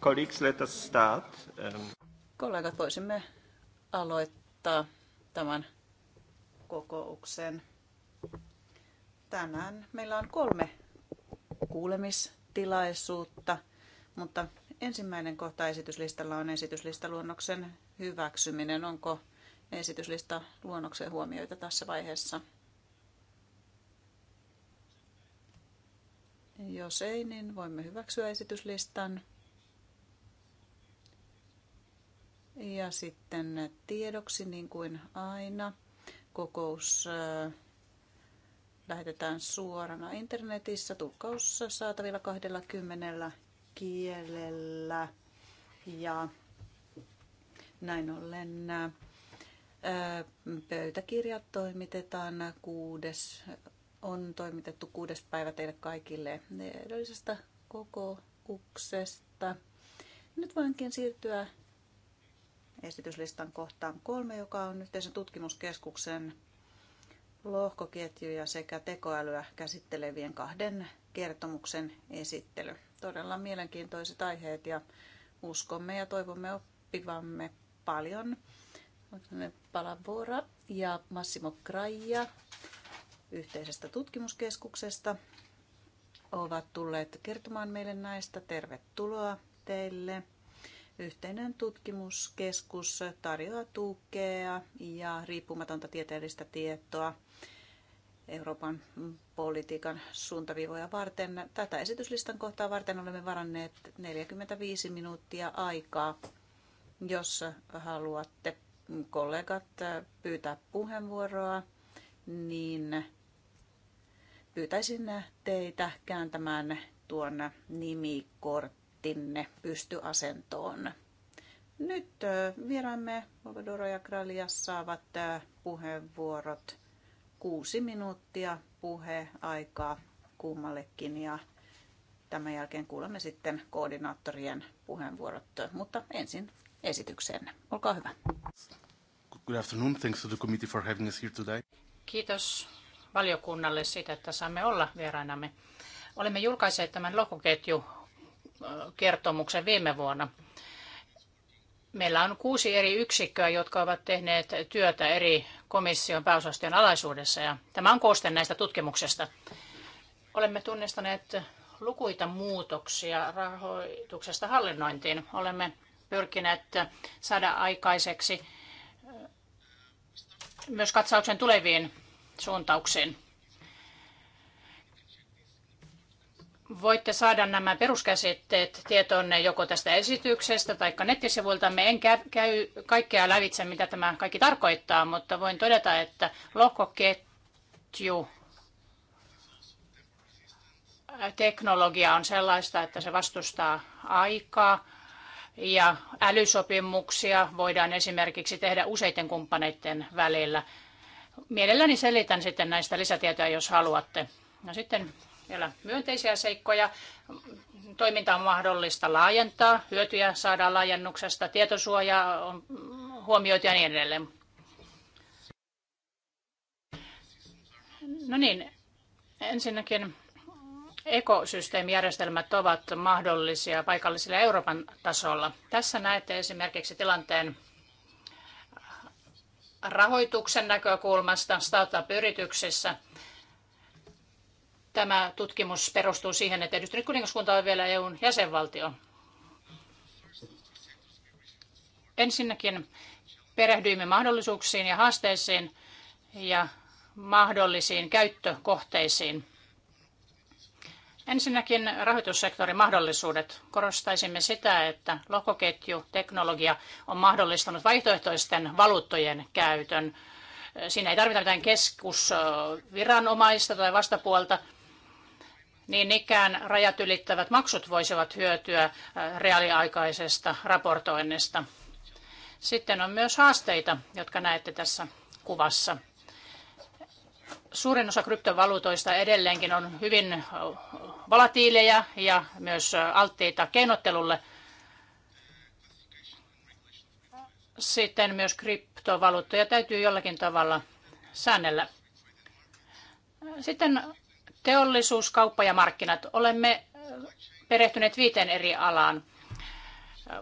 Colleagues, let us start. Um, Kollegat, voisimme aloittaa tämän kokouksen. Tänään meillä on kolme kuulemistilaisuutta, mutta ensimmäinen kohta esityslistalla on esityslistaluonnoksen hyväksyminen. Onko esityslista luonnokseen huomioita tässä vaiheessa? Jos ei, niin voimme hyväksyä esityslistan. Ja sitten tiedoksi, niin kuin aina, kokous äh, lähetetään suorana internetissä. Tulkkaus saatavilla 20 kielellä. Ja näin ollen äh, pöytäkirjat toimitetaan kuudes, on toimitettu kuudes päivä teille kaikille edellisestä kokouksesta. Nyt voinkin siirtyä esityslistan kohtaan kolme, joka on yhteisen tutkimuskeskuksen lohkoketjuja sekä tekoälyä käsittelevien kahden kertomuksen esittely. Todella mielenkiintoiset aiheet ja uskomme ja toivomme oppivamme paljon. Palavora ja Massimo Kraija yhteisestä tutkimuskeskuksesta ovat tulleet kertomaan meille näistä. Tervetuloa teille. Yhteinen tutkimuskeskus tarjoaa tukea ja riippumatonta tieteellistä tietoa Euroopan politiikan suuntaviivoja varten. Tätä esityslistan kohtaa varten olemme varanneet 45 minuuttia aikaa. Jos haluatte kollegat pyytää puheenvuoroa, niin pyytäisin teitä kääntämään tuon nimikortin hattinne pystyasentoon. Nyt vieraamme Vavadoro ja Kralia saavat puheenvuorot. Kuusi minuuttia puheaikaa kummallekin ja tämän jälkeen kuulemme sitten koordinaattorien puheenvuorot, mutta ensin esitykseen. Olkaa hyvä. Good afternoon. Thanks to the committee for having us here today. Kiitos valiokunnalle siitä, että saamme olla vierainamme. Olemme julkaiseet tämän lohkoketju kertomuksen viime vuonna. Meillä on kuusi eri yksikköä, jotka ovat tehneet työtä eri komission pääosastojen alaisuudessa ja tämä on kooste näistä tutkimuksesta. Olemme tunnistaneet lukuita muutoksia rahoituksesta hallinnointiin. Olemme pyrkineet saada aikaiseksi myös katsauksen tuleviin suuntauksiin. voitte saada nämä peruskäsitteet tietoonne joko tästä esityksestä tai nettisivuiltamme. En käy kaikkea lävitse, mitä tämä kaikki tarkoittaa, mutta voin todeta, että lohkoketju äh, teknologia on sellaista, että se vastustaa aikaa ja älysopimuksia voidaan esimerkiksi tehdä useiden kumppaneiden välillä. Mielelläni selitän sitten näistä lisätietoja, jos haluatte. No sitten vielä myönteisiä seikkoja. Toiminta on mahdollista laajentaa, hyötyjä saadaan laajennuksesta, tietosuoja on huomioitu ja niin edelleen. No niin, ensinnäkin ekosysteemijärjestelmät ovat mahdollisia paikallisilla Euroopan tasolla. Tässä näette esimerkiksi tilanteen rahoituksen näkökulmasta startup-yrityksissä – Tämä tutkimus perustuu siihen, että yhdistynyt kuningaskunta on vielä EUn jäsenvaltio. Ensinnäkin perehdyimme mahdollisuuksiin ja haasteisiin ja mahdollisiin käyttökohteisiin. Ensinnäkin rahoitussektorin mahdollisuudet. Korostaisimme sitä, että lohkoketjuteknologia on mahdollistanut vaihtoehtoisten valuuttojen käytön. Siinä ei tarvita mitään keskusviranomaista tai vastapuolta niin ikään rajat ylittävät maksut voisivat hyötyä äh, reaaliaikaisesta raportoinnista. Sitten on myös haasteita, jotka näette tässä kuvassa. Suurin osa kryptovaluutoista edelleenkin on hyvin äh, volatiileja ja myös äh, alttiita keinottelulle. Sitten myös kryptovaluuttoja täytyy jollakin tavalla säännellä. Sitten Teollisuus, kauppa ja markkinat. Olemme äh, perehtyneet viiteen eri alaan. Äh,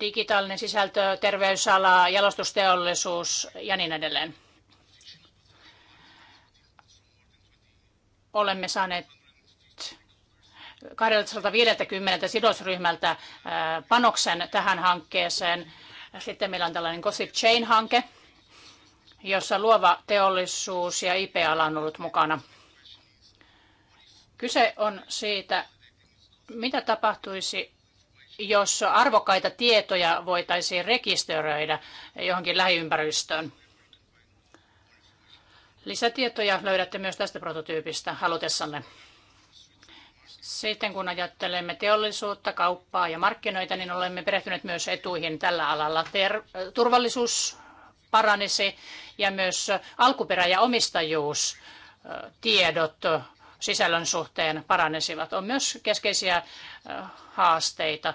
digitaalinen sisältö, terveysala, jalostusteollisuus ja niin edelleen. Olemme saaneet 250 sidosryhmältä äh, panoksen tähän hankkeeseen. Sitten meillä on tällainen Gossip Chain-hanke, jossa luova teollisuus ja IP-ala on ollut mukana – Kyse on siitä, mitä tapahtuisi, jos arvokkaita tietoja voitaisiin rekisteröidä johonkin lähiympäristöön. Lisätietoja löydätte myös tästä prototyypistä halutessanne. Sitten kun ajattelemme teollisuutta, kauppaa ja markkinoita, niin olemme perehtyneet myös etuihin tällä alalla. Ter- turvallisuus paranisi ja myös alkuperä- ja omistajuustiedot sisällön suhteen paranesivat, On myös keskeisiä haasteita.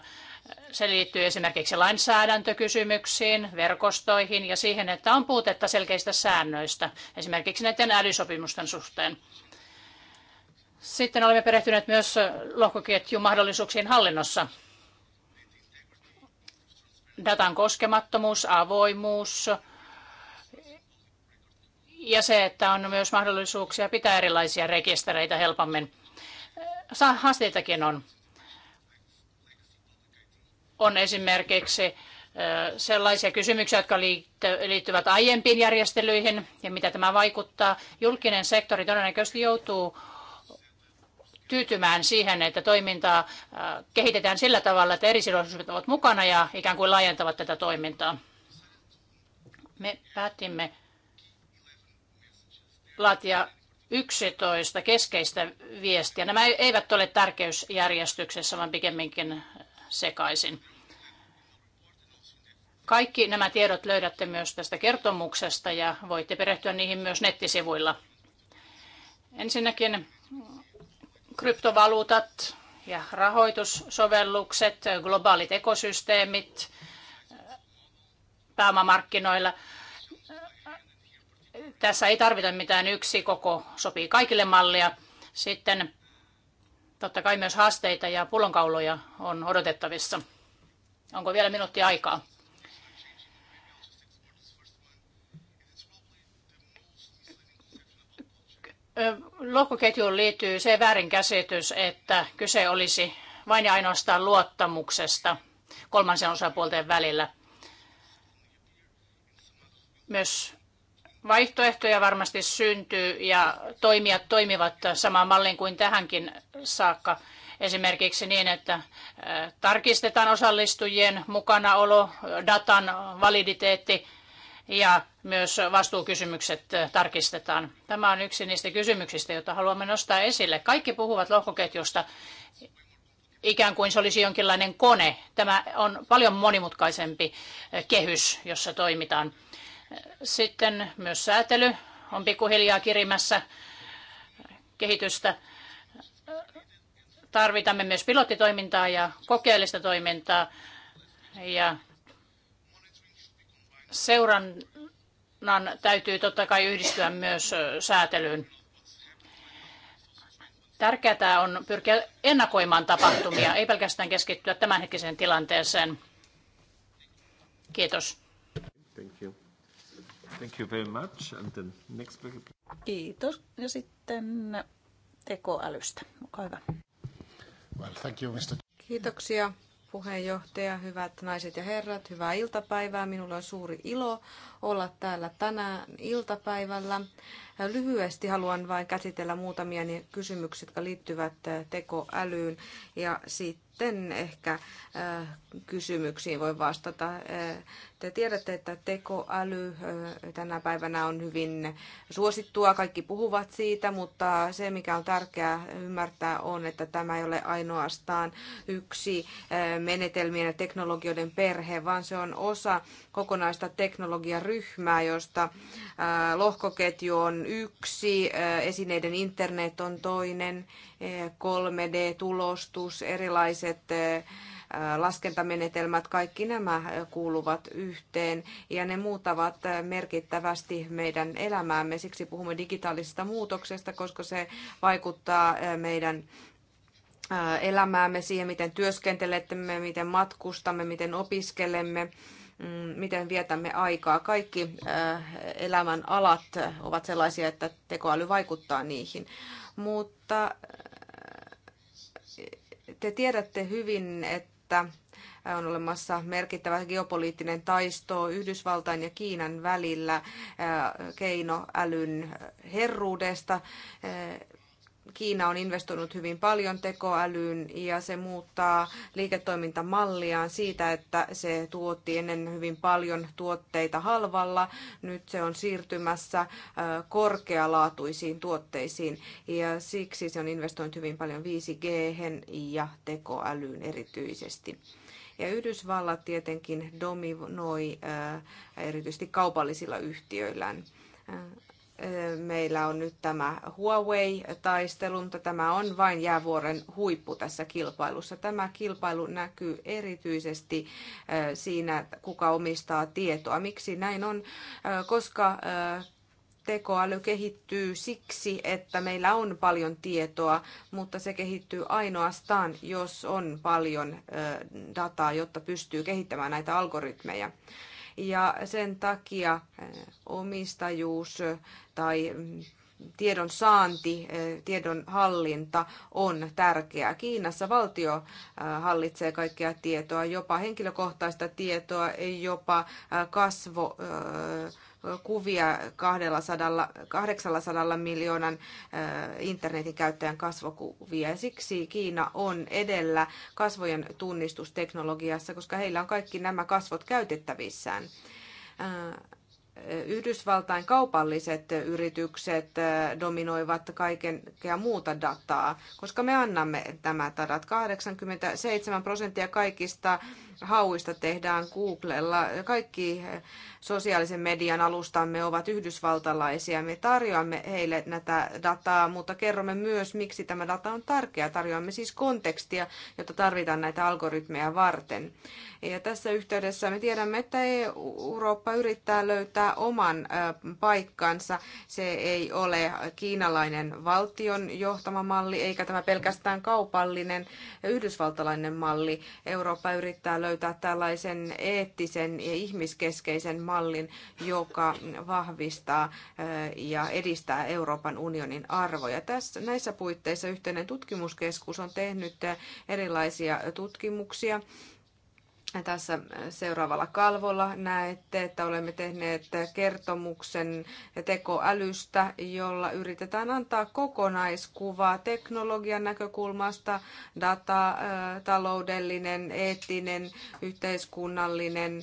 Se liittyy esimerkiksi lainsäädäntökysymyksiin, verkostoihin ja siihen, että on puutetta selkeistä säännöistä, esimerkiksi näiden älysopimusten suhteen. Sitten olemme perehtyneet myös lohkoketjun mahdollisuuksiin hallinnossa. Datan koskemattomuus, avoimuus, ja se, että on myös mahdollisuuksia pitää erilaisia rekistereitä helpommin. Haasteitakin on. On esimerkiksi sellaisia kysymyksiä, jotka liittyvät aiempiin järjestelyihin ja mitä tämä vaikuttaa. Julkinen sektori todennäköisesti joutuu tyytymään siihen, että toimintaa kehitetään sillä tavalla, että eri sidosryhmät ovat mukana ja ikään kuin laajentavat tätä toimintaa. Me päätimme laatia 11 keskeistä viestiä. Nämä eivät ole tärkeysjärjestyksessä, vaan pikemminkin sekaisin. Kaikki nämä tiedot löydätte myös tästä kertomuksesta ja voitte perehtyä niihin myös nettisivuilla. Ensinnäkin kryptovaluutat ja rahoitussovellukset, globaalit ekosysteemit pääomamarkkinoilla – tässä ei tarvita mitään yksi koko sopii kaikille mallia. Sitten totta kai myös haasteita ja pullonkauloja on odotettavissa. Onko vielä minuutti aikaa? Lohkoketjuun liittyy se väärinkäsitys, että kyse olisi vain ja ainoastaan luottamuksesta kolmansen osapuolten välillä. Myös Vaihtoehtoja varmasti syntyy ja toimijat toimivat samaan malliin kuin tähänkin saakka. Esimerkiksi niin, että äh, tarkistetaan osallistujien mukanaolo, datan validiteetti ja myös vastuukysymykset äh, tarkistetaan. Tämä on yksi niistä kysymyksistä, joita haluamme nostaa esille. Kaikki puhuvat lohkoketjusta ikään kuin se olisi jonkinlainen kone. Tämä on paljon monimutkaisempi äh, kehys, jossa toimitaan. Sitten myös säätely on pikkuhiljaa kirimässä kehitystä. Tarvitamme myös pilottitoimintaa ja kokeellista toimintaa ja seurannan täytyy totta kai yhdistyä myös säätelyyn. Tärkeää on pyrkiä ennakoimaan tapahtumia, ei pelkästään keskittyä tämänhetkiseen tilanteeseen. Kiitos. Thank you. Thank you very much. And next... Kiitos. Ja sitten tekoälystä. Olkaa hyvä. Well, thank you, Mr. Kiitoksia puheenjohtaja, hyvät naiset ja herrat, hyvää iltapäivää. Minulla on suuri ilo olla täällä tänään iltapäivällä. Lyhyesti haluan vain käsitellä muutamia kysymyksiä, jotka liittyvät tekoälyyn ja sitten sitten ehkä äh, kysymyksiin voi vastata. Äh, te tiedätte, että tekoäly äh, tänä päivänä on hyvin suosittua, kaikki puhuvat siitä, mutta se mikä on tärkeää ymmärtää on, että tämä ei ole ainoastaan yksi menetelmien ja teknologioiden perhe, vaan se on osa kokonaista teknologiaryhmää, josta lohkoketju on yksi, esineiden internet on toinen, 3D-tulostus, erilaiset erilaiset eh, laskentamenetelmät, kaikki nämä eh, kuuluvat yhteen ja ne muutavat eh, merkittävästi meidän elämäämme. Siksi puhumme digitaalisesta muutoksesta, koska se vaikuttaa meidän elämäämme siihen, miten työskentelemme, miten matkustamme, miten opiskelemme mm, miten vietämme aikaa. Kaikki elämän alat ovat sellaisia, että tekoäly vaikuttaa niihin. Mutta te tiedätte hyvin, että on olemassa merkittävä geopoliittinen taisto Yhdysvaltain ja Kiinan välillä keinoälyn herruudesta. Kiina on investoinut hyvin paljon tekoälyyn ja se muuttaa liiketoimintamalliaan siitä, että se tuotti ennen hyvin paljon tuotteita halvalla. Nyt se on siirtymässä korkealaatuisiin tuotteisiin ja siksi se on investoinut hyvin paljon 5G ja tekoälyyn erityisesti. Ja Yhdysvallat tietenkin dominoi erityisesti kaupallisilla yhtiöillään meillä on nyt tämä Huawei-taistelu, mutta tämä on vain jäävuoren huippu tässä kilpailussa. Tämä kilpailu näkyy erityisesti äh, siinä, kuka omistaa tietoa. Miksi näin on? Äh, koska äh, tekoäly kehittyy siksi, että meillä on paljon tietoa, mutta se kehittyy ainoastaan, jos on paljon dataa, jotta pystyy kehittämään näitä algoritmeja. Ja sen takia eh, omistajuus eh, tai mm, tiedon saanti, eh, tiedon hallinta on tärkeää. Kiinassa valtio hallitsee kaikkea tietoa, jopa henkilökohtaista tietoa, jopa kasvo kuvia 200, 800 miljoonan äh, internetin käyttäjän kasvokuvia. Ja siksi Kiina on edellä kasvojen tunnistusteknologiassa, koska heillä on kaikki nämä kasvot käytettävissään. Äh, Yhdysvaltain kaupalliset yritykset äh, dominoivat ja muuta dataa, koska me annamme tämä datat. 87 prosenttia kaikista hauista tehdään Googlella. Kaikki sosiaalisen median alustamme ovat yhdysvaltalaisia. Me tarjoamme heille näitä dataa, mutta kerromme myös, miksi tämä data on tärkeä Tarjoamme siis kontekstia, jota tarvitaan näitä algoritmeja varten. Ja tässä yhteydessä me tiedämme, että Eurooppa yrittää löytää oman paikkansa. Se ei ole kiinalainen valtion johtama malli, eikä tämä pelkästään kaupallinen yhdysvaltalainen malli. Eurooppa yrittää löytää löytää tällaisen eettisen ja ihmiskeskeisen mallin, joka vahvistaa ja edistää Euroopan unionin arvoja. Tässä, näissä puitteissa yhteinen tutkimuskeskus on tehnyt erilaisia tutkimuksia tässä seuraavalla kalvolla näette, että olemme tehneet kertomuksen tekoälystä, jolla yritetään antaa kokonaiskuvaa teknologian näkökulmasta, data, taloudellinen, eettinen, yhteiskunnallinen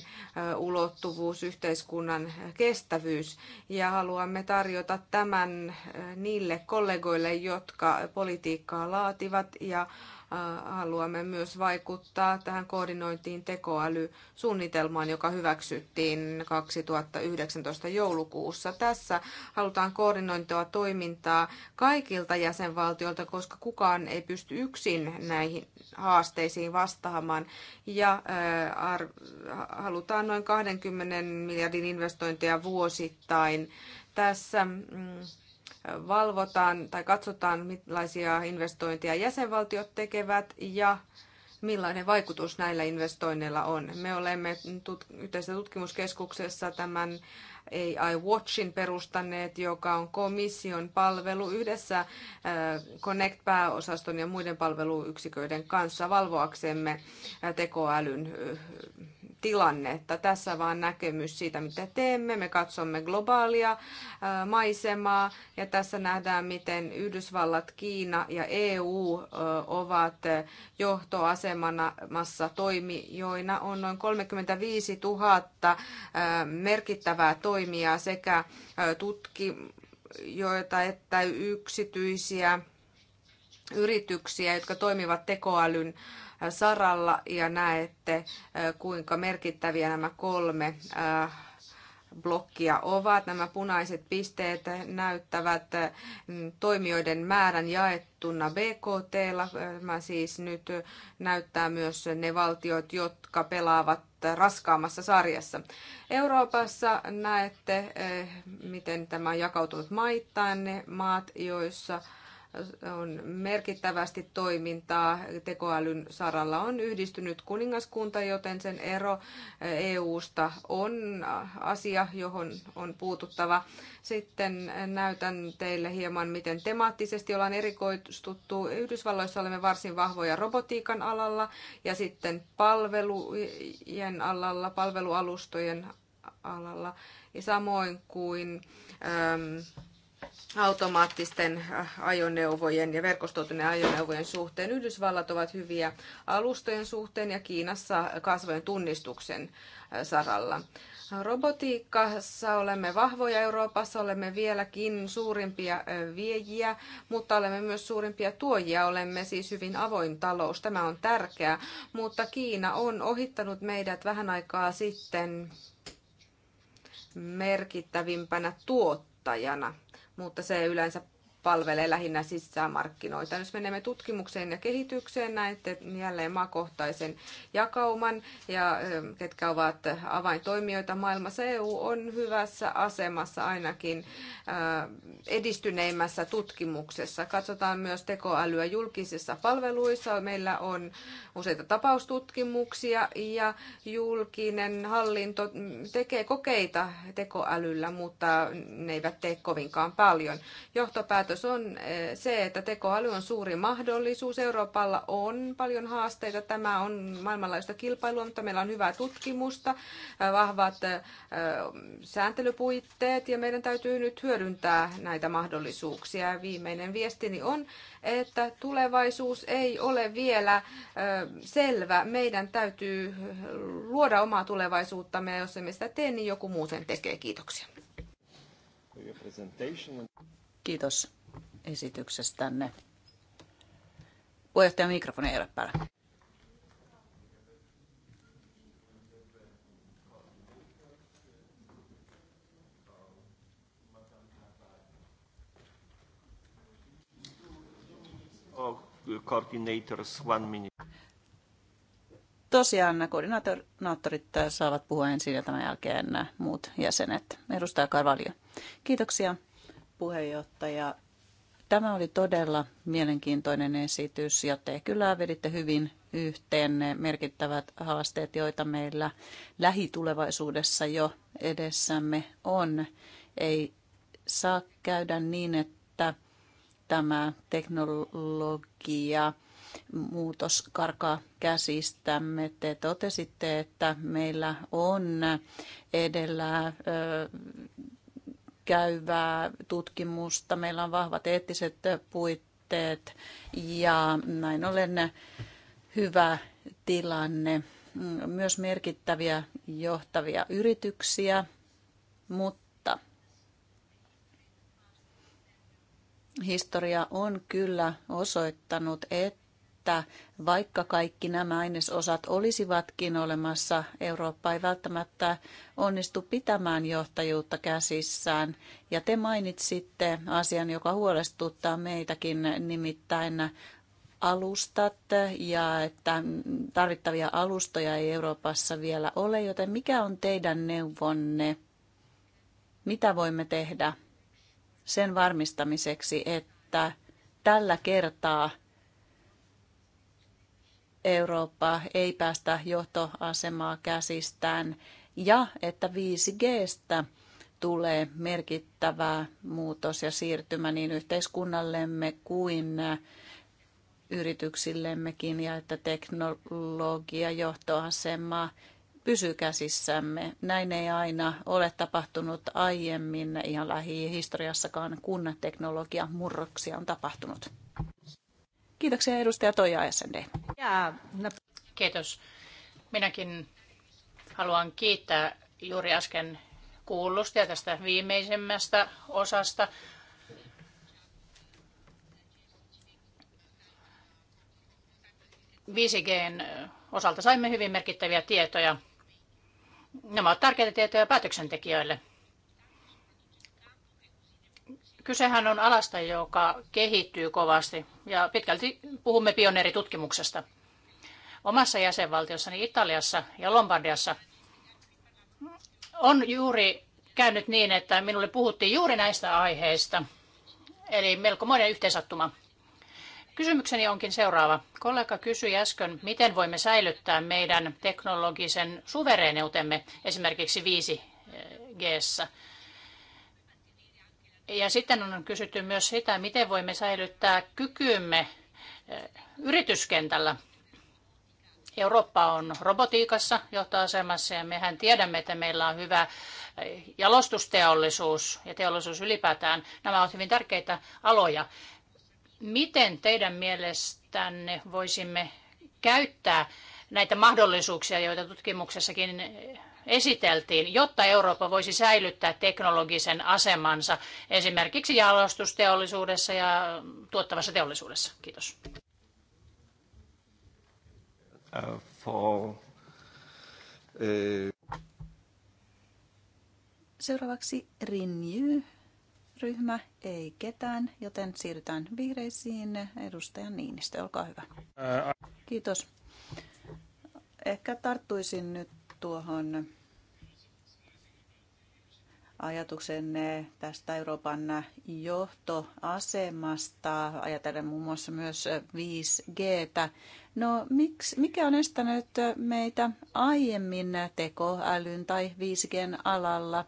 ulottuvuus, yhteiskunnan kestävyys. Ja haluamme tarjota tämän niille kollegoille, jotka politiikkaa laativat ja haluamme myös vaikuttaa tähän koordinointiin tekoälysuunnitelmaan, joka hyväksyttiin 2019 joulukuussa. Tässä halutaan koordinointoa toimintaa kaikilta jäsenvaltioilta, koska kukaan ei pysty yksin näihin haasteisiin vastaamaan. Ja halutaan noin 20 miljardin investointeja vuosittain. Tässä mm, valvotaan tai katsotaan, millaisia investointeja jäsenvaltiot tekevät ja millainen vaikutus näillä investoinneilla on. Me olemme tut- yhteisessä tutkimuskeskuksessa tämän AI Watchin perustaneet, joka on komission palvelu yhdessä äh, Connect-pääosaston ja muiden palveluyksiköiden kanssa valvoaksemme äh, tekoälyn äh, tilannetta. Tässä vaan näkemys siitä, mitä teemme. Me katsomme globaalia maisemaa ja tässä nähdään, miten Yhdysvallat, Kiina ja EU ovat johtoasemassa toimijoina. On noin 35 000 merkittävää toimijaa sekä tutkijoita että yksityisiä yrityksiä, jotka toimivat tekoälyn saralla ja näette, äh, kuinka merkittäviä nämä kolme äh, blokkia ovat. Nämä punaiset pisteet näyttävät mm, toimijoiden määrän jaettuna BKT. Tämä äh, siis nyt näyttää myös ne valtiot, jotka pelaavat raskaammassa sarjassa. Euroopassa näette, miten tämä on jakautunut maittain, ne maat, joissa on merkittävästi toimintaa. Tekoälyn saralla on yhdistynyt kuningaskunta, joten sen ero EU-sta eh, e on asia, johon on puututtava. Sitten näytän teille hieman, miten temaattisesti ollaan erikoistuttu. Yhdysvalloissa olemme varsin vahvoja robotiikan alalla ja sitten palvelujen alalla, palvelualustojen alalla ja samoin kuin... Ähm, automaattisten äh, ajoneuvojen ja verkostoituneiden ajoneuvojen suhteen. Yhdysvallat ovat hyviä alustojen suhteen ja Kiinassa kasvojen tunnistuksen äh, saralla. Robotiikassa olemme vahvoja Euroopassa, olemme vieläkin suurimpia äh, viejiä, mutta olemme myös suurimpia tuojia, olemme siis hyvin avoin talous. Tämä on tärkeää, mutta Kiina on ohittanut meidät vähän aikaa sitten merkittävimpänä tuottajana mutta se yleensä palvelee lähinnä sisämarkkinoita. Jos menemme tutkimukseen ja kehitykseen, näette jälleen maakohtaisen jakauman ja ketkä ovat avaintoimijoita maailmassa. EU on hyvässä asemassa ainakin edistyneimmässä tutkimuksessa. Katsotaan myös tekoälyä julkisissa palveluissa. Meillä on useita tapaustutkimuksia ja julkinen hallinto tekee kokeita tekoälyllä, mutta ne eivät tee kovinkaan paljon. Johtopäätös Päätös on eh, se, että tekoäly on suuri mahdollisuus. Euroopalla on paljon haasteita. Tämä on maailmanlaajuista kilpailua, mutta meillä on hyvää tutkimusta, eh, vahvat eh, sääntelypuitteet ja meidän täytyy nyt hyödyntää näitä mahdollisuuksia. Viimeinen viestini on, että tulevaisuus ei ole vielä selvä. Meidän täytyy luoda omaa tulevaisuuttamme ja jos emme sitä tee, niin joku muu sen tekee. Kiitoksia. Kiitos esityksestänne. Puheenjohtaja mikrofoni ei ole päällä. Oh, coordinators one minute. Tosiaan koordinaattorit saavat puhua ensin ja tämän jälkeen muut jäsenet. Edustaja Karvalio. Kiitoksia puheenjohtaja. Tämä oli todella mielenkiintoinen esitys ja te kyllä veditte hyvin yhteen ne merkittävät haasteet, joita meillä lähitulevaisuudessa jo edessämme on. Ei saa käydä niin, että tämä teknologia muutos karkaa käsistämme. Te totesitte, että meillä on edellä käyvää tutkimusta, meillä on vahvat eettiset puitteet ja näin ollen hyvä tilanne. Myös merkittäviä johtavia yrityksiä, mutta historia on kyllä osoittanut, että että vaikka kaikki nämä ainesosat olisivatkin olemassa, Eurooppa ei välttämättä onnistu pitämään johtajuutta käsissään. Ja te mainitsitte asian, joka huolestuttaa meitäkin, nimittäin alustat ja että tarvittavia alustoja ei Euroopassa vielä ole, joten mikä on teidän neuvonne? Mitä voimme tehdä sen varmistamiseksi, että tällä kertaa – Eurooppa ei päästä johtoasemaa käsistään ja että 5Gstä tulee merkittävä muutos ja siirtymä niin yhteiskunnallemme kuin yrityksillemmekin ja että teknologia johtoasema pysyy käsissämme. Näin ei aina ole tapahtunut aiemmin ihan lähihistoriassakaan, kun teknologia murroksia on tapahtunut. Kiitoksia edustaja Toija SND. Kiitos. Minäkin haluan kiittää juuri äsken kuullusta ja tästä viimeisemmästä osasta. n osalta saimme hyvin merkittäviä tietoja. Nämä ovat tärkeitä tietoja päätöksentekijöille. Kysehän on alasta, joka kehittyy kovasti ja pitkälti puhumme pioneeritutkimuksesta. Omassa jäsenvaltiossani Italiassa ja Lombardiassa on juuri käynyt niin, että minulle puhuttiin juuri näistä aiheista, eli melkomoinen yhteensattuma. Kysymykseni onkin seuraava. Kollega kysyi äsken, miten voimme säilyttää meidän teknologisen suvereneutemme esimerkiksi 5G. Ja sitten on kysytty myös sitä, miten voimme säilyttää kykymme eh, yrityskentällä. Eurooppa on robotiikassa johtoasemassa ja mehän tiedämme, että meillä on hyvä eh, jalostusteollisuus ja teollisuus ylipäätään. Nämä ovat hyvin tärkeitä aloja. Miten teidän mielestänne voisimme käyttää näitä mahdollisuuksia, joita tutkimuksessakin eh, esiteltiin, jotta Eurooppa voisi säilyttää teknologisen asemansa esimerkiksi jalostusteollisuudessa ja tuottavassa teollisuudessa? Kiitos. Uh, for, uh... Seuraavaksi Renew. Ryhmä ei ketään, joten siirrytään vihreisiin. Edustaja Niinistö, olkaa hyvä. Uh, Kiitos. Ehkä tarttuisin nyt tuohon ajatuksenne tästä Euroopan johtoasemasta, ajatellen muun muassa myös 5Gtä. No miksi, mikä on estänyt meitä aiemmin tekoälyn tai 5Gn alalla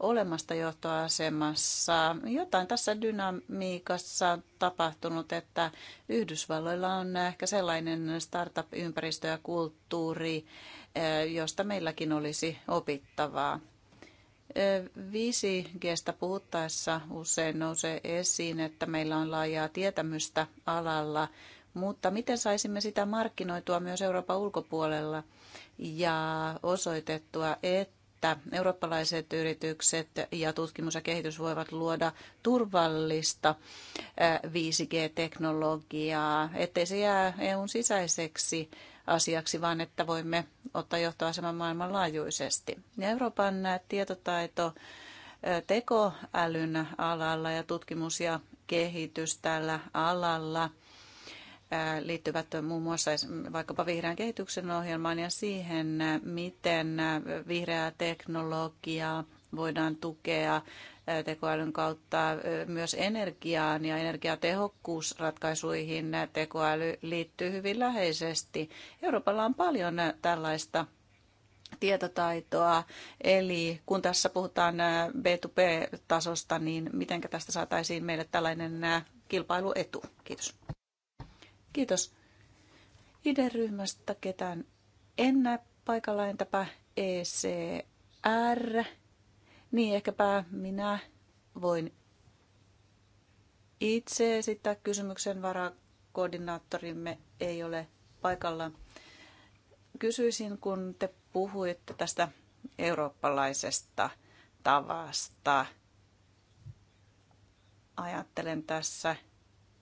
olemasta johtoasemassa? Jotain tässä dynamiikassa on tapahtunut, että Yhdysvalloilla on ehkä sellainen startup-ympäristö ja kulttuuri, eh, josta meilläkin olisi opittavaa. 5Gstä puhuttaessa usein nousee esiin, että meillä on laajaa tietämystä alalla, mutta miten saisimme sitä markkinoitua myös Euroopan ulkopuolella ja osoitettua, että eurooppalaiset yritykset ja tutkimus ja kehitys voivat luoda turvallista 5G-teknologiaa, ettei se jää EUn sisäiseksi asiaksi, vaan että voimme ottaa johtoaseman maailmanlaajuisesti. Ja Euroopan tietotaito tekoälyn alalla ja tutkimus ja kehitys tällä alalla liittyvät muun muassa vaikkapa vihreän kehityksen ohjelmaan ja siihen, miten vihreää teknologiaa voidaan tukea tekoälyn kautta myös energiaan ja energiatehokkuusratkaisuihin tekoäly liittyy hyvin läheisesti. Euroopalla on paljon tällaista tietotaitoa. Eli kun tässä puhutaan B2B-tasosta, niin miten tästä saataisiin meille tällainen kilpailuetu? Kiitos. Kiitos. ID-ryhmästä ketään en näe paikalla, entäpä ECR. Niin ehkäpä minä voin itse esittää kysymyksen varakoordinaattorimme ei ole paikalla. Kysyisin, kun te puhuitte tästä eurooppalaisesta tavasta. Ajattelen tässä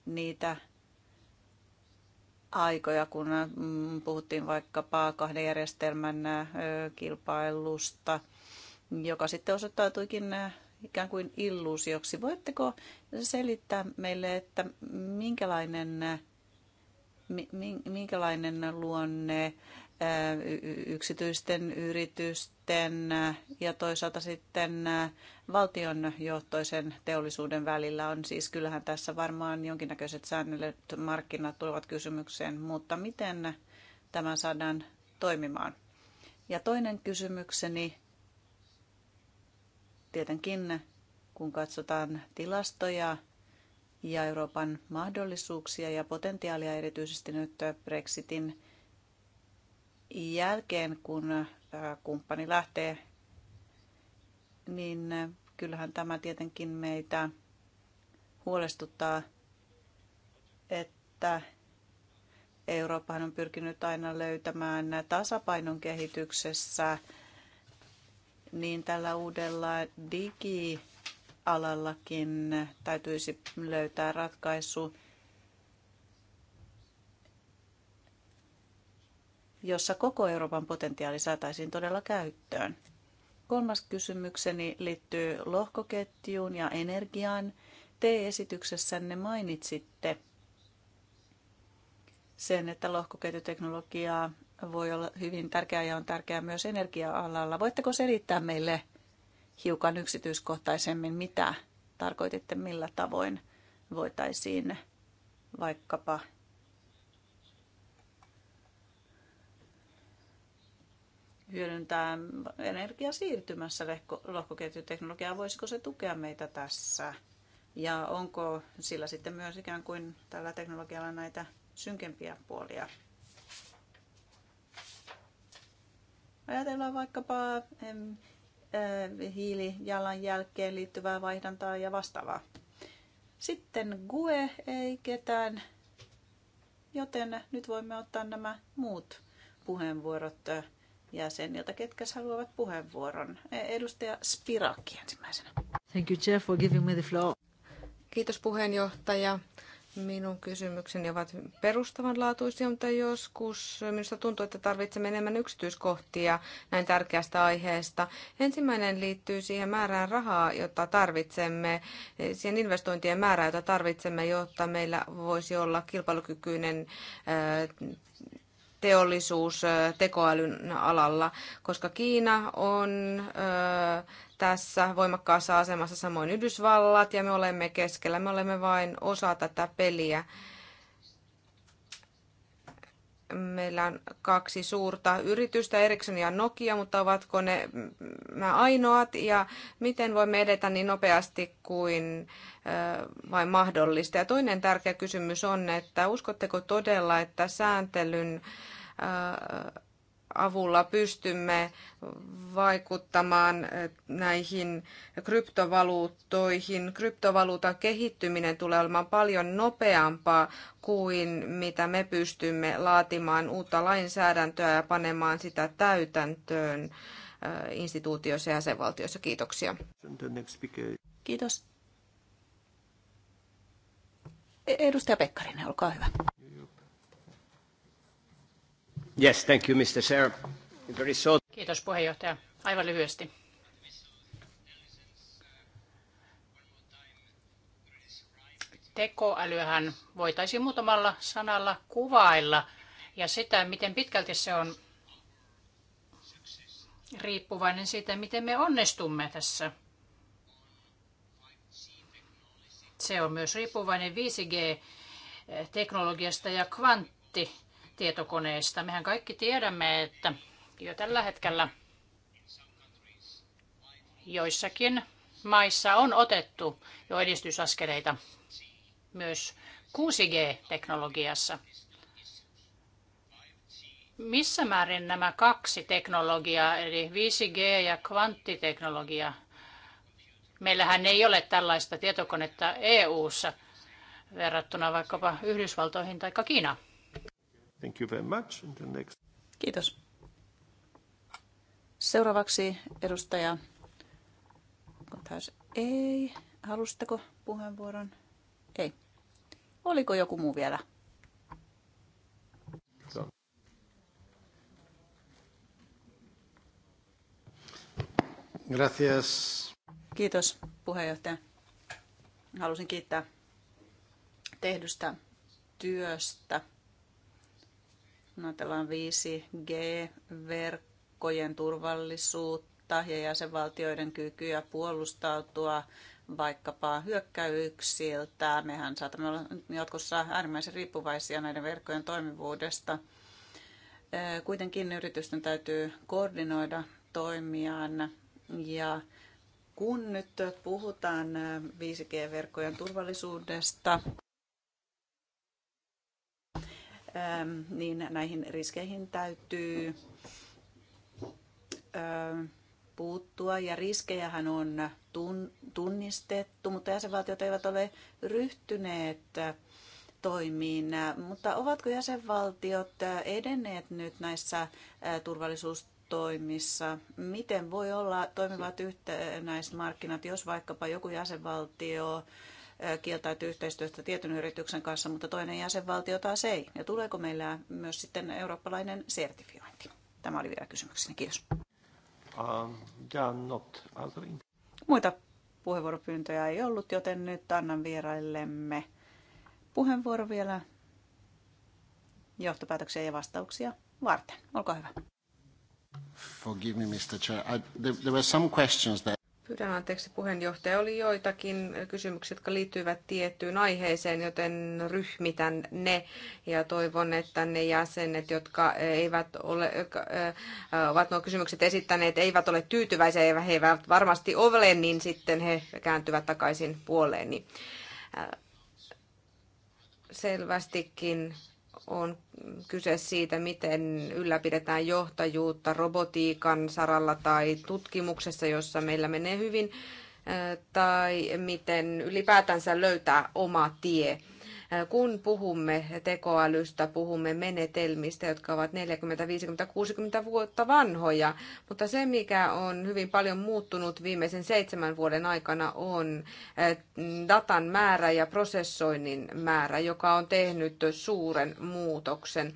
niitä aikoja, kun mm, puhuttiin vaikkapa kahden järjestelmän kilpailusta – joka sitten osoittautuikin äh, ikään kuin illuusioksi. Voitteko selittää meille, että minkälainen, äh, minkälainen luonne äh, yksityisten yritysten ja toisaalta sitten valtionjohtoisen teollisuuden välillä on siis kyllähän tässä varmaan jonkinnäköiset säännölliset markkinat tulevat kysymykseen, mutta miten tämä saadaan toimimaan? Ja toinen kysymykseni tietenkin kun katsotaan tilastoja ja Euroopan mahdollisuuksia ja potentiaalia erityisesti nyt Brexitin jälkeen, kun äh, kumppani lähtee, niin äh, kyllähän tämä tietenkin meitä huolestuttaa, että Eurooppa on pyrkinyt aina löytämään tasapainon kehityksessä – niin tällä uudella digialallakin täytyisi löytää ratkaisu, jossa koko Euroopan potentiaali saataisiin todella käyttöön. Kolmas kysymykseni liittyy lohkoketjuun ja energiaan. Te esityksessänne mainitsitte sen, että lohkoketjuteknologiaa voi olla hyvin tärkeää ja on tärkeää myös energia-alalla. Voitteko selittää meille hiukan yksityiskohtaisemmin, mitä tarkoititte, millä tavoin voitaisiin vaikkapa hyödyntää energiaa siirtymässä lohkoketjuteknologiaa. Voisiko se tukea meitä tässä? Ja onko sillä sitten myös ikään kuin tällä teknologialla näitä synkempiä puolia? Ajatellaan vaikkapa hiilijalanjälkeen liittyvää vaihdantaa ja vastaavaa. Sitten GUE ei ketään, joten nyt voimme ottaa nämä muut puheenvuorot äh, jäseniltä, ketkä haluavat puheenvuoron. E, edustaja Spiraki ensimmäisenä. Thank you, Chair, for giving me the floor. Kiitos puheenjohtaja. Minun kysymykseni ovat perustavanlaatuisia, mutta joskus minusta tuntuu, että tarvitsemme enemmän yksityiskohtia näin tärkeästä aiheesta. Ensimmäinen liittyy siihen määrään rahaa, jota tarvitsemme, siihen investointien määrään, jota tarvitsemme, jotta meillä voisi olla kilpailukykyinen teollisuus tekoälyn alalla, koska Kiina on tässä voimakkaassa asemassa, samoin Yhdysvallat, ja me olemme keskellä. Me olemme vain osa tätä peliä. Meillä on kaksi suurta yritystä, Ericsson ja Nokia, mutta ovatko ne nämä ainoat ja miten voimme edetä niin nopeasti kuin vain mahdollista? Ja toinen tärkeä kysymys on, että uskotteko todella, että sääntelyn avulla pystymme vaikuttamaan eh, näihin kryptovaluuttoihin. Kryptovaluutan kehittyminen tulee olemaan paljon nopeampaa kuin mitä me pystymme laatimaan uutta lainsäädäntöä ja panemaan sitä täytäntöön eh, instituutioissa ja jäsenvaltioissa. Kiitoksia. Kiitos. E-, edustaja Pekkarinen, olkaa hyvä. Yes, thank you, Mr. Chair. Very short. Kiitos puheenjohtaja. Aivan lyhyesti. Tekoälyhän voitaisiin muutamalla sanalla kuvailla ja sitä, miten pitkälti se on riippuvainen siitä, miten me onnistumme tässä. Se on myös riippuvainen 5G-teknologiasta ja kvantti tietokoneista. Mehän kaikki tiedämme, että jo tällä hetkellä joissakin maissa on otettu jo edistysaskeleita myös 6G-teknologiassa. Missä määrin nämä kaksi teknologiaa, eli 5G ja kvanttiteknologia, meillähän ei ole tällaista tietokonetta EU-ssa verrattuna vaikkapa Yhdysvaltoihin tai Kiinaan. Thank you very much. And the next... Kiitos. Seuraavaksi edustaja taas ei. Halusitteko puheenvuoron? Ei. Oliko joku muu vielä? Gracias. Kiitos puheenjohtaja. Halusin kiittää tehdystä työstä ajatellaan 5G-verkkojen turvallisuutta ja jäsenvaltioiden kykyä puolustautua vaikkapa hyökkäyksiltä. Mehän saatamme olla jatkossa äärimmäisen riippuvaisia näiden verkkojen toimivuudesta. Kuitenkin yritysten täytyy koordinoida toimiaan ja kun nyt puhutaan 5G-verkkojen turvallisuudesta, Ähm, niin näihin riskeihin täytyy ähm, puuttua ja riskejähän on tunnistettu, mutta jäsenvaltiot eivät ole ryhtyneet äh, toimiin. Mutta ovatko jäsenvaltiot äh, edenneet nyt näissä äh, turvallisuustoimissa? Miten voi olla toimivat yhtenäiset markkinat, jos vaikkapa joku jäsenvaltio kieltäytyy yhteistyöstä tietyn yrityksen kanssa, mutta toinen jäsenvaltio taas ei. Ja tuleeko meillä myös sitten eurooppalainen sertifiointi? Tämä oli vielä kysymykseni. Kiitos. Ähm, Muita puheenvuoropyyntöjä ei ollut, joten nyt annan vieraillemme puheenvuoro vielä johtopäätöksiä ja vastauksia varten. Olkaa hyvä. Forgive me, Mr. Chair. I, there, there were some questions that... Pyydän anteeksi puheenjohtaja. Oli joitakin kysymyksiä, jotka liittyvät tiettyyn aiheeseen, joten ryhmitän ne ja toivon, että ne jäsenet, jotka eivät ole, jotka, ovat nuo kysymykset esittäneet, eivät ole tyytyväisiä, eivät he eivät varmasti ole, niin sitten he kääntyvät takaisin puoleeni. Selvästikin on kyse siitä, miten ylläpidetään johtajuutta robotiikan saralla tai tutkimuksessa, jossa meillä menee hyvin, tai miten ylipäätänsä löytää oma tie. Äh, kun puhumme tekoälystä, puhumme menetelmistä, jotka ovat 40, 50, 60 vuotta vanhoja, mutta se, mikä on hyvin paljon muuttunut viimeisen seitsemän vuoden aikana, on äh, datan määrä ja prosessoinnin määrä, joka on tehnyt suuren muutoksen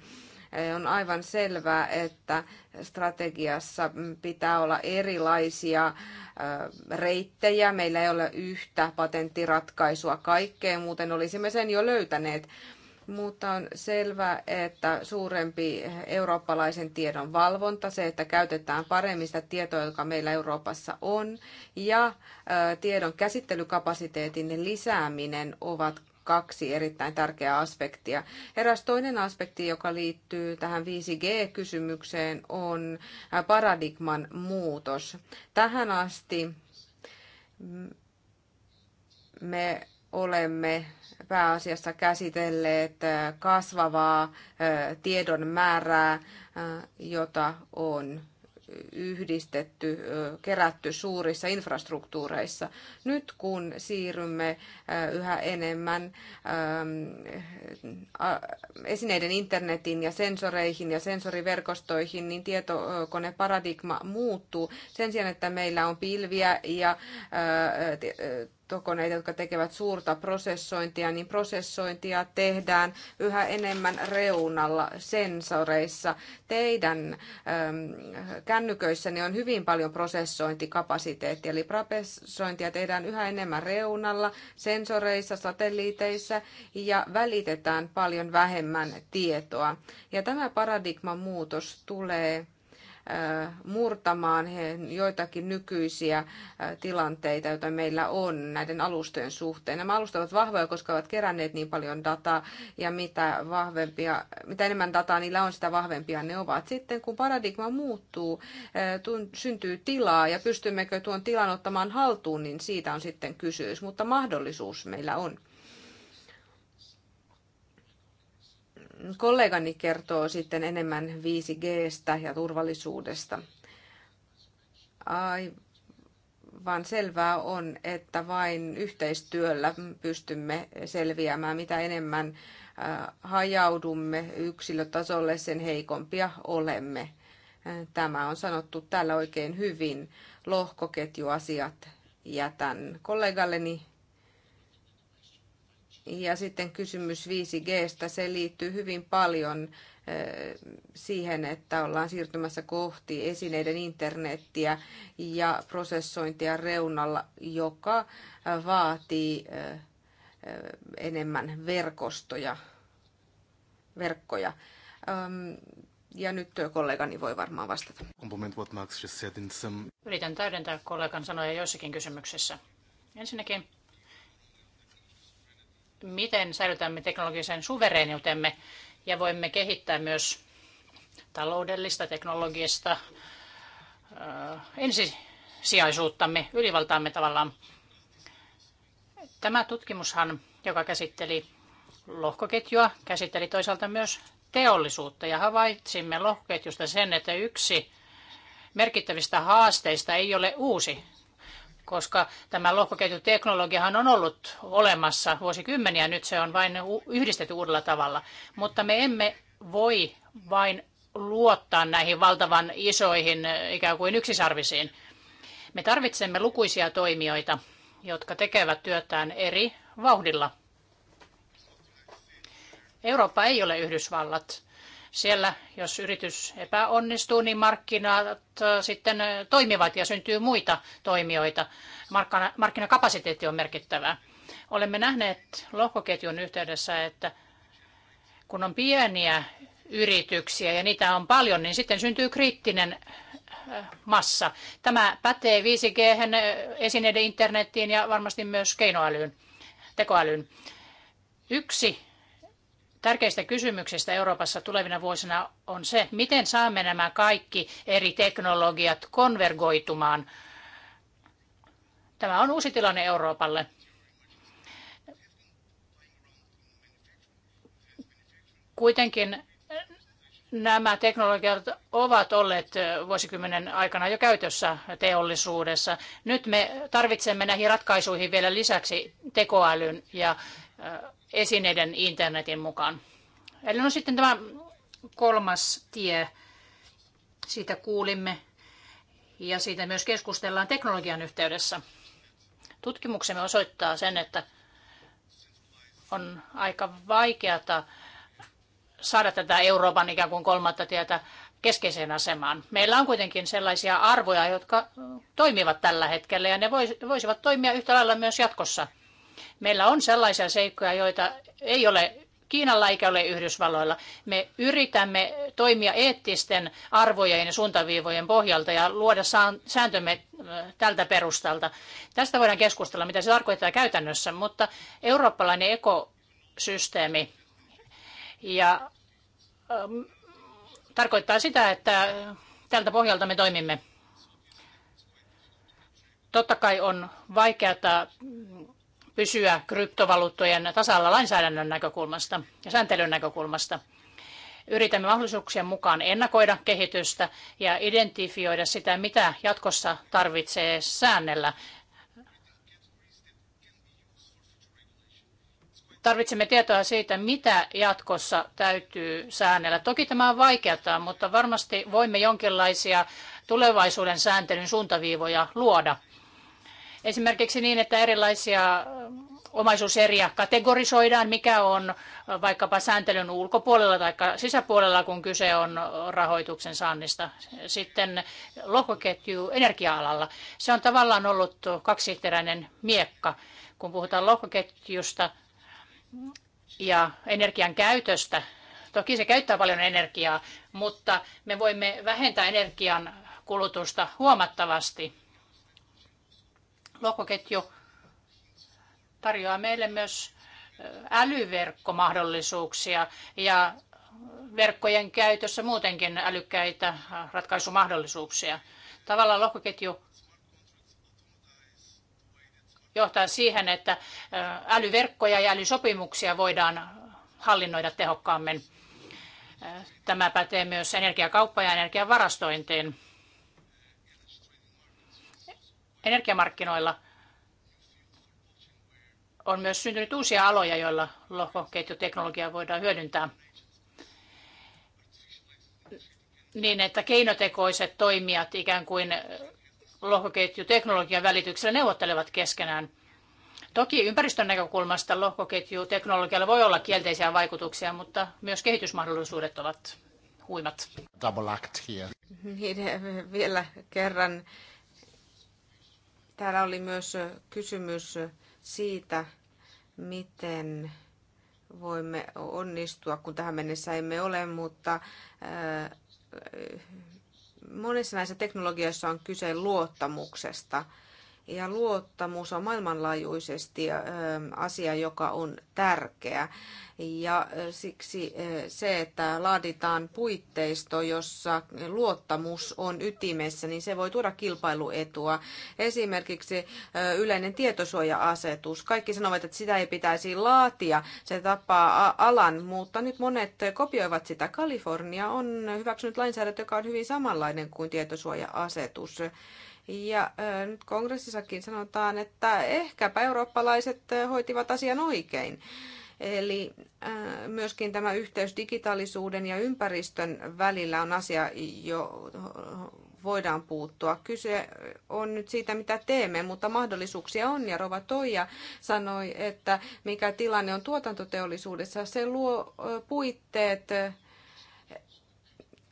Eh, on aivan selvää, että strategiassa pitää olla erilaisia eh, reittejä. Meillä ei ole yhtä patenttiratkaisua kaikkeen, muuten olisimme sen jo löytäneet mutta on selvää, että suurempi eurooppalaisen tiedon valvonta, se, että käytetään paremmin sitä tietoa, joka meillä Euroopassa on, ja eh, tiedon käsittelykapasiteetin lisääminen ovat kaksi erittäin tärkeää aspektia. Eräs toinen aspekti, joka liittyy tähän 5G-kysymykseen, on paradigman muutos. Tähän asti me olemme pääasiassa käsitelleet kasvavaa tiedon määrää, jota on yhdistetty, kerätty suurissa infrastruktuureissa. Nyt kun siirrymme yhä enemmän esineiden internetin ja sensoreihin ja sensoriverkostoihin, niin tietokoneparadigma muuttuu. Sen sijaan, että meillä on pilviä ja tietokoneita, jotka tekevät suurta prosessointia, niin prosessointia tehdään yhä enemmän reunalla sensoreissa. Teidän äm, kännyköissäni on hyvin paljon prosessointikapasiteettia, eli prosessointia tehdään yhä enemmän reunalla, sensoreissa, satelliiteissa ja välitetään paljon vähemmän tietoa. Ja tämä paradigman muutos tulee murtamaan joitakin nykyisiä tilanteita, joita meillä on näiden alustojen suhteen. Nämä alustat ovat vahvoja, koska ovat keränneet niin paljon dataa ja mitä, vahvempia, mitä enemmän dataa niillä on, sitä vahvempia ne ovat. Sitten kun paradigma muuttuu, syntyy tilaa ja pystymmekö tuon tilan ottamaan haltuun, niin siitä on sitten kysymys, mutta mahdollisuus meillä on. kollegani kertoo sitten enemmän 5Gstä ja turvallisuudesta. Aivan selvää on, että vain yhteistyöllä pystymme selviämään, mitä enemmän äh, hajaudumme yksilötasolle, sen heikompia olemme. Tämä on sanottu täällä oikein hyvin. Lohkoketjuasiat jätän kollegalleni ja sitten kysymys 5Gstä, se liittyy hyvin paljon eh, siihen, että ollaan siirtymässä kohti esineiden internettiä ja prosessointia reunalla, joka vaatii eh, enemmän verkostoja, verkkoja. Ja nyt kollegani voi varmaan vastata. Yritän täydentää kollegan sanoja joissakin kysymyksissä. Ensinnäkin miten säilytämme teknologisen suvereniutemme ja voimme kehittää myös taloudellista, teknologista äh, ensisijaisuuttamme, ylivaltaamme tavallaan. Tämä tutkimushan, joka käsitteli lohkoketjua, käsitteli toisaalta myös teollisuutta ja havaitsimme lohkoketjusta sen, että yksi merkittävistä haasteista ei ole uusi koska tämä lohkoketjuteknologiahan on ollut olemassa vuosikymmeniä, nyt se on vain yhdistetty uudella tavalla. Mutta me emme voi vain luottaa näihin valtavan isoihin eh, ikään kuin yksisarvisiin. Me tarvitsemme lukuisia toimijoita, jotka tekevät työtään eri vauhdilla. Eurooppa ei ole Yhdysvallat. Siellä, jos yritys epäonnistuu, niin markkinat äh, sitten äh, toimivat ja syntyy muita toimijoita. Markkinakapasiteetti on merkittävää. Olemme nähneet lohkoketjun yhteydessä, että kun on pieniä yrityksiä ja niitä on paljon, niin sitten syntyy kriittinen äh, massa. Tämä pätee 5G, esineiden internettiin ja varmasti myös keinoälyyn, tekoälyyn. Yksi tärkeistä kysymyksistä Euroopassa tulevina vuosina on se, miten saamme nämä kaikki eri teknologiat konvergoitumaan. Tämä on uusi tilanne Euroopalle. Kuitenkin nämä teknologiat ovat olleet vuosikymmenen aikana jo käytössä teollisuudessa. Nyt me tarvitsemme näihin ratkaisuihin vielä lisäksi tekoälyn ja esineiden internetin mukaan. Eli no sitten tämä kolmas tie, siitä kuulimme ja siitä myös keskustellaan teknologian yhteydessä. Tutkimuksemme osoittaa sen, että on aika vaikeata saada tätä Euroopan ikään kuin kolmatta tietä keskeiseen asemaan. Meillä on kuitenkin sellaisia arvoja, jotka toimivat tällä hetkellä ja ne voisivat toimia yhtä lailla myös jatkossa – Meillä on sellaisia seikkoja, joita ei ole Kiinalla eikä ole Yhdysvalloilla. Me yritämme toimia eettisten arvojen ja suuntaviivojen pohjalta ja luoda sääntömme äh, tältä perustalta. Tästä voidaan keskustella, mitä se tarkoittaa käytännössä, mutta eurooppalainen ekosysteemi ja ähm, tarkoittaa sitä, että tältä pohjalta me toimimme. Totta kai on vaikeata pysyä kryptovaluuttojen tasalla lainsäädännön näkökulmasta ja sääntelyn näkökulmasta. Yritämme mahdollisuuksien mukaan ennakoida kehitystä ja identifioida sitä, mitä jatkossa tarvitsee säännellä. Tarvitsemme tietoa siitä, mitä jatkossa täytyy säännellä. Toki tämä on vaikeata, mutta varmasti voimme jonkinlaisia tulevaisuuden sääntelyn suuntaviivoja luoda. Esimerkiksi niin, että erilaisia omaisuuseriä kategorisoidaan, mikä on vaikkapa sääntelyn ulkopuolella tai sisäpuolella, kun kyse on rahoituksen saannista. Sitten lohkoketju energia-alalla. Se on tavallaan ollut kaksiteräinen miekka. Kun puhutaan lohkoketjusta ja energian käytöstä, toki se käyttää paljon energiaa, mutta me voimme vähentää energian kulutusta huomattavasti Lohkoketju tarjoaa meille myös älyverkkomahdollisuuksia ja verkkojen käytössä muutenkin älykkäitä ratkaisumahdollisuuksia. Tavallaan lohkoketju johtaa siihen, että älyverkkoja ja älysopimuksia voidaan hallinnoida tehokkaammin. Tämä pätee myös energiakauppaan ja energiavarastointiin energiamarkkinoilla on myös syntynyt uusia aloja, joilla lohkoketjuteknologiaa voidaan hyödyntää niin, että keinotekoiset toimijat ikään kuin lohkoketjuteknologian välityksellä neuvottelevat keskenään. Toki ympäristön näkökulmasta lohkoketjuteknologialla voi olla kielteisiä vaikutuksia, mutta myös kehitysmahdollisuudet ovat huimat. Double act here. Niin, vielä kerran Täällä oli myös kysymys siitä, miten voimme onnistua, kun tähän mennessä emme ole, mutta monissa näissä teknologioissa on kyse luottamuksesta. Ja luottamus on maailmanlaajuisesti asia, joka on tärkeä. Ja siksi se, että laaditaan puitteisto, jossa luottamus on ytimessä, niin se voi tuoda kilpailuetua. Esimerkiksi yleinen tietosuoja-asetus. Kaikki sanovat, että sitä ei pitäisi laatia. Se tapaa alan, mutta nyt monet kopioivat sitä. Kalifornia on hyväksynyt lainsäädäntö, joka on hyvin samanlainen kuin tietosuoja-asetus. Ja nyt kongressissakin sanotaan, että ehkäpä eurooppalaiset hoitivat asian oikein. Eli myöskin tämä yhteys digitaalisuuden ja ympäristön välillä on asia, jo voidaan puuttua. Kyse on nyt siitä, mitä teemme, mutta mahdollisuuksia on. Ja Rova Toija sanoi, että mikä tilanne on tuotantoteollisuudessa, se luo puitteet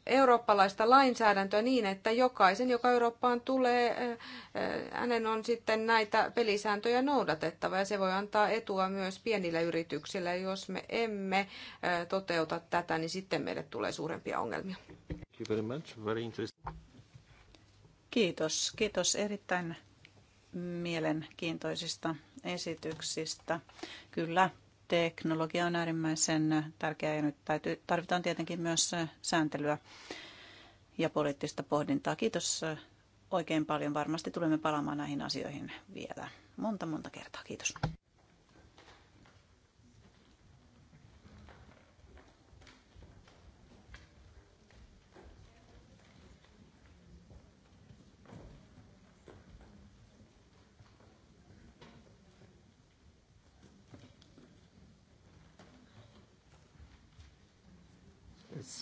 eurooppalaista lainsäädäntöä niin, että jokaisen, joka Eurooppaan tulee, eh, hänen on sitten näitä pelisääntöjä noudatettava ja se voi antaa etua myös pienille yrityksille. Jos me emme eh, toteuta tätä, niin sitten meille tulee suurempia ongelmia. Kiitos, kiitos erittäin mielenkiintoisista esityksistä. Kyllä, teknologia on äärimmäisen tärkeä ja nyt täytyy, tarvitaan tietenkin myös sääntelyä ja poliittista pohdintaa. Kiitos oikein paljon. Varmasti tulemme palaamaan näihin asioihin vielä monta monta kertaa. Kiitos.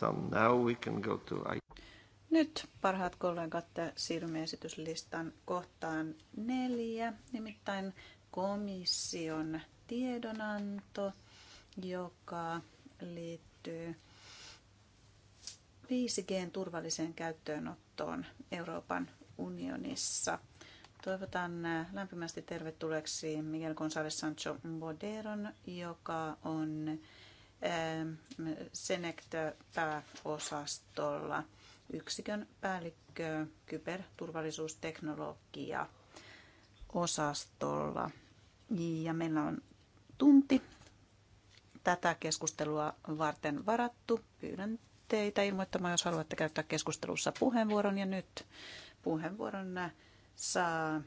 So now we can go to... Nyt parhaat kollegat siirrymme esityslistan kohtaan neljä, nimittäin komission tiedonanto, joka liittyy 5Gn turvalliseen käyttöönottoon Euroopan unionissa. Toivotan lämpimästi tervetulleeksi Miguel González Sancho Boderon, joka on Ehm, Senecta-pääosastolla yksikön päällikkö kyberturvallisuusteknologia osastolla. Ja meillä on tunti tätä keskustelua varten varattu. Pyydän teitä ilmoittamaan, jos haluatte käyttää keskustelussa puheenvuoron. Ja nyt puheenvuoron saa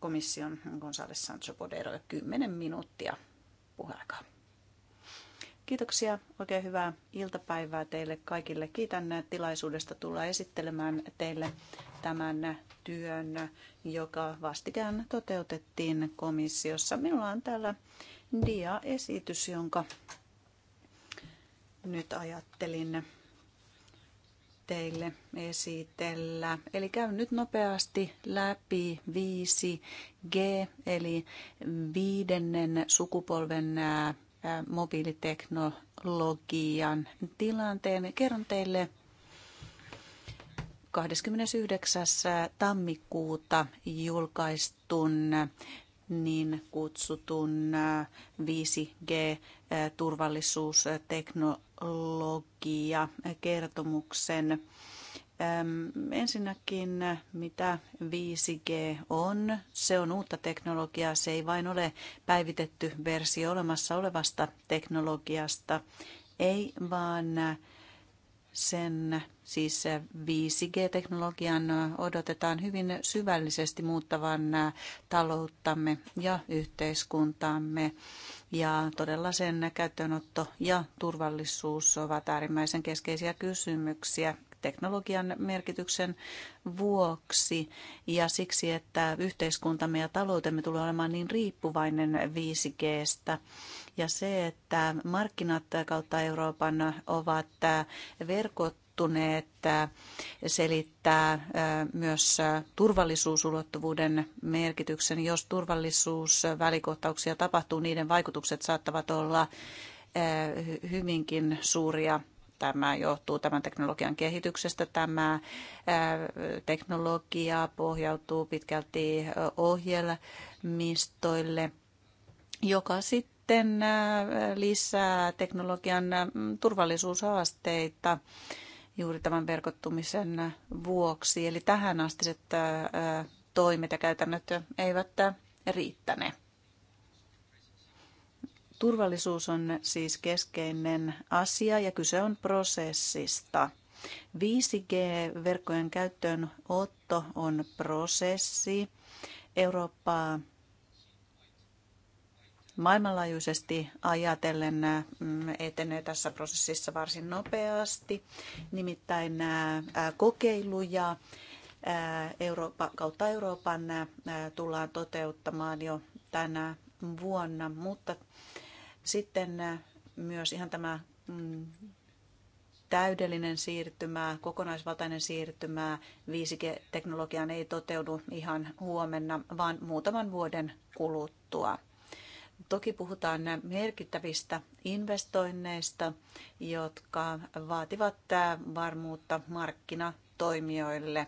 komission Gonzales Sancho Podero 10 minuuttia puheaikaa. Kiitoksia, oikein hyvää iltapäivää teille kaikille. Kiitän tilaisuudesta tulla esittelemään teille tämän työn, joka vastikään toteutettiin komissiossa. Minulla on täällä diaesitys, jonka nyt ajattelin teille esitellä. Eli käyn nyt nopeasti läpi 5G, eli viidennen sukupolven mobiiliteknologian tilanteen. Kerron teille 29. tammikuuta julkaistun niin kutsutun 5G-turvallisuusteknologia-kertomuksen Ensinnäkin, mitä 5G on? Se on uutta teknologiaa, se ei vain ole päivitetty versio olemassa olevasta teknologiasta, ei vaan sen siis 5G-teknologian odotetaan hyvin syvällisesti muuttavan talouttamme ja yhteiskuntaamme. Ja todella sen käyttöönotto ja turvallisuus ovat äärimmäisen keskeisiä kysymyksiä teknologian merkityksen vuoksi ja siksi, että yhteiskuntamme ja taloutemme tulee olemaan niin riippuvainen 5Gstä. Ja se, että markkinat kautta Euroopan ovat verkot selittää myös turvallisuusulottuvuuden merkityksen. Jos turvallisuusvälikohtauksia tapahtuu, niiden vaikutukset saattavat olla hyvinkin suuria Tämä johtuu tämän teknologian kehityksestä. Tämä teknologia pohjautuu pitkälti ohjelmistoille, joka sitten lisää teknologian turvallisuushaasteita juuri tämän verkottumisen vuoksi. Eli tähän asti toimet ja käytännöt eivät riittäne. Turvallisuus on siis keskeinen asia ja kyse on prosessista. 5G-verkkojen otto on prosessi. Eurooppaa maailmanlaajuisesti ajatellen mm, etenee tässä prosessissa varsin nopeasti. Nimittäin kokeiluja Eurooppa, kautta Euroopan tullaan toteuttamaan jo tänä vuonna, mutta sitten myös ihan tämä mm, täydellinen siirtymä, kokonaisvaltainen siirtymä 5G-teknologiaan ei toteudu ihan huomenna, vaan muutaman vuoden kuluttua. Toki puhutaan merkittävistä investoinneista, jotka vaativat varmuutta markkinatoimijoille.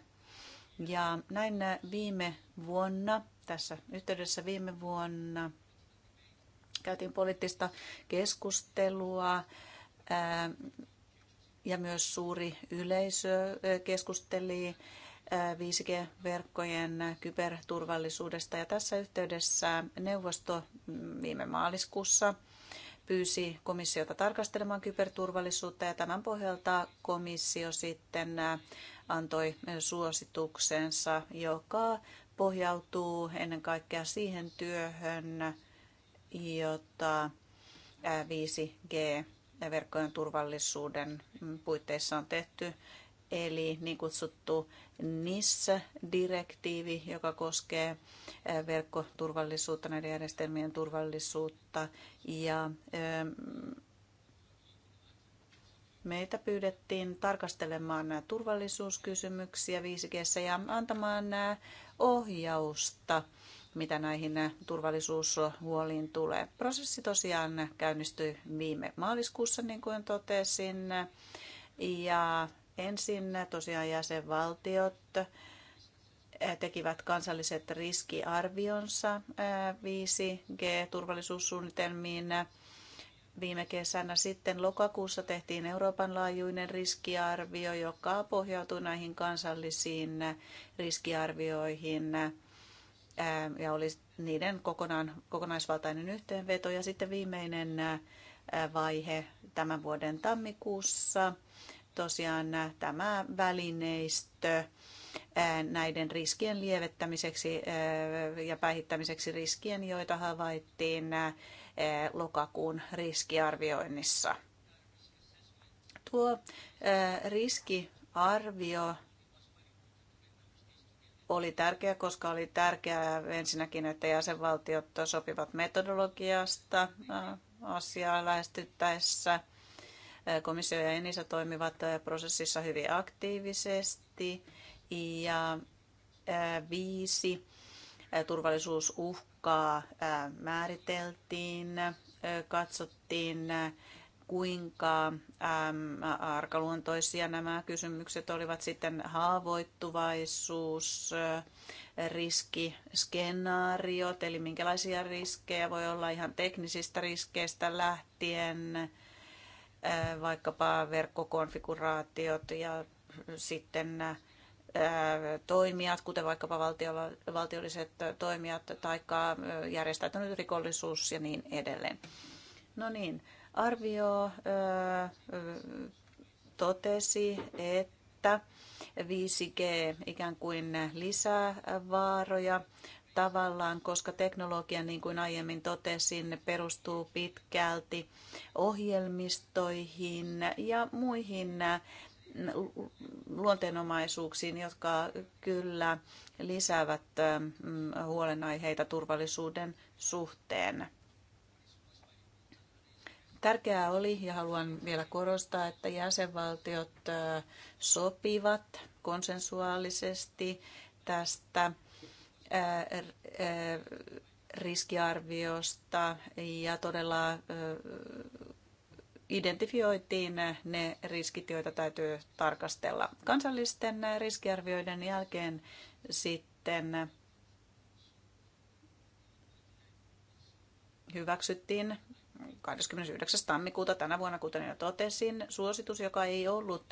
Ja näin viime vuonna, tässä yhteydessä viime vuonna, käytiin poliittista keskustelua ja myös suuri yleisö keskusteli 5G-verkkojen kyberturvallisuudesta. Ja tässä yhteydessä neuvosto mm, viime maaliskuussa pyysi komissiota tarkastelemaan kyberturvallisuutta ja tämän pohjalta komissio sitten antoi suosituksensa, joka pohjautuu ennen kaikkea siihen työhön, jota 5G-verkkojen turvallisuuden puitteissa on tehty, eli niin kutsuttu NIS-direktiivi, joka koskee verkkoturvallisuutta, näiden järjestelmien turvallisuutta. Ja meitä pyydettiin tarkastelemaan turvallisuuskysymyksiä 5G ja antamaan ohjausta mitä näihin turvallisuushuoliin tulee. Prosessi tosiaan käynnistyi viime maaliskuussa, niin kuin totesin, ja ensin tosiaan jäsenvaltiot eh, tekivät kansalliset riskiarvionsa 5G-turvallisuussuunnitelmiin eh, viime kesänä. Sitten lokakuussa tehtiin Euroopan laajuinen riskiarvio, joka pohjautui näihin kansallisiin riskiarvioihin Ähm, ja oli niiden kokonaan, kokonaisvaltainen yhteenveto. Ja sitten viimeinen äh, vaihe tämän vuoden tammikuussa tosiaan äh, tämä välineistö äh, näiden riskien lievettämiseksi ja päihittämiseksi riskien, joita havaittiin lokakuun riskiarvioinnissa. Tuo riskiarvio oli tärkeä, koska oli tärkeää ensinnäkin, että jäsenvaltiot sopivat metodologiasta asiaa lähestyttäessä. Komissio ja Enisa toimivat prosessissa hyvin aktiivisesti ja viisi turvallisuusuhkaa määriteltiin, katsottiin kuinka arkaluontoisia nämä kysymykset olivat sitten haavoittuvaisuus, riskiskenaariot, eli minkälaisia riskejä voi olla ihan teknisistä riskeistä lähtien, vaikkapa verkkokonfiguraatiot ja sitten toimijat, kuten vaikkapa valtiolla, valtiolliset toimijat tai järjestäytynyt rikollisuus ja niin edelleen. No niin, Arvio totesi, että 5G ikään kuin lisää vaaroja tavallaan, koska teknologia, niin kuin aiemmin totesin, perustuu pitkälti ohjelmistoihin ja muihin luonteenomaisuuksiin, jotka kyllä lisäävät huolenaiheita turvallisuuden suhteen. Tärkeää oli, ja haluan vielä korostaa, että jäsenvaltiot sopivat konsensuaalisesti tästä riskiarviosta ja todella identifioitiin ne riskit, joita täytyy tarkastella. Kansallisten riskiarvioiden jälkeen sitten hyväksyttiin 29. tammikuuta tänä vuonna, kuten jo totesin, suositus, joka ei ollut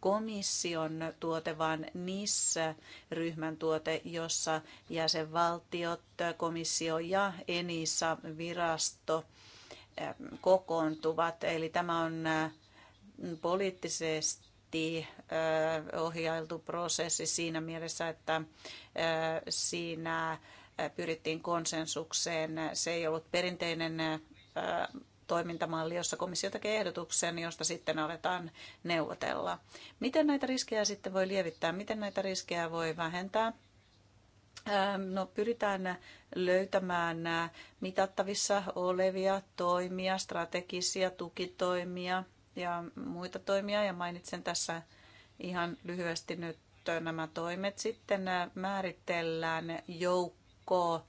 komission tuote, vaan niissä ryhmän tuote, jossa jäsenvaltiot, komissio ja ENISA-virasto ähm, kokoontuvat. Eli tämä on äh, poliittisesti äh, ohjailtu prosessi siinä mielessä, että äh, siinä pyrittiin konsensukseen. Se ei ollut perinteinen toimintamalli, jossa komissio tekee ehdotuksen, josta sitten aletaan neuvotella. Miten näitä riskejä sitten voi lievittää? Miten näitä riskejä voi vähentää? No, pyritään löytämään mitattavissa olevia toimia, strategisia tukitoimia ja muita toimia. Ja mainitsen tässä ihan lyhyesti nyt nämä toimet. Sitten määritellään joukko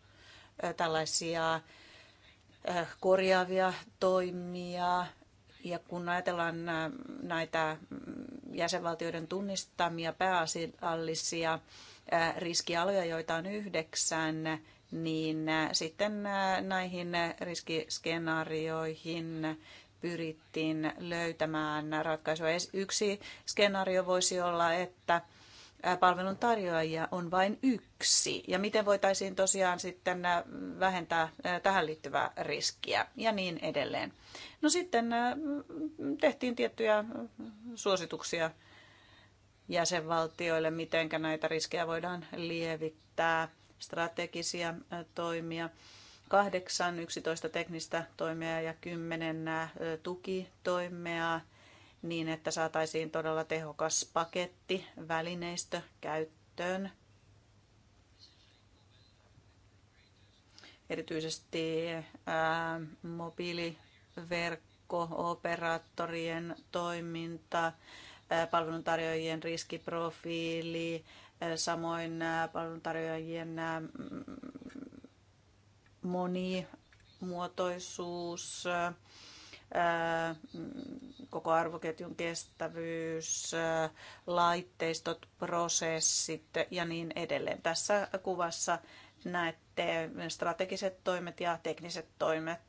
tällaisia Äh, korjaavia toimia. Ja kun ajatellaan näitä jäsenvaltioiden tunnistamia pääasiallisia äh, riskialoja, joita on yhdeksän, niin äh, sitten näihin riskiskenaarioihin pyrittiin löytämään ratkaisua. Yksi skenaario voisi olla, että palvelun tarjoajia on vain yksi ja miten voitaisiin tosiaan sitten äh, vähentää äh, tähän liittyvää riskiä ja niin edelleen. No sitten äh, tehtiin tiettyjä suosituksia jäsenvaltioille, miten näitä riskejä voidaan lievittää, strategisia toimia. Kahdeksan, yksitoista teknistä toimia ja kymmenen tukitoimea niin, että saataisiin todella tehokas paketti, välineistö käyttöön. Erityisesti ää, mobiiliverkko-operaattorien toiminta, ää, palveluntarjoajien riskiprofiili, ää, samoin ää, palveluntarjoajien ää, monimuotoisuus, ää, koko arvoketjun kestävyys, laitteistot, prosessit ja niin edelleen. Tässä kuvassa näette strategiset toimet ja tekniset toimet,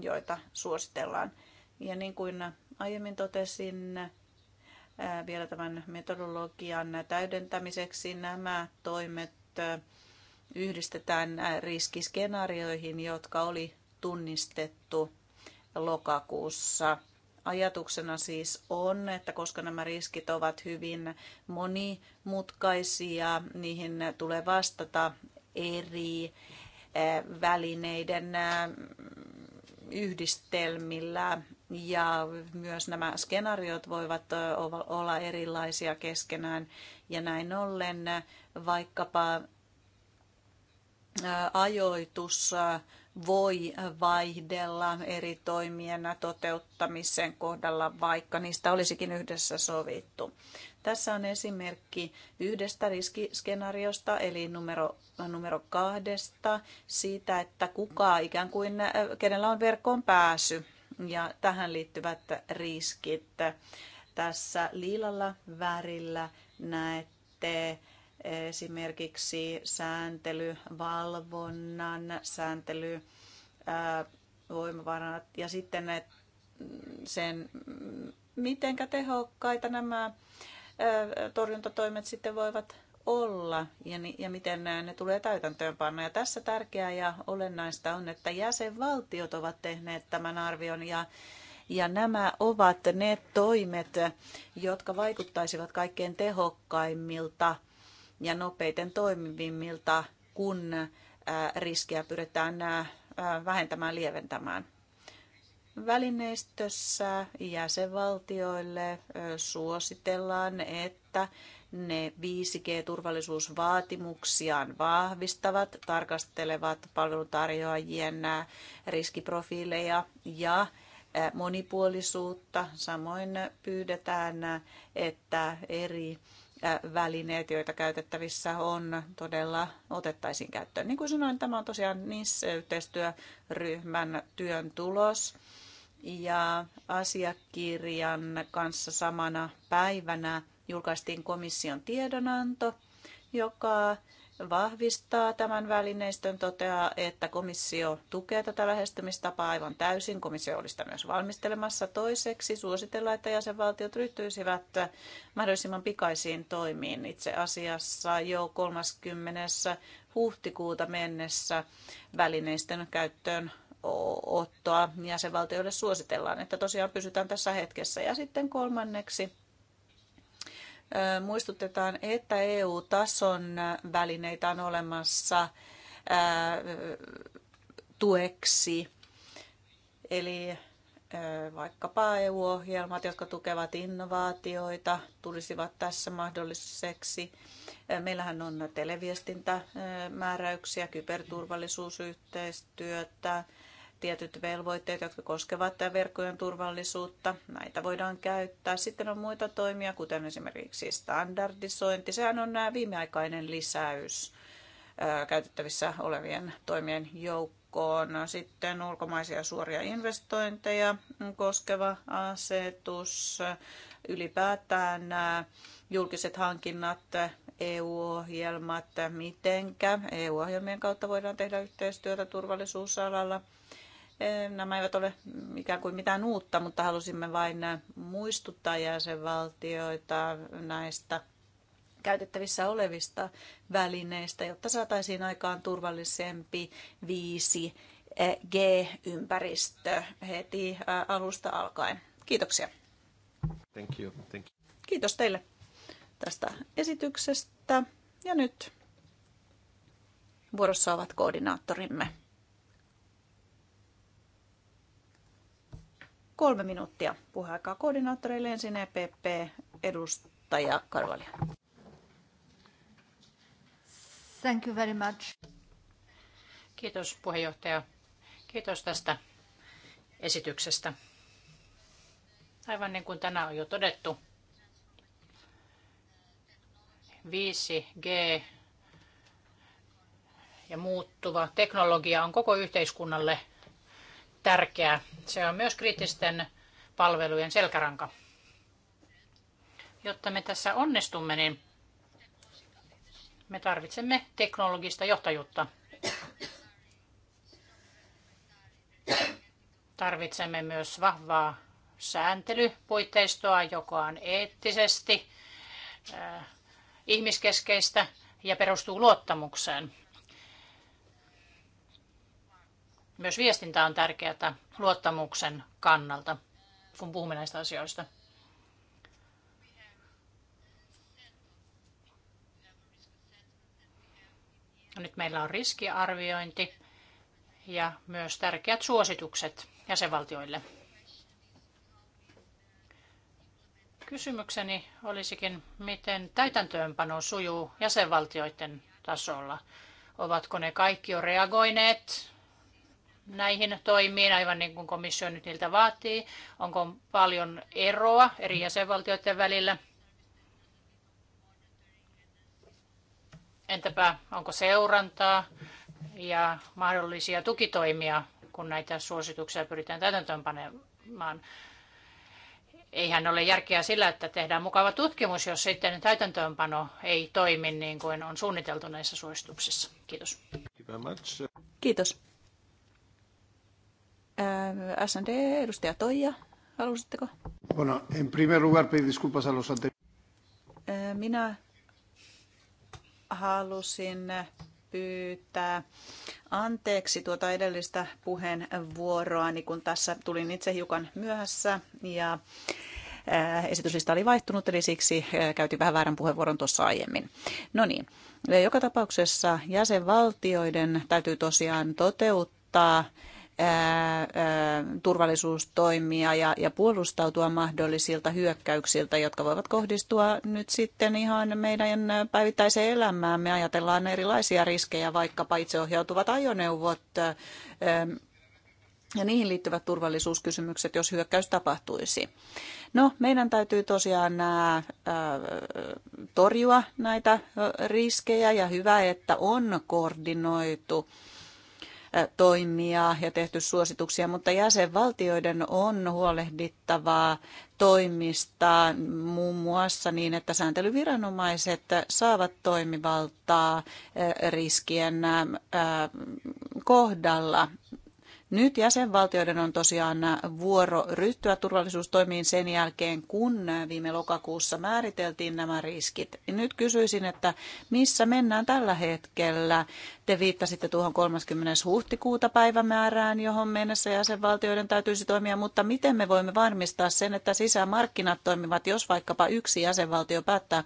joita suositellaan. Ja niin kuin aiemmin totesin, vielä tämän metodologian täydentämiseksi nämä toimet yhdistetään riskiskenaarioihin, jotka oli tunnistettu lokakuussa. Ajatuksena siis on, että koska nämä riskit ovat hyvin monimutkaisia, niihin tulee vastata eri eh, välineiden eh, yhdistelmillä ja myös nämä skenaariot voivat eh, olla erilaisia keskenään ja näin ollen vaikkapa ajoitus voi vaihdella eri toimien toteuttamisen kohdalla, vaikka niistä olisikin yhdessä sovittu. Tässä on esimerkki yhdestä riskiskenaariosta, eli numero, numero kahdesta, siitä, että kuka ikään kuin, kenellä on verkkoon pääsy ja tähän liittyvät riskit. Tässä liilalla värillä näette esimerkiksi sääntelyvalvonnan, sääntely, voimavarat ja sitten ne, sen, miten tehokkaita nämä torjuntatoimet sitten voivat olla ja, ni, ja miten ne tulee täytäntöönpanna. Ja tässä tärkeää ja olennaista on, että jäsenvaltiot ovat tehneet tämän arvion ja ja nämä ovat ne toimet, jotka vaikuttaisivat kaikkein tehokkaimmilta ja nopeiten toimivimmilta, kun riskiä pyritään vähentämään, lieventämään. Välineistössä jäsenvaltioille suositellaan, että ne 5G-turvallisuusvaatimuksiaan vahvistavat, tarkastelevat palveluntarjoajien riskiprofiileja ja monipuolisuutta. Samoin pyydetään, että eri välineet, joita käytettävissä on, todella otettaisiin käyttöön. Niin kuin sanoin, tämä on tosiaan NIS-yhteistyöryhmän työn tulos. Ja asiakirjan kanssa samana päivänä julkaistiin komission tiedonanto – joka vahvistaa tämän välineistön, toteaa, että komissio tukee tätä lähestymistapaa aivan täysin. Komissio oli sitä myös valmistelemassa. Toiseksi suositellaan, että jäsenvaltiot ryhtyisivät mahdollisimman pikaisiin toimiin itse asiassa jo 30. huhtikuuta mennessä välineistön käyttöön ottoa jäsenvaltioille suositellaan, että tosiaan pysytään tässä hetkessä. Ja sitten kolmanneksi muistutetaan, että EU-tason välineitä on olemassa tueksi. Eli vaikkapa EU-ohjelmat, jotka tukevat innovaatioita, tulisivat tässä mahdolliseksi. Meillähän on televiestintämääräyksiä, kyberturvallisuusyhteistyötä, tietyt velvoitteet, jotka koskevat tämän verkkojen turvallisuutta. Näitä voidaan käyttää. Sitten on muita toimia, kuten esimerkiksi standardisointi. Sehän on nämä viimeaikainen lisäys käytettävissä olevien toimien joukkoon. Sitten ulkomaisia suoria investointeja koskeva asetus. Ylipäätään nämä julkiset hankinnat, EU-ohjelmat, mitenkä EU-ohjelmien kautta voidaan tehdä yhteistyötä turvallisuusalalla – Eh, nämä eivät ole ikään kuin mitään uutta, mutta halusimme vain eh, muistuttaa jäsenvaltioita näistä käytettävissä olevista välineistä, jotta saataisiin aikaan turvallisempi 5G-ympäristö eh, heti alusta alkaen. Kiitoksia. Thank you. Thank you. Kiitos teille tästä esityksestä. Ja nyt vuorossa ovat koordinaattorimme. Kolme minuuttia puheaikaa koordinaattoreille ensin EPP edustaja Karvalia. Thank you very much. Kiitos puheenjohtaja. Kiitos tästä esityksestä. Aivan niin kuin tänään on jo todettu, 5G ja muuttuva teknologia on koko yhteiskunnalle tärkeä. Se on myös kriittisten palvelujen selkäranka. Jotta me tässä onnistumme, niin me tarvitsemme teknologista johtajuutta. Tarvitsemme myös vahvaa sääntelypuitteistoa, joka on eettisesti ihmiskeskeistä ja perustuu luottamukseen. Myös viestintä on tärkeää luottamuksen kannalta, kun puhumme näistä asioista. Nyt meillä on riskiarviointi ja myös tärkeät suositukset jäsenvaltioille. Kysymykseni olisikin, miten täytäntöönpano sujuu jäsenvaltioiden tasolla. Ovatko ne kaikki jo reagoineet näihin toimiin, aivan niin kuin komissio nyt niiltä vaatii? Onko paljon eroa eri jäsenvaltioiden välillä? Entäpä onko seurantaa ja mahdollisia tukitoimia, kun näitä suosituksia pyritään täytäntöönpanemaan? Eihän ole järkeä sillä, että tehdään mukava tutkimus, jos sitten täytäntöönpano ei toimi niin kuin on suunniteltu näissä suosituksissa. Kiitos. Kiitos. SND, edustaja Toija, halusitteko? Bueno, en primer lugar pedir disculpas a los anteriores. Minä halusin pyytää anteeksi tuota edellistä puheenvuoroa, niin kun tässä tulin itse hiukan myöhässä ja esityslista oli vaihtunut, eli siksi käytin vähän väärän puheenvuoron tuossa aiemmin. No niin, joka tapauksessa jäsenvaltioiden täytyy tosiaan toteuttaa turvallisuustoimia ja, ja puolustautua mahdollisilta hyökkäyksiltä, jotka voivat kohdistua nyt sitten ihan meidän päivittäiseen elämään. Me ajatellaan erilaisia riskejä, vaikkapa itseohjautuvat ajoneuvot ja niihin liittyvät turvallisuuskysymykset, jos hyökkäys tapahtuisi. No, meidän täytyy tosiaan nämä, torjua näitä riskejä ja hyvä, että on koordinoitu toimia ja tehty suosituksia, mutta jäsenvaltioiden on huolehdittavaa toimista muun muassa niin, että sääntelyviranomaiset saavat toimivaltaa riskien kohdalla nyt jäsenvaltioiden on tosiaan vuoro ryhtyä turvallisuustoimiin sen jälkeen, kun viime lokakuussa määriteltiin nämä riskit. Nyt kysyisin, että missä mennään tällä hetkellä? Te viittasitte tuohon 30. huhtikuuta päivämäärään, johon mennessä jäsenvaltioiden täytyisi toimia, mutta miten me voimme varmistaa sen, että sisämarkkinat toimivat, jos vaikkapa yksi jäsenvaltio päättää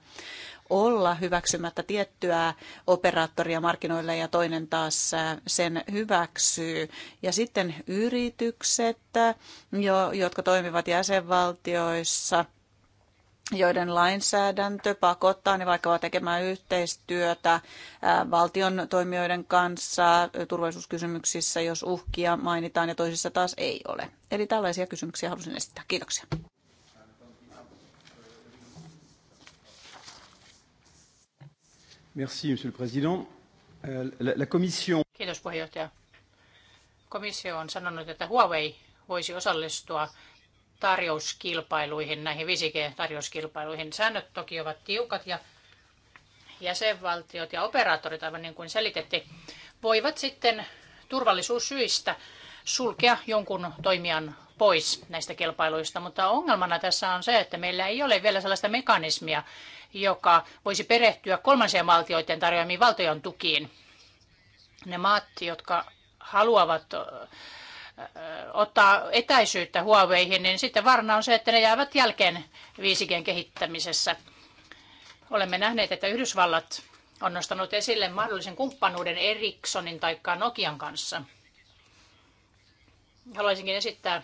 olla hyväksymättä tiettyä operaattoria markkinoille ja toinen taas sen hyväksyy. Ja sitten yritykset, jo, jotka toimivat jäsenvaltioissa, joiden lainsäädäntö pakottaa ne vaikka tekemään yhteistyötä valtion toimijoiden kanssa turvallisuuskysymyksissä, jos uhkia mainitaan ja toisissa taas ei ole. Eli tällaisia kysymyksiä halusin esittää. Kiitoksia. Merci, monsieur le président. Euh, la, la commission... Kiitos puheenjohtaja. Komissio on sanonut, että Huawei voisi osallistua tarjouskilpailuihin, näihin 5G-tarjouskilpailuihin. Säännöt toki ovat tiukat ja jäsenvaltiot ja operaattorit, aivan niin kuin selitettiin, voivat sitten turvallisuussyistä sulkea jonkun toimijan pois näistä kilpailuista, mutta ongelmana tässä on se, että meillä ei ole vielä sellaista mekanismia, joka voisi perehtyä kolmansien valtioiden tarjoamiin valtion tukiin. Ne maat, jotka haluavat ottaa etäisyyttä Huaweihin, niin sitten varna on se, että ne jäävät jälkeen 5Gn kehittämisessä. Olemme nähneet, että Yhdysvallat on nostanut esille mahdollisen kumppanuuden Ericssonin tai Nokian kanssa. Haluaisinkin esittää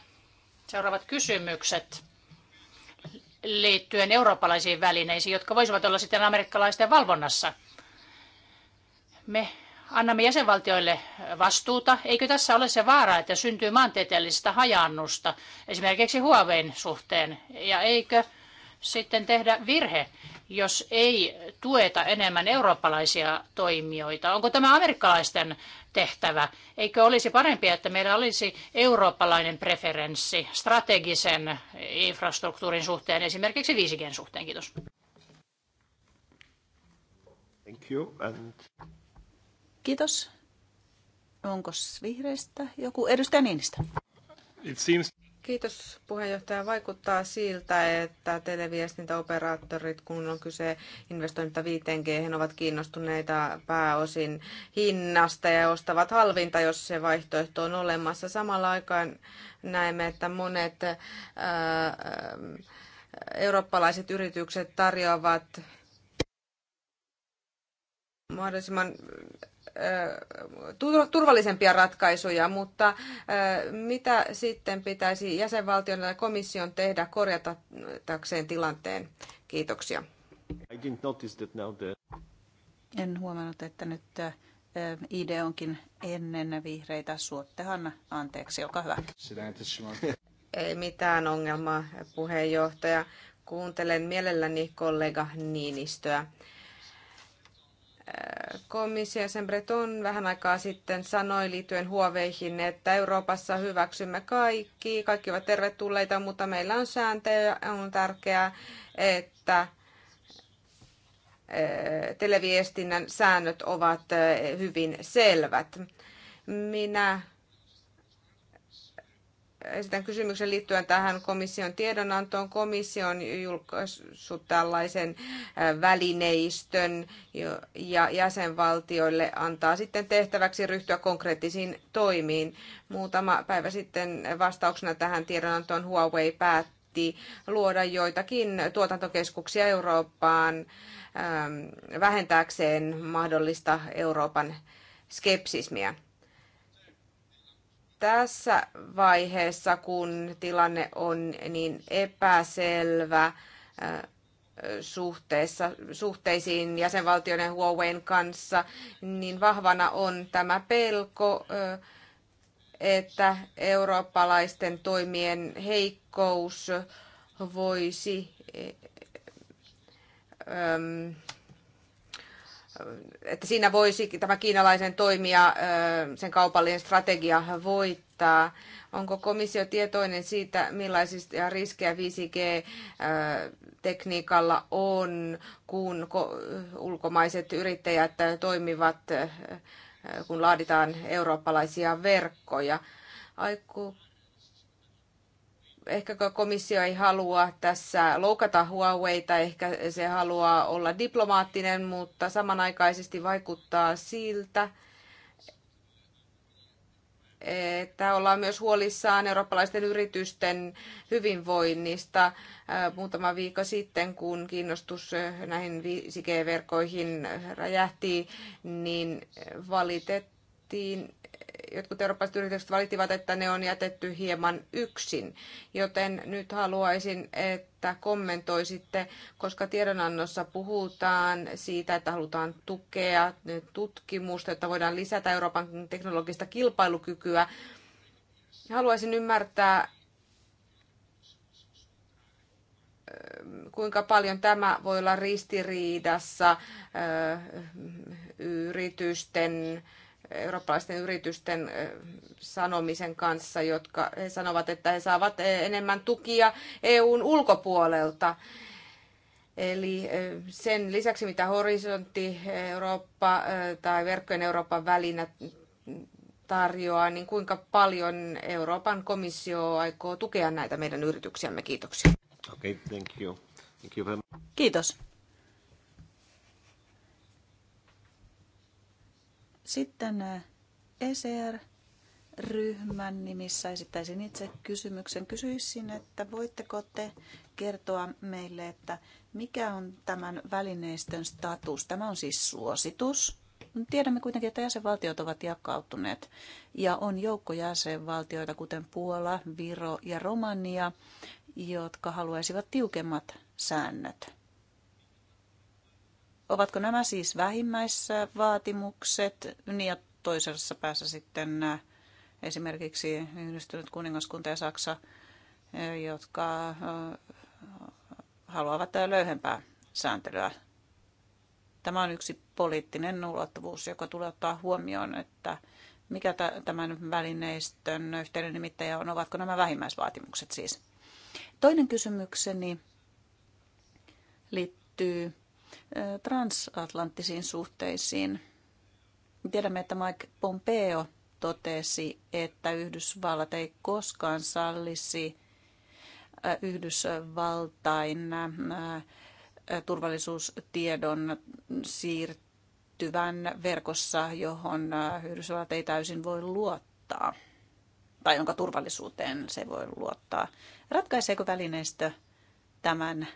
Seuraavat kysymykset liittyen eurooppalaisiin välineisiin, jotka voisivat olla sitten amerikkalaisten valvonnassa. Me annamme jäsenvaltioille vastuuta. Eikö tässä ole se vaara, että syntyy maantieteellistä hajannusta esimerkiksi Huawein suhteen? Ja eikö sitten tehdä virhe, jos ei tueta enemmän eurooppalaisia toimijoita? Onko tämä amerikkalaisten tehtävä. Eikö olisi parempi, että meillä olisi eurooppalainen preferenssi strategisen infrastruktuurin suhteen, esimerkiksi 5Gn suhteen? Kiitos. Thank you and... Kiitos. Onko vihreistä joku? Edustaja Niinistö. It seems... Kiitos puheenjohtaja. Vaikuttaa siltä, että televiestintäoperaattorit, kun on kyse investoinnista 5G, ovat kiinnostuneita pääosin hinnasta ja ostavat halvinta, jos se vaihtoehto on olemassa. Samalla aikaan näemme, että monet ää, eurooppalaiset yritykset tarjoavat mahdollisimman Äh, turvallisempia ratkaisuja, mutta äh, mitä sitten pitäisi jäsenvaltion ja komission tehdä korjatakseen tilanteen? Kiitoksia. En huomannut, että nyt äh, ID onkin ennen vihreitä. Suottehan anteeksi, olkaa hyvä. Ei mitään ongelmaa, puheenjohtaja. Kuuntelen mielelläni kollega Niinistöä komissio sen Breton vähän aikaa sitten sanoi liittyen huoveihin, että Euroopassa hyväksymme kaikki, kaikki ovat tervetulleita, mutta meillä on sääntöjä ja on tärkeää, että eh, televiestinnän säännöt ovat eh, hyvin selvät. Minä esitän kysymyksen liittyen tähän komission tiedonantoon. Komissio on julkaissut tällaisen välineistön ja jäsenvaltioille antaa sitten tehtäväksi ryhtyä konkreettisiin toimiin. Muutama päivä sitten vastauksena tähän tiedonantoon Huawei päätti luoda joitakin tuotantokeskuksia Eurooppaan vähentääkseen mahdollista Euroopan skepsismiä tässä vaiheessa, kun tilanne on niin epäselvä äh, suhteessa, suhteisiin jäsenvaltioiden Huawein kanssa, niin vahvana on tämä pelko, äh, että eurooppalaisten toimien heikkous voisi äh, ähm, että siinä voisi tämä kiinalaisen toimija, sen kaupallinen strategia voittaa. Onko komissio tietoinen siitä, millaisista riskejä 5G-tekniikalla on, kun ulkomaiset yrittäjät toimivat, kun laaditaan eurooppalaisia verkkoja? Aiku ehkä komissio ei halua tässä loukata Huaweita, ehkä se haluaa olla diplomaattinen, mutta samanaikaisesti vaikuttaa siltä, että ollaan myös huolissaan eurooppalaisten yritysten hyvinvoinnista. Äh, muutama viikko sitten, kun kiinnostus näihin 5G-verkkoihin räjähti, niin valitettiin jotkut eurooppalaiset yritykset valittivat, että ne on jätetty hieman yksin. Joten nyt haluaisin, että kommentoisitte, koska tiedonannossa puhutaan siitä, että halutaan tukea tutkimusta, jotta voidaan lisätä Euroopan teknologista kilpailukykyä. Haluaisin ymmärtää, kuinka paljon tämä voi olla ristiriidassa yritysten eurooppalaisten yritysten sanomisen kanssa, jotka he sanovat, että he saavat enemmän tukia EUn ulkopuolelta. Eli sen lisäksi, mitä Horisontti Eurooppa tai Verkkojen Euroopan välinä tarjoaa, niin kuinka paljon Euroopan komissio aikoo tukea näitä meidän yrityksiämme? Kiitoksia. Okay, thank you. Thank you very much. Kiitos. Sitten ECR-ryhmän nimissä esittäisin itse kysymyksen. Kysyisin, että voitteko te kertoa meille, että mikä on tämän välineistön status? Tämä on siis suositus. Tiedämme kuitenkin, että jäsenvaltiot ovat jakautuneet ja on joukko jäsenvaltioita, kuten Puola, Viro ja Romania, jotka haluaisivat tiukemmat säännöt. Ovatko nämä siis vähimmäisvaatimukset, niin ja toisessa päässä sitten äh, esimerkiksi Yhdistynyt kuningaskunta ja Saksa, äh, jotka äh, haluavat löyhempää sääntelyä. Tämä on yksi poliittinen ulottuvuus, joka tulee ottaa huomioon, että mikä tämän välineistön yhteinen nimittäjä on, ovatko nämä vähimmäisvaatimukset siis. Toinen kysymykseni liittyy transatlanttisiin suhteisiin. Tiedämme, että Mike Pompeo totesi, että Yhdysvallat ei koskaan sallisi Yhdysvaltain turvallisuustiedon siirtyvän verkossa, johon Yhdysvallat ei täysin voi luottaa tai jonka turvallisuuteen se voi luottaa. Ratkaiseeko välineistö tämän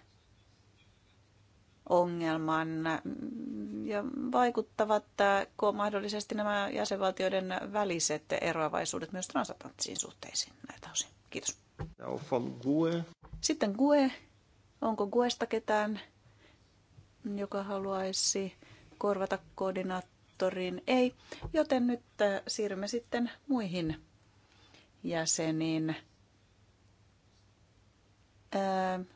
ongelman mm, ja vaikuttavat äh, mahdollisesti nämä jäsenvaltioiden väliset eroavaisuudet myös transatlanttisiin suhteisiin näitä osin. Kiitos. Sitten GUE. Onko GUEsta ketään, joka haluaisi korvata koordinaattorin? Ei, joten nyt äh, siirrymme sitten muihin jäseniin. Äh,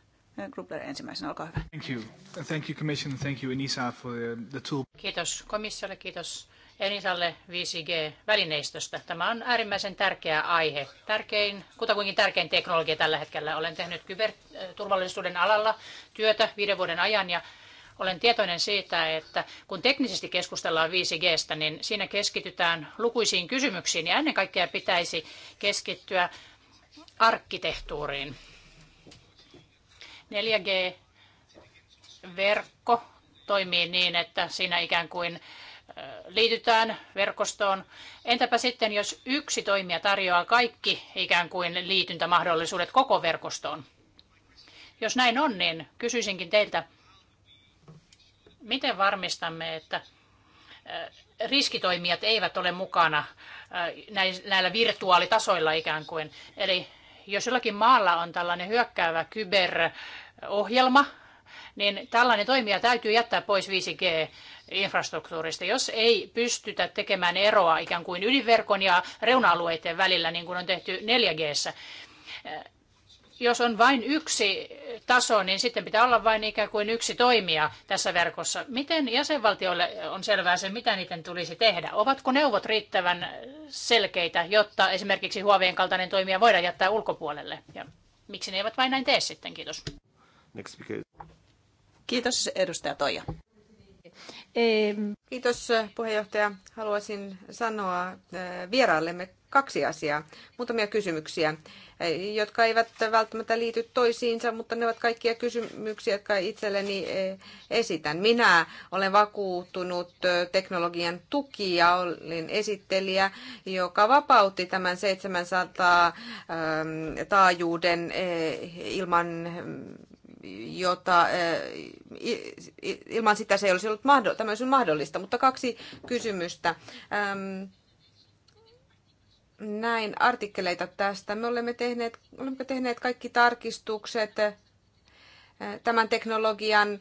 Grubler ensimmäisenä, olkaa hyvä. Thank you. Thank you commission, thank you Enisa for the tool. Kiitos komissiolle, kiitos Enisalle 5G-välineistöstä. Tämä on äärimmäisen tärkeä aihe. Tärkein, kutakuinkin tärkein teknologia tällä hetkellä. Olen tehnyt kyberturvallisuuden alalla työtä viiden vuoden ajan ja olen tietoinen siitä, että kun teknisesti keskustellaan 5Gstä, niin siinä keskitytään lukuisiin kysymyksiin ja ennen kaikkea pitäisi keskittyä arkkitehtuuriin. 4G-verkko toimii niin, että siinä ikään kuin liitytään verkostoon. Entäpä sitten, jos yksi toimija tarjoaa kaikki ikään kuin liityntämahdollisuudet koko verkostoon? Jos näin on, niin kysyisinkin teiltä, miten varmistamme, että riskitoimijat eivät ole mukana näillä virtuaalitasoilla ikään kuin. Eli jos jollakin maalla on tällainen hyökkäävä kyberohjelma, niin tällainen toimija täytyy jättää pois 5G-infrastruktuurista, jos ei pystytä tekemään eroa ikään kuin ydinverkon ja reuna-alueiden välillä, niin kuin on tehty 4 g jos on vain yksi taso, niin sitten pitää olla vain ikään kuin yksi toimija tässä verkossa. Miten jäsenvaltioille on selvää se, mitä niiden tulisi tehdä? Ovatko neuvot riittävän selkeitä, jotta esimerkiksi huovien kaltainen toimija voidaan jättää ulkopuolelle? Ja miksi ne eivät vain näin tee sitten? Kiitos. Next Kiitos edustaja Toija. Kiitos puheenjohtaja. Haluaisin sanoa eh, vieraillemme kaksi asiaa, muutamia kysymyksiä, jotka eivät välttämättä liity toisiinsa, mutta ne ovat kaikkia kysymyksiä, jotka itselleni eh, esitän. Minä olen vakuuttunut eh, teknologian tukija, olin esittelijä, joka vapautti tämän 700 eh, taajuuden ilman jota, ilman sitä se ei olisi olisi ollut mahdollista. Mutta kaksi kysymystä näin artikkeleita tästä. Me olemme tehneet, olemme tehneet kaikki tarkistukset eh, tämän teknologian eh,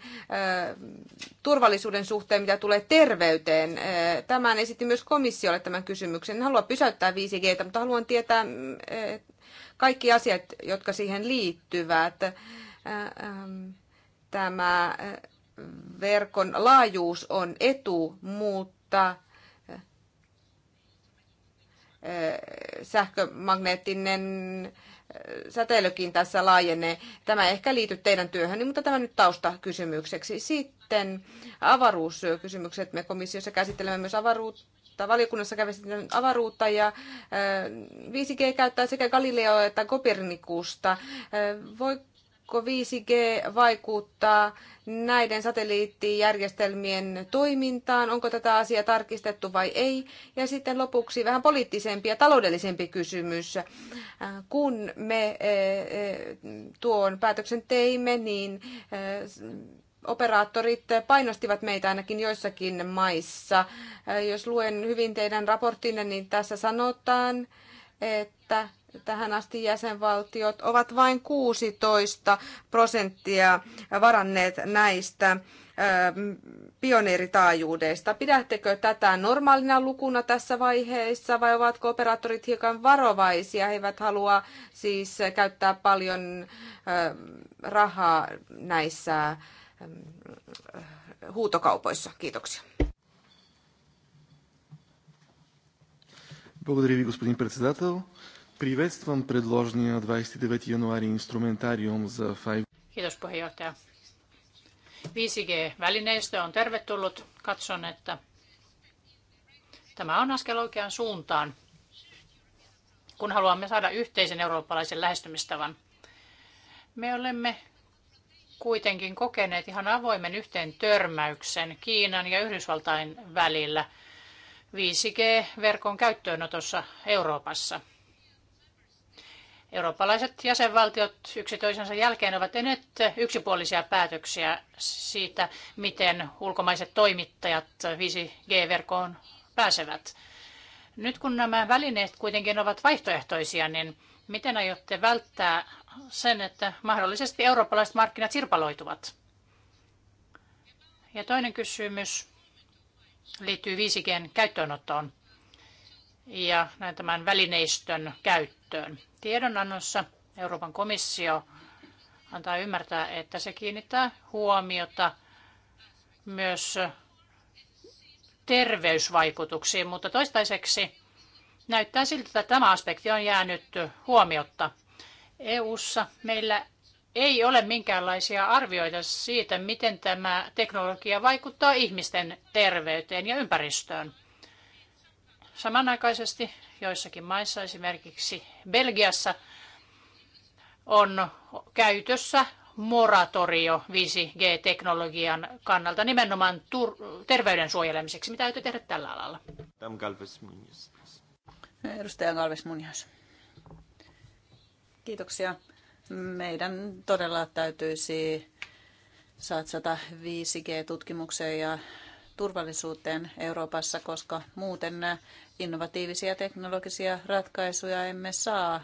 turvallisuuden suhteen, mitä tulee terveyteen. Eh, tämän esitti myös komissiolle tämän kysymyksen. En halua pysäyttää 5G, mutta haluan tietää mm, kaikki asiat, jotka siihen liittyvät. Ehm, tämä verkon laajuus on etu, mutta sähkömagneettinen äh, säteilykin tässä laajenee. Tämä ei ehkä liity teidän työhön, mutta tämä nyt tausta kysymykseksi. Sitten avaruuskysymykset. Me komissiossa käsittelemme myös avaruutta. Valiokunnassa käsittelemme avaruutta ja 5G äh, käyttää sekä Galileo että Kopernikusta. Äh, Voi Voiko 5G vaikuttaa näiden satelliittijärjestelmien toimintaan? Onko tätä asiaa tarkistettu vai ei? Ja sitten lopuksi vähän poliittisempi ja taloudellisempi kysymys. Kun me eh, eh, tuon päätöksen teimme, niin eh, operaattorit painostivat meitä ainakin joissakin maissa. Jos luen hyvin teidän raporttinne, niin tässä sanotaan, että Tähän asti jäsenvaltiot ovat vain 16 prosenttia varanneet näistä ähm, pioneeritaajuudeista. Pidättekö tätä normaalina lukuna tässä vaiheessa vai ovatko operaattorit hiukan varovaisia? He eivät halua siis käyttää paljon ähm, rahaa näissä ähm, huutokaupoissa. Kiitoksia. Благодаря ви, господин председател. Приветствам предложения 29 януари инструментариум за 5 Kiitos puheenjohtaja. 5G-välineistö on tervetullut. Katson, että tämä on askel oikeaan suuntaan, kun haluamme saada yhteisen eurooppalaisen lähestymistavan. Me olemme kuitenkin kokeneet ihan avoimen yhteen törmäyksen Kiinan ja Yhdysvaltain välillä 5G-verkon käyttöönotossa Euroopassa – Eurooppalaiset jäsenvaltiot yksi toisensa jälkeen ovat tehneet yksipuolisia päätöksiä siitä, miten ulkomaiset toimittajat 5G-verkoon pääsevät. Nyt kun nämä välineet kuitenkin ovat vaihtoehtoisia, niin miten aiotte välttää sen, että mahdollisesti eurooppalaiset markkinat sirpaloituvat? Ja toinen kysymys liittyy 5Gn käyttöönottoon ja tämän välineistön käyttöön käyttöön. Tiedonannossa Euroopan komissio antaa ymmärtää, että se kiinnittää huomiota myös terveysvaikutuksiin, mutta toistaiseksi näyttää siltä, että tämä aspekti on jäänyt huomiotta. EU:ssa meillä ei ole minkäänlaisia arvioita siitä, miten tämä teknologia vaikuttaa ihmisten terveyteen ja ympäristöön. Samanaikaisesti joissakin maissa, esimerkiksi Belgiassa, on käytössä moratorio 5G-teknologian kannalta nimenomaan tur- terveyden suojelemiseksi. Mitä täytyy tehdä tällä alalla? Edustaja Galves Munjas. Kiitoksia. Meidän todella täytyisi satsata 5G-tutkimukseen ja turvallisuuteen Euroopassa, koska muuten innovatiivisia teknologisia ratkaisuja emme saa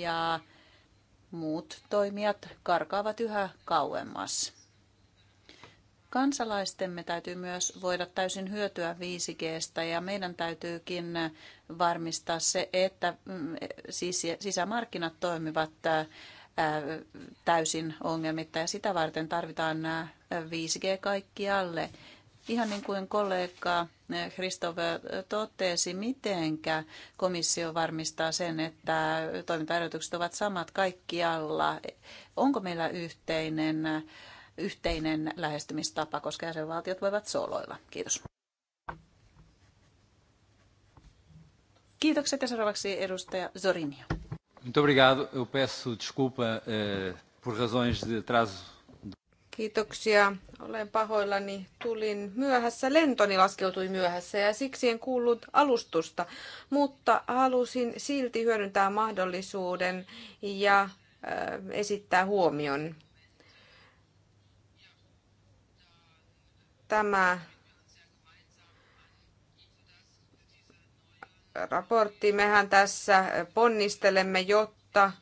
ja muut toimijat karkaavat yhä kauemmas. Kansalaistemme täytyy myös voida täysin hyötyä 5Gstä ja meidän täytyykin varmistaa se, että mm, siis sisämarkkinat toimivat äh, täysin ongelmitta ja sitä varten tarvitaan nämä äh, 5G kaikkialle ihan niin kuin kollega eh, Christoph eh, totesi, mitenkä komissio varmistaa sen, että toimintaedotukset ovat samat kaikkialla. Onko meillä yhteinen, eh, yhteinen lähestymistapa, koska jäsenvaltiot voivat soloilla? Kiitos. Kiitokset ja seuraavaksi edustaja Zorinio. Muito obrigado. Eu peço desculpa eh, por razões de atraso Kiitoksia. Olen pahoillani. Tulin myöhässä. Lentoni laskeutui myöhässä ja siksi en kuullut alustusta, mutta halusin silti hyödyntää mahdollisuuden ja esittää huomion. Tämä raportti, mehän tässä ponnistelemme, jotta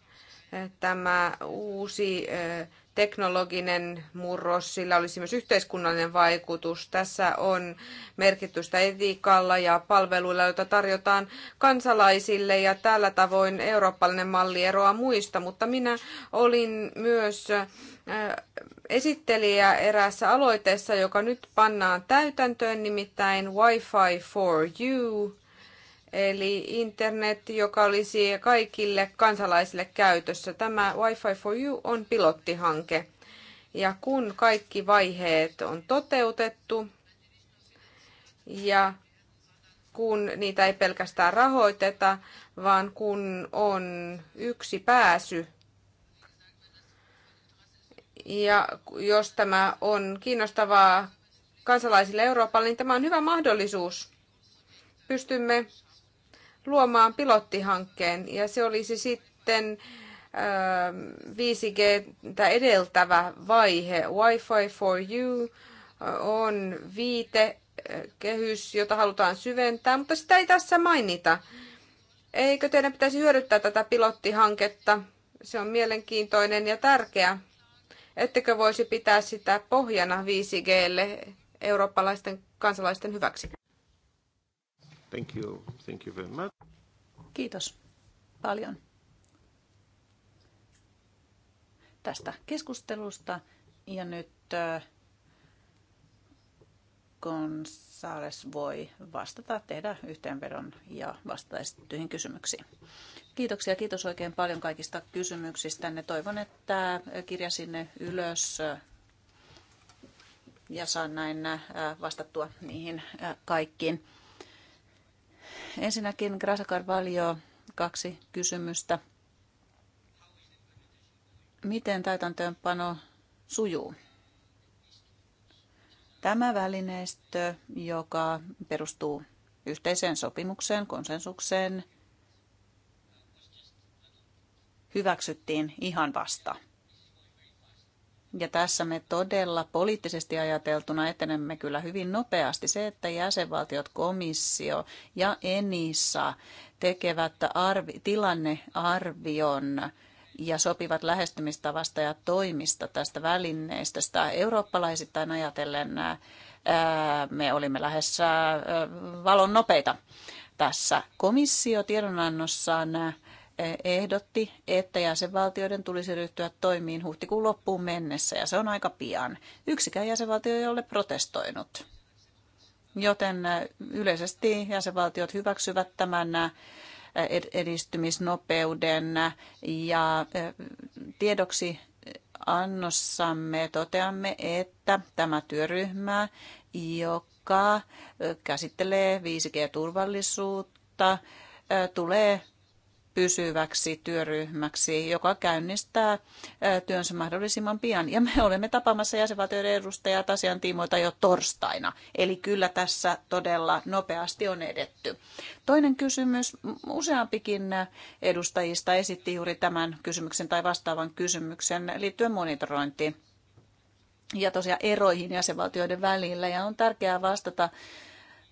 tämä uusi äh, teknologinen murros, sillä olisi myös yhteiskunnallinen vaikutus. Tässä on merkitystä etiikalla ja palveluilla, joita tarjotaan kansalaisille ja tällä tavoin eurooppalainen malli eroaa muista, mutta minä olin myös äh, esittelijä eräässä aloitteessa, joka nyt pannaan täytäntöön, nimittäin Wi-Fi for You Eli internet, joka olisi kaikille kansalaisille käytössä. Tämä Wi-Fi for you on pilottihanke. Ja kun kaikki vaiheet on toteutettu ja kun niitä ei pelkästään rahoiteta, vaan kun on yksi pääsy ja jos tämä on kiinnostavaa kansalaisille Euroopalle, niin tämä on hyvä mahdollisuus. Pystymme luomaan pilottihankkeen ja se olisi sitten 5G edeltävä vaihe. Wi-Fi for you on viite kehys, jota halutaan syventää, mutta sitä ei tässä mainita. Eikö teidän pitäisi hyödyttää tätä pilottihanketta? Se on mielenkiintoinen ja tärkeä. Ettekö voisi pitää sitä pohjana 5Glle eurooppalaisten kansalaisten hyväksi? Thank you. Thank you very much. Kiitos paljon tästä keskustelusta. Ja nyt äh, Gonzales voi vastata, tehdä yhteenvedon ja vastata esitettyihin kysymyksiin. Kiitoksia, kiitos oikein paljon kaikista kysymyksistä. Ne toivon, että äh, kirja sinne ylös äh, ja saan näin vastattua niihin kaikkiin. Ensinnäkin Grasa Carvalho, kaksi kysymystä. Miten täytäntöönpano sujuu? Tämä välineistö, joka perustuu yhteiseen sopimukseen, konsensukseen, hyväksyttiin ihan vasta – ja tässä me todella poliittisesti ajateltuna etenemme kyllä hyvin nopeasti. Se, että jäsenvaltiot, komissio ja ENISA tekevät arvi, tilannearvion ja sopivat lähestymistavasta ja toimista tästä välineestä. Sitä eurooppalaisittain ajatellen ää, me olimme lähes ää, valon nopeita tässä. Komissio tiedonannossaan ehdotti, että jäsenvaltioiden tulisi ryhtyä toimiin huhtikuun loppuun mennessä, ja se on aika pian. Yksikään jäsenvaltio ei ole protestoinut. Joten äh, yleisesti jäsenvaltiot hyväksyvät tämän äh, edistymisnopeuden äh, ja tiedoksi annossamme toteamme, että tämä työryhmä, joka käsittelee 5G-turvallisuutta, tulee pysyväksi työryhmäksi, joka käynnistää työnsä mahdollisimman pian. Ja me olemme tapaamassa jäsenvaltioiden edustajat asian tiimoilta jo torstaina. Eli kyllä tässä todella nopeasti on edetty. Toinen kysymys, useampikin edustajista esitti juuri tämän kysymyksen tai vastaavan kysymyksen liittyen monitorointiin ja tosiaan eroihin jäsenvaltioiden välillä. Ja on tärkeää vastata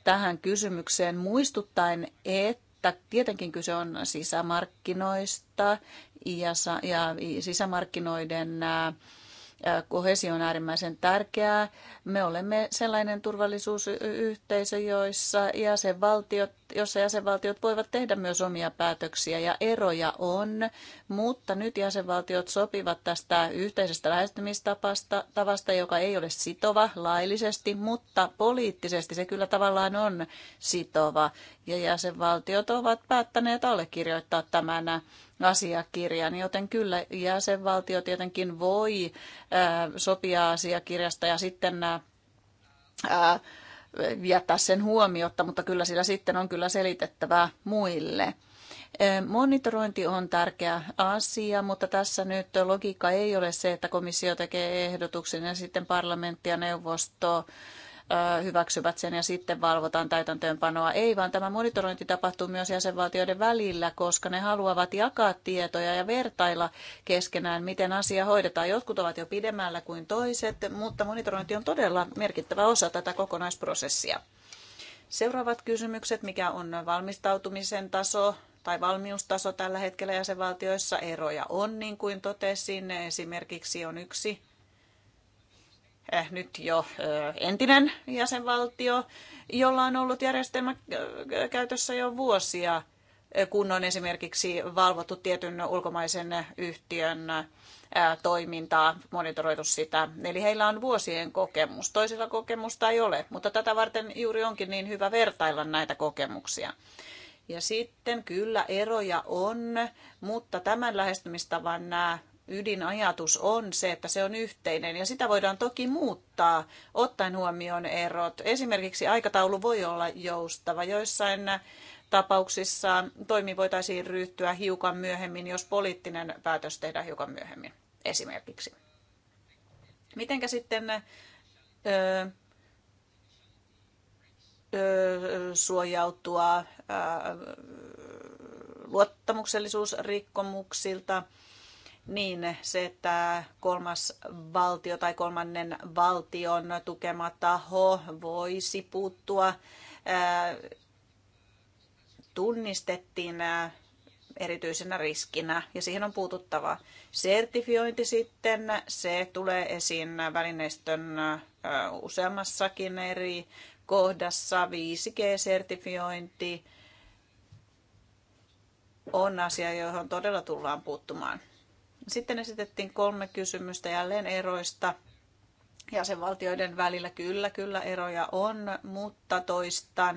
tähän kysymykseen muistuttaen, että että tietenkin kyse on sisämarkkinoista ja, ja sisämarkkinoiden kohesio on äärimmäisen tärkeää. Me olemme sellainen turvallisuusyhteisö, joissa jäsenvaltiot jossa jäsenvaltiot voivat tehdä myös omia päätöksiä ja eroja on, mutta nyt jäsenvaltiot sopivat tästä yhteisestä lähestymistavasta, tavasta, joka ei ole sitova laillisesti, mutta poliittisesti se kyllä tavallaan on sitova. Ja jäsenvaltiot ovat päättäneet allekirjoittaa tämän asiakirjan, joten kyllä jäsenvaltio tietenkin voi sopia asiakirjasta ja sitten nämä jättää sen huomiotta, mutta kyllä sillä sitten on kyllä selitettävää muille. Monitorointi on tärkeä asia, mutta tässä nyt logiikka ei ole se, että komissio tekee ehdotuksen ja sitten parlamentti ja neuvosto hyväksyvät sen ja sitten valvotaan täytäntöönpanoa. Ei, vaan tämä monitorointi tapahtuu myös jäsenvaltioiden välillä, koska ne haluavat jakaa tietoja ja vertailla keskenään, miten asia hoidetaan. Jotkut ovat jo pidemmällä kuin toiset, mutta monitorointi on todella merkittävä osa tätä kokonaisprosessia. Seuraavat kysymykset, mikä on valmistautumisen taso, tai valmiustaso tällä hetkellä jäsenvaltioissa. Eroja on, niin kuin totesin. Esimerkiksi on yksi Eh, nyt jo entinen jäsenvaltio, jolla on ollut järjestelmä käytössä jo vuosia, kun on esimerkiksi valvottu tietyn ulkomaisen yhtiön toimintaa, monitoroitu sitä. Eli heillä on vuosien kokemus. Toisilla kokemusta ei ole, mutta tätä varten juuri onkin niin hyvä vertailla näitä kokemuksia. Ja sitten kyllä eroja on, mutta tämän lähestymistavan nämä ydinajatus on se, että se on yhteinen ja sitä voidaan toki muuttaa ottaen huomioon erot. Esimerkiksi aikataulu voi olla joustava. Joissain tapauksissa toimi voitaisiin ryhtyä hiukan myöhemmin, jos poliittinen päätös tehdään hiukan myöhemmin esimerkiksi. Mitenkä sitten ö, ö, suojautua ö, luottamuksellisuusrikkomuksilta? niin se, että kolmas valtio tai kolmannen valtion tukema taho voisi puuttua. Tunnistettiin erityisenä riskinä ja siihen on puututtava. Sertifiointi sitten, se tulee esiin välineistön useammassakin eri kohdassa. 5G-sertifiointi on asia, johon todella tullaan puuttumaan. Sitten esitettiin kolme kysymystä jälleen eroista jäsenvaltioiden välillä. Kyllä, kyllä eroja on, mutta toistan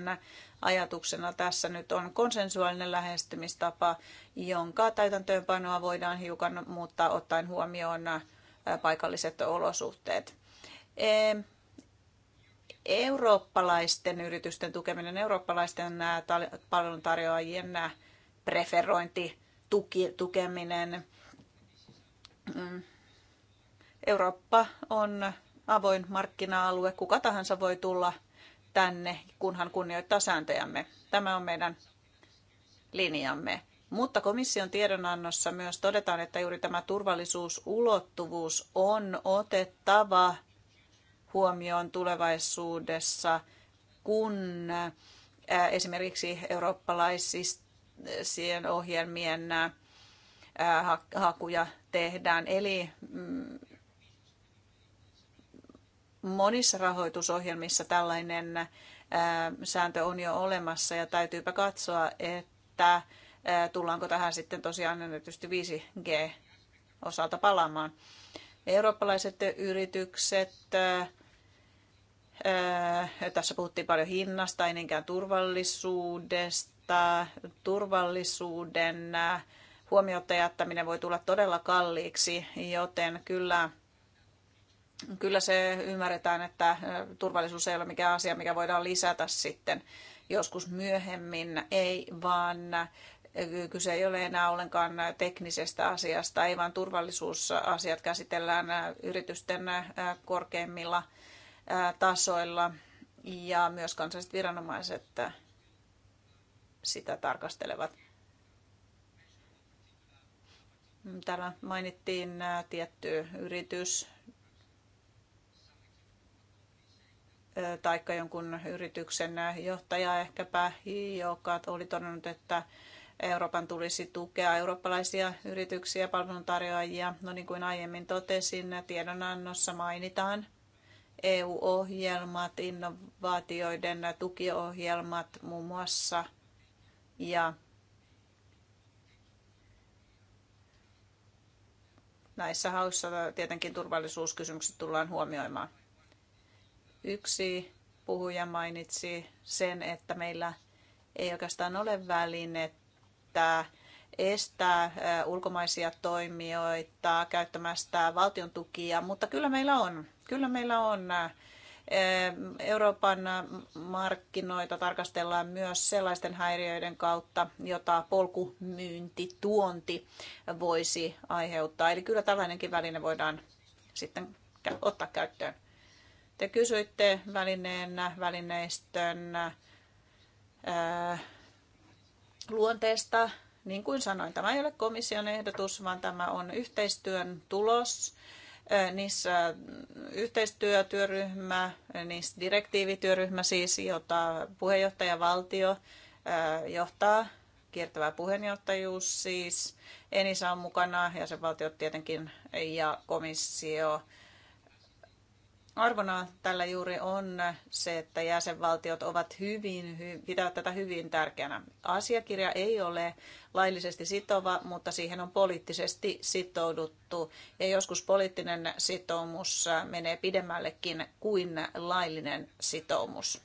ajatuksena tässä nyt on konsensuaalinen lähestymistapa, jonka täytäntöönpanoa voidaan hiukan muuttaa ottaen huomioon paikalliset olosuhteet. E, eurooppalaisten yritysten tukeminen, eurooppalaisten palveluntarjoajien preferointi, tuki, tukeminen – Mm. Eurooppa on avoin markkina-alue. Kuka tahansa voi tulla tänne, kunhan kunnioittaa sääntöjämme. Tämä on meidän linjamme. Mutta komission tiedonannossa myös todetaan, että juuri tämä turvallisuusulottuvuus on otettava huomioon tulevaisuudessa, kun esimerkiksi eurooppalaisista ohjelmien hakuja tehdään. Eli mm, monissa rahoitusohjelmissa tällainen sääntö on jo olemassa ja täytyypä katsoa, että tullaanko tähän sitten tosiaan tietysti 5G osalta palaamaan. Eurooppalaiset yritykset, tässä puhuttiin paljon hinnasta, ei niinkään turvallisuudesta, turvallisuuden huomiota jättäminen voi tulla todella kalliiksi, joten kyllä kyllä se ymmärretään, että turvallisuus ei ole mikään asia, mikä voidaan lisätä sitten joskus myöhemmin, ei vaan kyse ei ole enää ollenkaan teknisestä asiasta, ei vaan turvallisuusasiat käsitellään yritysten korkeimmilla tasoilla ja myös kansalliset viranomaiset sitä tarkastelevat. Täällä mainittiin tietty yritys taikka jonkun yrityksen johtaja ehkäpä, joka oli todennut, että Euroopan tulisi tukea eurooppalaisia yrityksiä, palveluntarjoajia. No niin kuin aiemmin totesin, tiedonannossa mainitaan EU-ohjelmat, innovaatioiden tukiohjelmat muun muassa ja näissä hauissa tietenkin turvallisuuskysymykset tullaan huomioimaan. Yksi puhuja mainitsi sen, että meillä ei oikeastaan ole välinettä estää ulkomaisia toimijoita käyttämästä valtion tukia, mutta kyllä meillä on, kyllä meillä on Ehm, Euroopan markkinoita tarkastellaan myös sellaisten häiriöiden kautta, jota polkumyynti, tuonti voisi aiheuttaa. Eli kyllä tällainenkin väline voidaan sitten ottaa käyttöön. Te kysyitte välineen, välineistön ää, ehm, luonteesta. Niin kuin sanoin, tämä ei ole komission ehdotus, vaan tämä on yhteistyön tulos niissä yhteistyötyöryhmä, niissä direktiivityöryhmä siis, jota puheenjohtajavaltio johtaa, kiertävä puheenjohtajuus siis. Enisa on mukana, jäsenvaltiot tietenkin ja komissio arvona tällä juuri on se, että jäsenvaltiot ovat hyvin, hy, pitävät tätä hyvin tärkeänä. Asiakirja ei ole laillisesti sitova, mutta siihen on poliittisesti sitouduttu. Ja joskus poliittinen sitoumus menee pidemmällekin kuin laillinen sitoumus.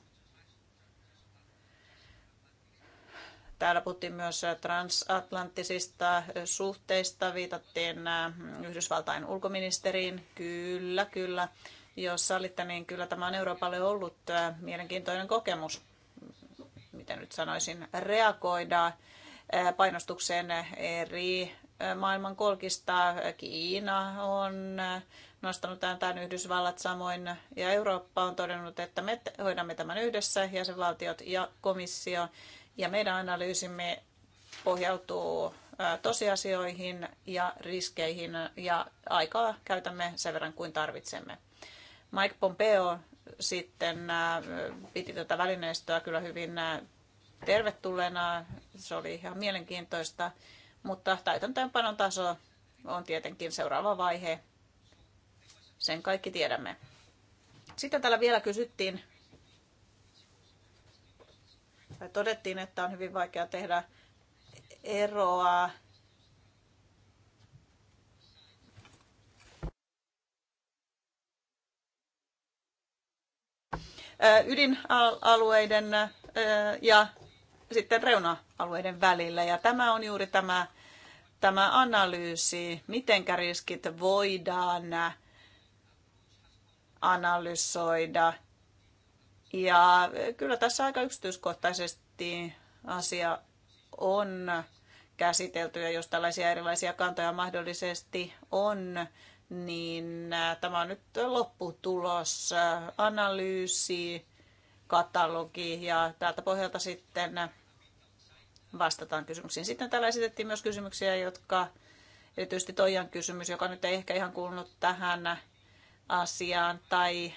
Täällä puhuttiin myös transatlanttisista suhteista, viitattiin äh, Yhdysvaltain ulkoministeriin. Kyllä, kyllä. Jos sallitte, niin kyllä tämä on Euroopalle ollut äh, mielenkiintoinen kokemus, mitä nyt sanoisin, reagoida äh, painostukseen eri äh, maailman kolkista. Kiina on nostanut tämän Yhdysvallat samoin ja Eurooppa on todennut, että me hoidamme tämän yhdessä, jäsenvaltiot ja komissio. Ja meidän analyysimme pohjautuu tosiasioihin ja riskeihin ja aikaa käytämme sen verran kuin tarvitsemme. Mike Pompeo sitten äh, piti tätä välineistöä kyllä hyvin äh, tervetulleena. Se oli ihan mielenkiintoista, mutta täytäntöönpanon taso on tietenkin seuraava vaihe. Sen kaikki tiedämme. Sitten täällä vielä kysyttiin, tai todettiin, että on hyvin vaikea tehdä eroa ydinalueiden ja sitten reuna-alueiden välillä. Ja tämä on juuri tämä, tämä analyysi, miten riskit voidaan analysoida. Ja kyllä tässä aika yksityiskohtaisesti asia on käsitelty ja jos tällaisia erilaisia kantoja mahdollisesti on, niin äh, tämä on nyt lopputulos, äh, analyysi, katalogi ja tältä pohjalta sitten äh, vastataan kysymyksiin. Sitten täällä esitettiin myös kysymyksiä, jotka erityisesti Toijan kysymys, joka nyt ei ehkä ihan kuulunut tähän asiaan tai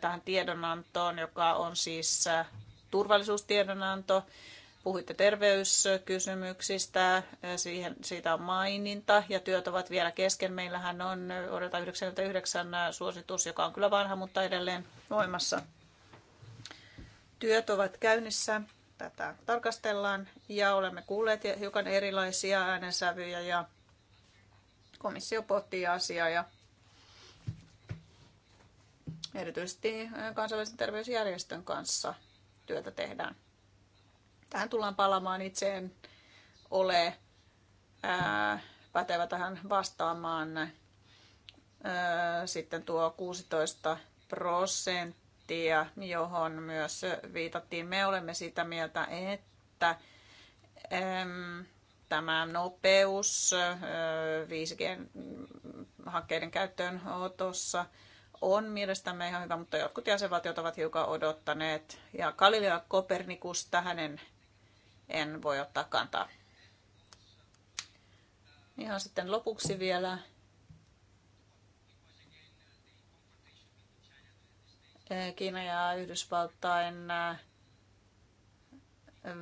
tähän tiedonantoon, joka on siis turvallisuustiedonanto. Puhuitte terveyskysymyksistä, siihen, siitä on maininta ja työt ovat vielä kesken. Meillähän on odota 99 suositus, joka on kyllä vanha, mutta edelleen voimassa. Työt ovat käynnissä, tätä tarkastellaan ja olemme kuulleet hiukan erilaisia äänensävyjä ja komissio pohtii asiaa ja erityisesti kansallisen terveysjärjestön kanssa työtä tehdään. Tähän tullaan palamaan itseen ole ää, pätevä tähän vastaamaan. Ää, sitten tuo 16 prosenttia, johon myös viitattiin. Me olemme sitä mieltä, että ää, tämä nopeus 5G-hankkeiden käyttöönotossa on mielestämme ihan hyvä, mutta jotkut jäsenvaltiot ovat hiukan odottaneet. Ja Galileo Kopernikus, hänen en voi ottaa kantaa. Ihan sitten lopuksi vielä Kiina ja Yhdysvaltain äh,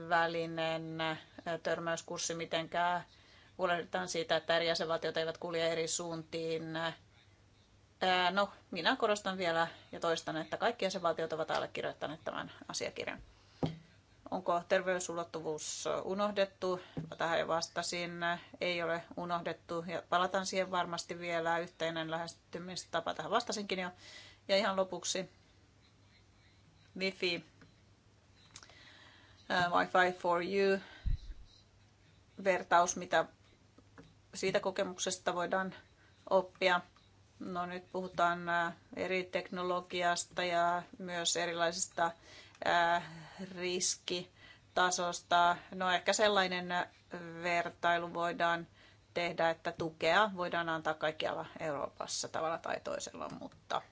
välinen äh, törmäyskurssi, mitenkään huolehditaan siitä, että eri jäsenvaltiot eivät kulje eri suuntiin. Äh, no, minä korostan vielä ja toistan, että kaikki jäsenvaltiot ovat allekirjoittaneet tämän asiakirjan. Onko terveysulottuvuus unohdettu? Tähän vastasin, ei ole unohdettu ja palataan siihen varmasti vielä. Yhteinen lähestymistapa tähän vastasinkin jo. Ja ihan lopuksi Wi-Fi, uh, Wi-Fi for you vertaus, mitä siitä kokemuksesta voidaan oppia. No nyt puhutaan eri teknologiasta ja myös erilaisista riskitasosta. No ehkä sellainen vertailu voidaan tehdä, että tukea voidaan antaa kaikkialla Euroopassa tavalla tai toisella, mutta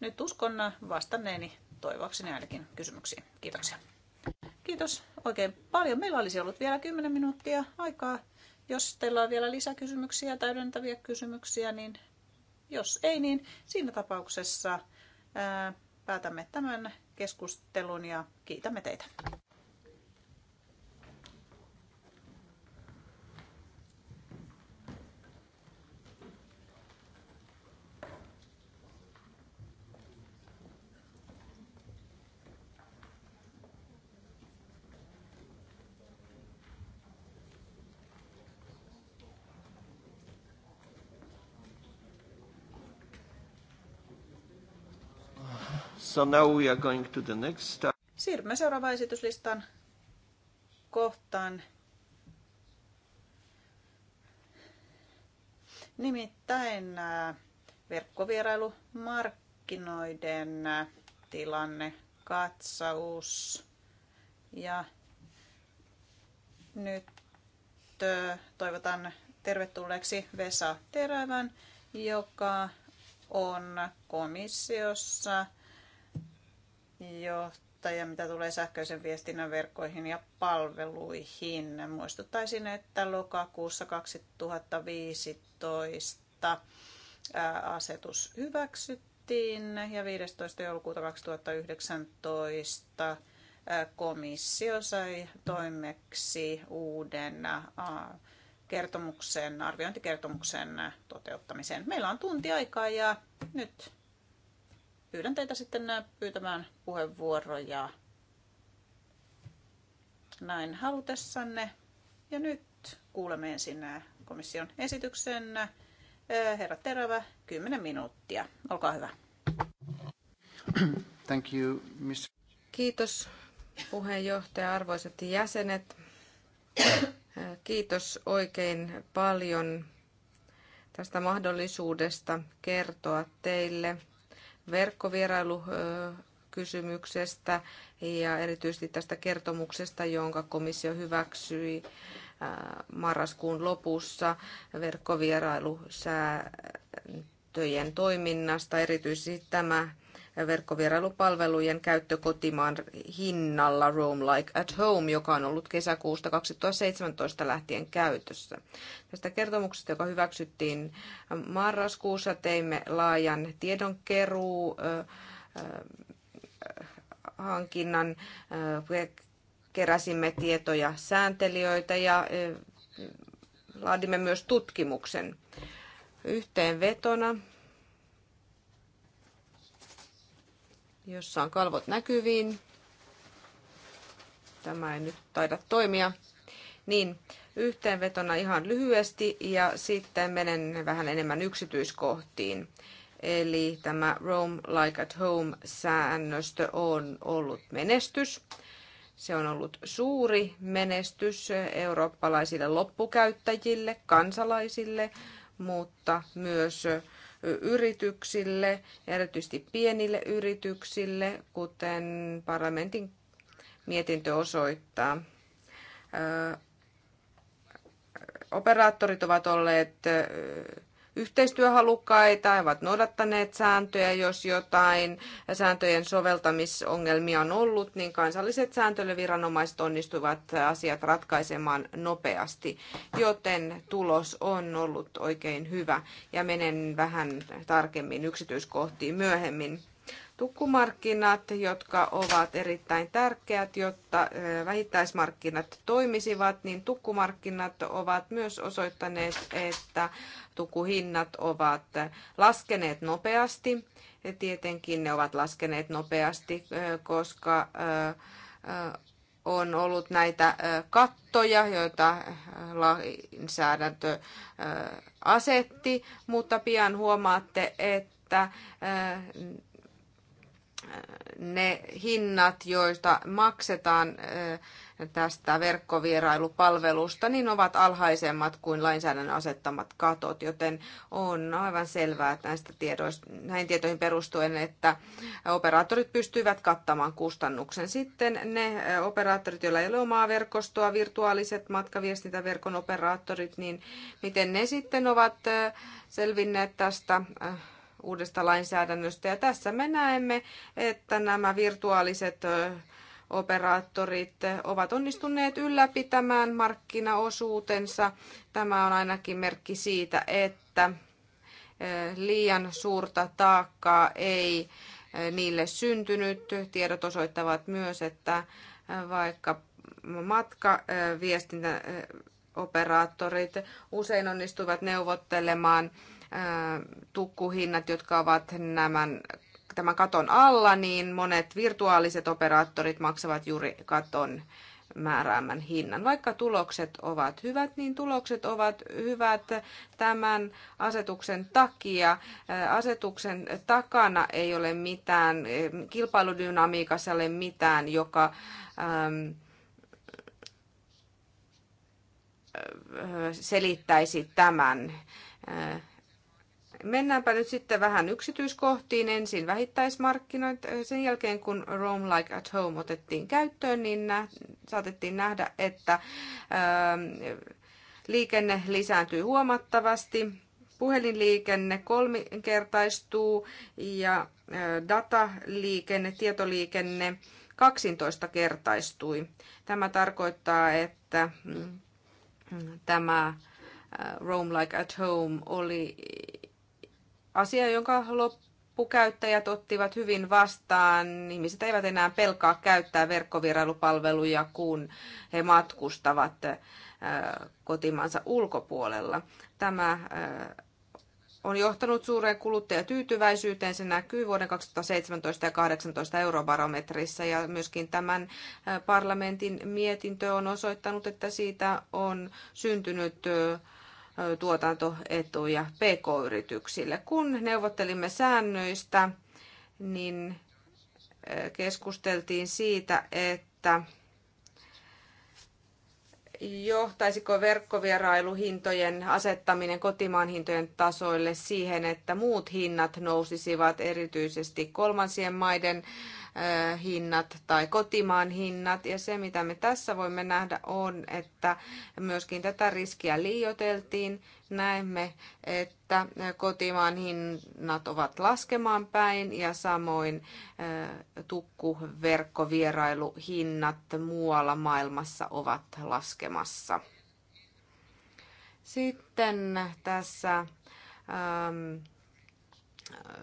nyt uskon vastanneeni toivokseni ainakin kysymyksiin. Kiitoksia. Kiitos oikein paljon. Meillä olisi ollut vielä 10 minuuttia aikaa. Jos teillä on vielä lisäkysymyksiä, täydentäviä kysymyksiä, niin jos ei, niin siinä tapauksessa ää, päätämme tämän keskustelun ja kiitämme teitä. So now we are going to the next... Siirrymme seuraavaan esityslistan kohtaan. Nimittäin äh, verkkovierailumarkkinoiden äh, tilanne, katsaus ja nyt äh, toivotan tervetulleeksi Vesa Terävän, joka on komissiossa johtaja, mitä tulee sähköisen viestinnän verkkoihin ja palveluihin. Muistuttaisin, että lokakuussa 2015 asetus hyväksyttiin ja 15. joulukuuta 2019 komissio sai toimeksi uuden kertomuksen, arviointikertomuksen toteuttamisen. Meillä on tunti aikaa ja nyt pyydän teitä sitten äh, pyytämään puheenvuoroja näin halutessanne. Ja nyt kuulemme ensin äh, komission esityksen. Äh, herra Terävä, 10 minuuttia. Olkaa hyvä. Thank you, Mr. Kiitos puheenjohtaja, arvoisat jäsenet. Kiitos oikein paljon tästä mahdollisuudesta kertoa teille – verkkovierailukysymyksestä ja erityisesti tästä kertomuksesta, jonka komissio hyväksyi marraskuun lopussa verkkovierailusääntöjen toiminnasta. Erityisesti tämä verkkovierailupalvelujen käyttö kotimaan hinnalla Roam Like at Home, joka on ollut kesäkuusta 2017 lähtien käytössä. Tästä kertomuksesta, joka hyväksyttiin marraskuussa, teimme laajan tiedonkeruu hankinnan, keräsimme tietoja sääntelijöitä ja laadimme myös tutkimuksen. Yhteenvetona jossa on kalvot näkyviin. Tämä ei nyt taida toimia. Niin, yhteenvetona ihan lyhyesti ja sitten menen vähän enemmän yksityiskohtiin. Eli tämä Rome Like at Home-säännöstö on ollut menestys. Se on ollut suuri menestys eurooppalaisille loppukäyttäjille, kansalaisille, mutta myös yrityksille, erityisesti pienille yrityksille, kuten parlamentin mietintö osoittaa. Operaattorit ovat olleet yhteistyöhalukkaita, he ovat noudattaneet sääntöjä, jos jotain sääntöjen soveltamisongelmia on ollut, niin kansalliset sääntelyviranomaiset onnistuivat asiat ratkaisemaan nopeasti, joten tulos on ollut oikein hyvä ja menen vähän tarkemmin yksityiskohtiin myöhemmin tukkumarkkinat, jotka ovat erittäin tärkeät, jotta vähittäismarkkinat toimisivat, niin tukkumarkkinat ovat myös osoittaneet, että tukuhinnat ovat laskeneet nopeasti. Tietenkin ne ovat laskeneet nopeasti, koska on ollut näitä kattoja, joita lainsäädäntö asetti, mutta pian huomaatte, että että ne hinnat, joista maksetaan tästä verkkovierailupalvelusta, niin ovat alhaisemmat kuin lainsäädännön asettamat katot, joten on aivan selvää että näistä tiedoista, näihin tietoihin perustuen, että operaattorit pystyvät kattamaan kustannuksen. Sitten ne operaattorit, joilla ei ole omaa verkostoa, virtuaaliset matkaviestintäverkon operaattorit, niin miten ne sitten ovat selvinneet tästä uudesta lainsäädännöstä. Ja tässä me näemme, että nämä virtuaaliset operaattorit ovat onnistuneet ylläpitämään markkinaosuutensa. Tämä on ainakin merkki siitä, että liian suurta taakkaa ei niille syntynyt. Tiedot osoittavat myös, että vaikka matkaviestintäoperaattorit usein onnistuvat neuvottelemaan tukkuhinnat, jotka ovat nämä, tämän katon alla, niin monet virtuaaliset operaattorit maksavat juuri katon määräämän hinnan. Vaikka tulokset ovat hyvät, niin tulokset ovat hyvät tämän asetuksen takia. Asetuksen takana ei ole mitään, kilpailudynamiikassa ei ole mitään, joka selittäisi tämän. Mennäänpä nyt sitten vähän yksityiskohtiin. Ensin vähittäismarkkinoit. Sen jälkeen kun Roam Like at Home otettiin käyttöön, niin nä- saatettiin nähdä, että öö, liikenne lisääntyy huomattavasti. Puhelinliikenne kolminkertaistuu ja äh, dataliikenne, tietoliikenne 12 kertaistui. Tämä tarkoittaa, että mm, tämä äh, Roam Like at Home oli asia, jonka loppukäyttäjät ottivat hyvin vastaan. Ihmiset eivät enää pelkaa käyttää verkkovierailupalveluja, kun he matkustavat äh, kotimaansa ulkopuolella. Tämä äh, on johtanut suureen kuluttajatyytyväisyyteen. Se näkyy vuoden 2017 ja 2018 eurobarometrissa ja myöskin tämän äh, parlamentin mietintö on osoittanut, että siitä on syntynyt tuotantoetuja pk-yrityksille. Kun neuvottelimme säännöistä, niin eh, keskusteltiin siitä, että johtaisiko verkkovierailuhintojen asettaminen kotimaan hintojen tasoille siihen, että muut hinnat nousisivat erityisesti kolmansien maiden hinnat tai kotimaan hinnat. Ja se, mitä me tässä voimme nähdä, on, että myöskin tätä riskiä liioteltiin. Näemme, että kotimaan hinnat ovat laskemaan päin ja samoin tukkuverkkovierailuhinnat muualla maailmassa ovat laskemassa. Sitten tässä ähm,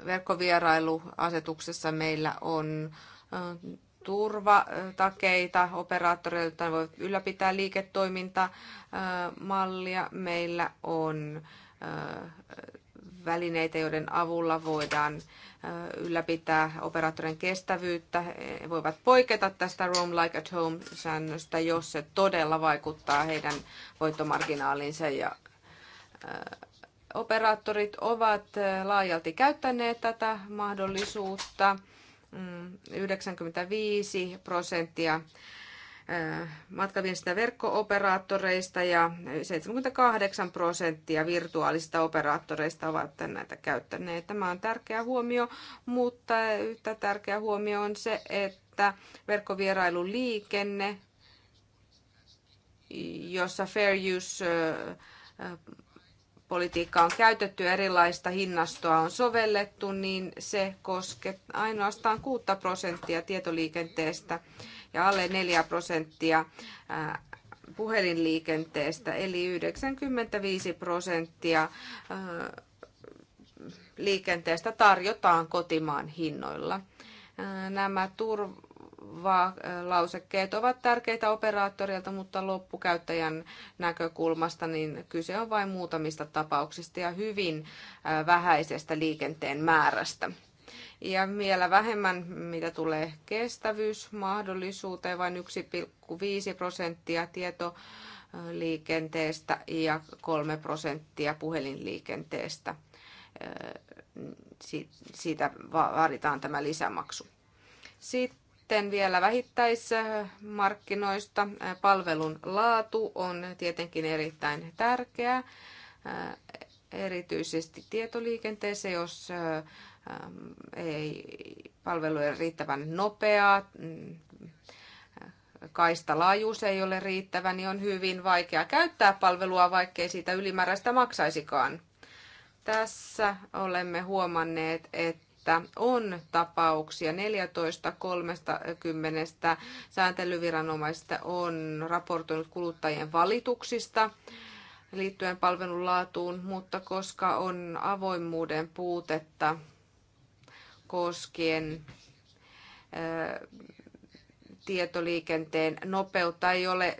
verkkovierailuasetuksessa meillä on turvatakeita operaattoreille, jotta voivat ylläpitää liiketoimintamallia. Meillä on välineitä, joiden avulla voidaan ylläpitää operaattorin kestävyyttä. He voivat poiketa tästä Roam Like at Home-säännöstä, jos se todella vaikuttaa heidän voittomarginaalinsa ja operaattorit ovat laajalti käyttäneet tätä mahdollisuutta. 95 mm, prosenttia matkaviestintäverkko-operaattoreista ja 78 prosenttia virtuaalista operaattoreista ovat näitä käyttäneet. Tämä on tärkeä huomio, mutta yhtä tärkeä huomio on se, että verkkovierailun liikenne, jossa fair use politiikkaa on käytetty ja erilaista hinnastoa on sovellettu, niin se koskee ainoastaan 6 prosenttia tietoliikenteestä ja alle 4 prosenttia puhelinliikenteestä, eli 95 prosenttia liikenteestä tarjotaan kotimaan hinnoilla. Nämä turva lausekkeet ovat tärkeitä operaattorilta, mutta loppukäyttäjän näkökulmasta niin kyse on vain muutamista tapauksista ja hyvin vähäisestä liikenteen määrästä. Ja vielä vähemmän, mitä tulee kestävyysmahdollisuuteen, vain 1,5 prosenttia tieto liikenteestä ja 3 prosenttia puhelinliikenteestä. Siitä vaaditaan tämä lisämaksu. Sitten sitten vielä vähittäismarkkinoista. Palvelun laatu on tietenkin erittäin tärkeää, erityisesti tietoliikenteessä, jos ei palvelu ole riittävän nopeaa, kaistalaajuus ei ole riittävä, niin on hyvin vaikea käyttää palvelua, vaikkei siitä ylimääräistä maksaisikaan. Tässä olemme huomanneet, että että on tapauksia. 14 30 sääntelyviranomaisista on raportoinut kuluttajien valituksista liittyen palvelun laatuun, mutta koska on avoimuuden puutetta koskien tietoliikenteen nopeutta, ei ole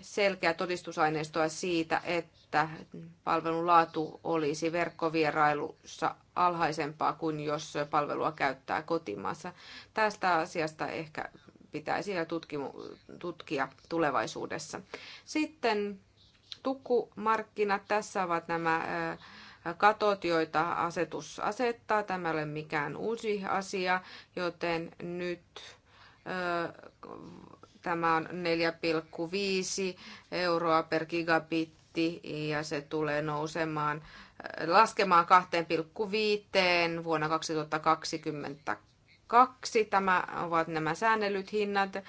selkeää todistusaineistoa siitä, että että palvelun laatu olisi verkkovierailussa alhaisempaa kuin jos palvelua käyttää kotimaassa. Tästä asiasta ehkä pitäisi vielä tutkia tulevaisuudessa. Sitten tukkumarkkinat. Tässä ovat nämä katot, joita asetus asettaa. Tämä ei ole mikään uusi asia, joten nyt tämä on 4,5 euroa per gigabit prosentti ja se tulee nousemaan, äh, laskemaan 2,5 vuonna 2022. Tämä ovat nämä säännellyt hinnat. Äh,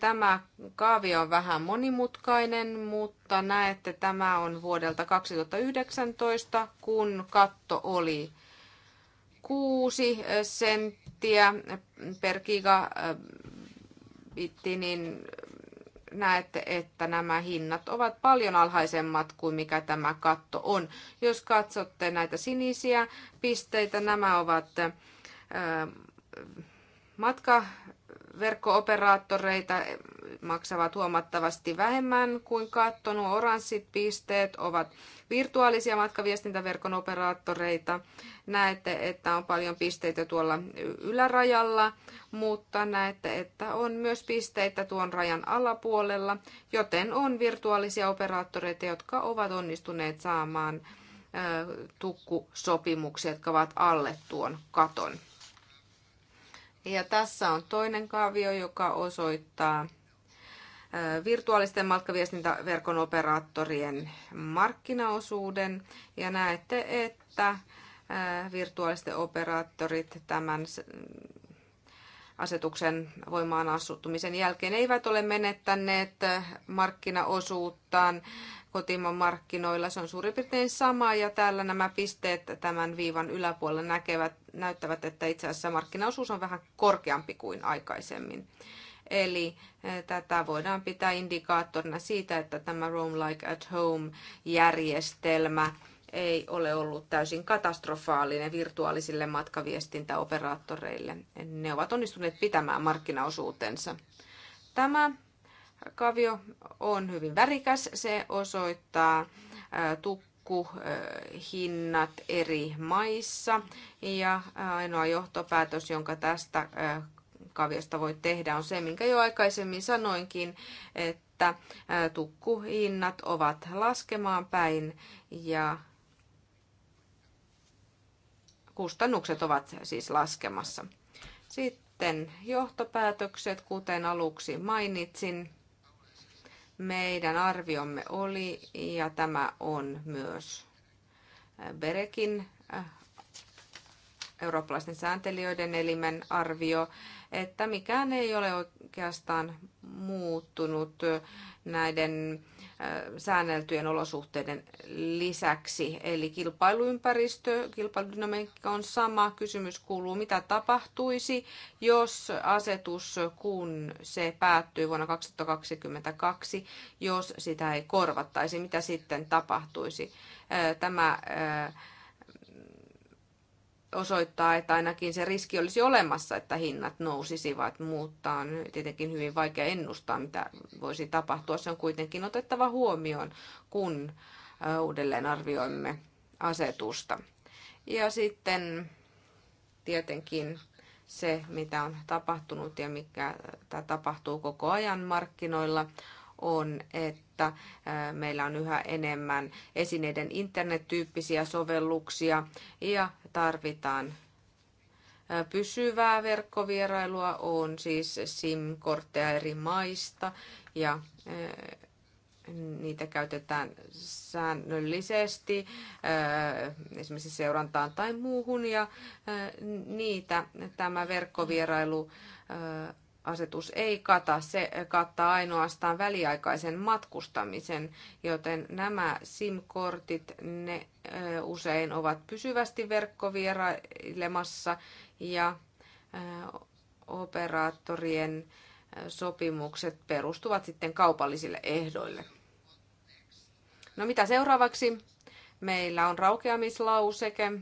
tämä kaavio on vähän monimutkainen, mutta näette, tämä on vuodelta 2019, kun katto oli 6 äh, senttiä per gigabitti, niin näette, että nämä hinnat ovat paljon alhaisemmat kuin mikä tämä katto on. Jos katsotte näitä sinisiä pisteitä, nämä ovat matka verkko-operaattoreita eh, maksavat huomattavasti vähemmän kuin kattonut oranssit pisteet ovat virtuaalisia matkaviestintäverkon operaattoreita. Näette, että on paljon pisteitä tuolla ylärajalla, mutta näette, että on myös pisteitä tuon rajan alapuolella, joten on virtuaalisia operaattoreita, jotka ovat onnistuneet saamaan eh, tukkusopimuksia, jotka ovat alle tuon katon. Ja tässä on toinen kaavio, joka osoittaa virtuaalisten matkaviestintäverkon operaattorien markkinaosuuden. Ja näette, että virtuaalisten operaattorit tämän asetuksen voimaan astumisen jälkeen eivät ole menettäneet markkinaosuuttaan kotimaan markkinoilla. Se on suurin piirtein sama ja täällä nämä pisteet tämän viivan yläpuolella näkevät, näyttävät, että itse asiassa markkinaosuus on vähän korkeampi kuin aikaisemmin. Eli e, tätä voidaan pitää indikaattorina siitä, että tämä Roam Like at Home-järjestelmä ei ole ollut täysin katastrofaalinen virtuaalisille matkaviestintäoperaattoreille. Ne ovat onnistuneet pitämään markkinaosuutensa. Tämä Kavio on hyvin värikäs. Se osoittaa tukkuhinnat eri maissa. Ja ainoa johtopäätös, jonka tästä kaviosta voi tehdä, on se, minkä jo aikaisemmin sanoinkin, että tukkuhinnat ovat laskemaan päin ja kustannukset ovat siis laskemassa. Sitten johtopäätökset, kuten aluksi mainitsin meidän arviomme oli, ja tämä on myös Berekin äh, eurooppalaisten sääntelijöiden elimen arvio, että mikään ei ole oikeastaan muuttunut näiden äh, säänneltyjen olosuhteiden lisäksi. Eli kilpailuympäristö, kilpailudynamiikka on sama. Kysymys kuuluu, mitä tapahtuisi, jos asetus, kun se päättyy vuonna 2022, jos sitä ei korvattaisi, mitä sitten tapahtuisi. Äh, tämä äh, osoittaa, että ainakin se riski olisi olemassa, että hinnat nousisivat, mutta on tietenkin hyvin vaikea ennustaa, mitä voisi tapahtua. Se on kuitenkin otettava huomioon, kun uudelleen arvioimme asetusta. Ja sitten tietenkin se, mitä on tapahtunut ja mikä tämä tapahtuu koko ajan markkinoilla, on, että meillä on yhä enemmän esineiden internettyyppisiä sovelluksia ja tarvitaan pysyvää verkkovierailua, on siis SIM-kortteja eri maista ja niitä käytetään säännöllisesti esimerkiksi seurantaan tai muuhun ja niitä tämä verkkovierailu asetus ei kata. Se kattaa ainoastaan väliaikaisen matkustamisen, joten nämä SIM-kortit ne usein ovat pysyvästi verkkovierailemassa ja operaattorien sopimukset perustuvat sitten kaupallisille ehdoille. No mitä seuraavaksi? Meillä on raukeamislauseke.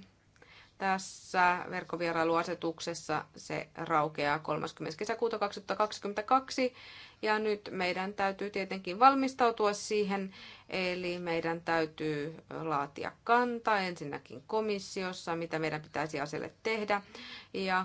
Tässä verkkovierailuasetuksessa se raukeaa 30. kesäkuuta 2022 ja nyt meidän täytyy tietenkin valmistautua siihen, eli meidän täytyy laatia kanta ensinnäkin komissiossa, mitä meidän pitäisi asialle tehdä ja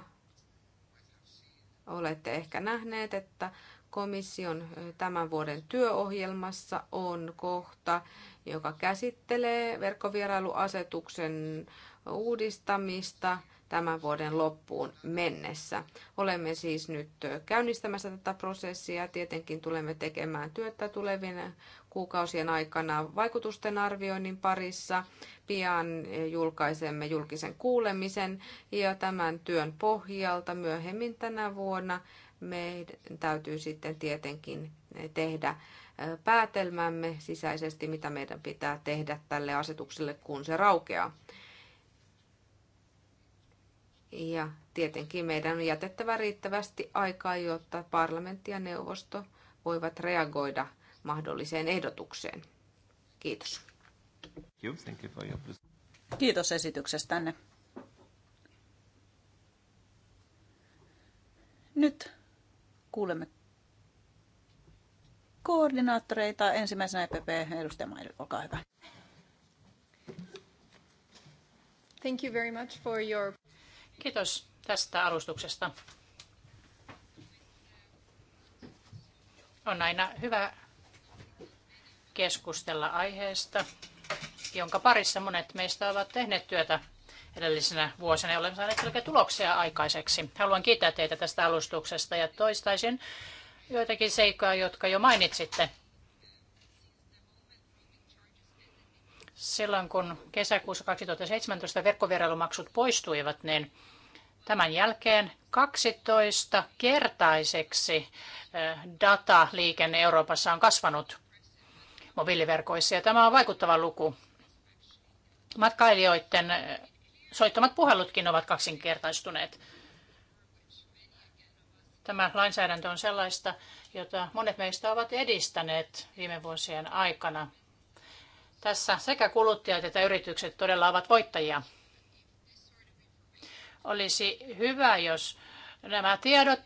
olette ehkä nähneet, että komission tämän vuoden työohjelmassa on kohta, joka käsittelee verkkovierailuasetuksen uudistamista tämän vuoden loppuun mennessä. Olemme siis nyt käynnistämässä tätä prosessia. Tietenkin tulemme tekemään työtä tulevina kuukausien aikana vaikutusten arvioinnin parissa. Pian julkaisemme julkisen kuulemisen ja tämän työn pohjalta myöhemmin tänä vuonna meidän täytyy sitten tietenkin tehdä päätelmämme sisäisesti, mitä meidän pitää tehdä tälle asetukselle, kun se raukeaa. Ja tietenkin meidän on jätettävä riittävästi aikaa, jotta parlamentti ja neuvosto voivat reagoida mahdolliseen ehdotukseen. Kiitos. Kiitos esityksestänne. Nyt kuulemme koordinaattoreita. Ensimmäisenä EPP, edustaja Mairi, olkaa hyvä. Thank you very much for your... Kiitos tästä alustuksesta. On aina hyvä keskustella aiheesta, jonka parissa monet meistä ovat tehneet työtä edellisenä vuosina ja olemme saaneet selkeä tuloksia aikaiseksi. Haluan kiittää teitä tästä alustuksesta ja toistaisin joitakin seikkoja, jotka jo mainitsitte. silloin kun kesäkuussa 2017 verkkovierailumaksut poistuivat, niin tämän jälkeen 12-kertaiseksi dataliikenne Euroopassa on kasvanut mobiiliverkoissa ja tämä on vaikuttava luku. Matkailijoiden soittamat puhelutkin ovat kaksinkertaistuneet. Tämä lainsäädäntö on sellaista, jota monet meistä ovat edistäneet viime vuosien aikana tässä sekä kuluttajat että yritykset todella ovat voittajia. Olisi hyvä, jos nämä tiedot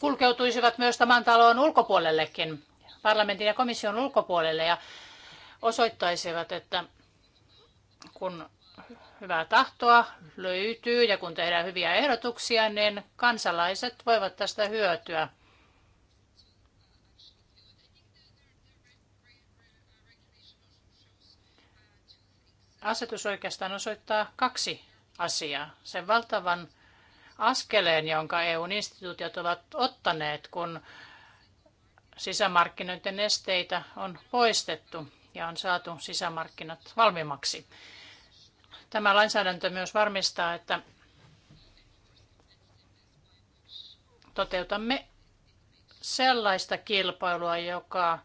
kulkeutuisivat myös tämän talon ulkopuolellekin, parlamentin ja komission ulkopuolelle ja osoittaisivat, että kun hyvää tahtoa löytyy ja kun tehdään hyviä ehdotuksia, niin kansalaiset voivat tästä hyötyä. asetus oikeastaan osoittaa kaksi asiaa. Sen valtavan askeleen, jonka eu instituutiot ovat ottaneet, kun sisämarkkinoiden esteitä on poistettu ja on saatu sisämarkkinat valmiimmaksi. Tämä lainsäädäntö myös varmistaa, että toteutamme sellaista kilpailua, joka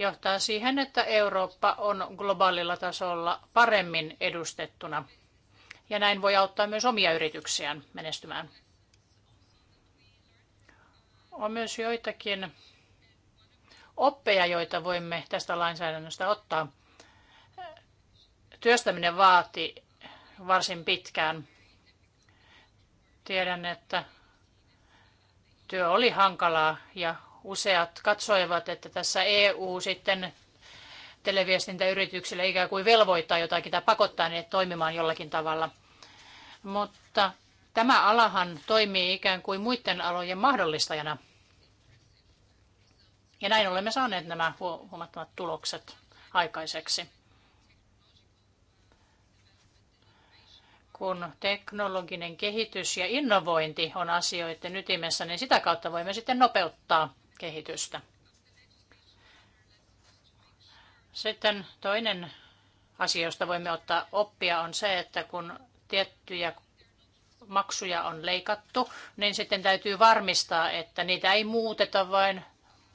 johtaa siihen, että Eurooppa on globaalilla tasolla paremmin edustettuna. Ja näin voi auttaa myös omia yrityksiään menestymään. On myös joitakin oppeja, joita voimme tästä lainsäädännöstä ottaa. Työstäminen vaati varsin pitkään. Tiedän, että työ oli hankalaa ja useat katsoivat, että tässä EU sitten televiestintäyrityksille ikään kuin velvoittaa jotakin tai pakottaa ne toimimaan jollakin tavalla. Mutta tämä alahan toimii ikään kuin muiden alojen mahdollistajana. Ja näin olemme saaneet nämä huomattavat tulokset aikaiseksi. kun teknologinen kehitys ja innovointi on asioiden ytimessä, niin sitä kautta voimme sitten nopeuttaa kehitystä. Sitten toinen asia, josta voimme ottaa oppia, on se, että kun tiettyjä maksuja on leikattu, niin sitten täytyy varmistaa, että niitä ei muuteta vain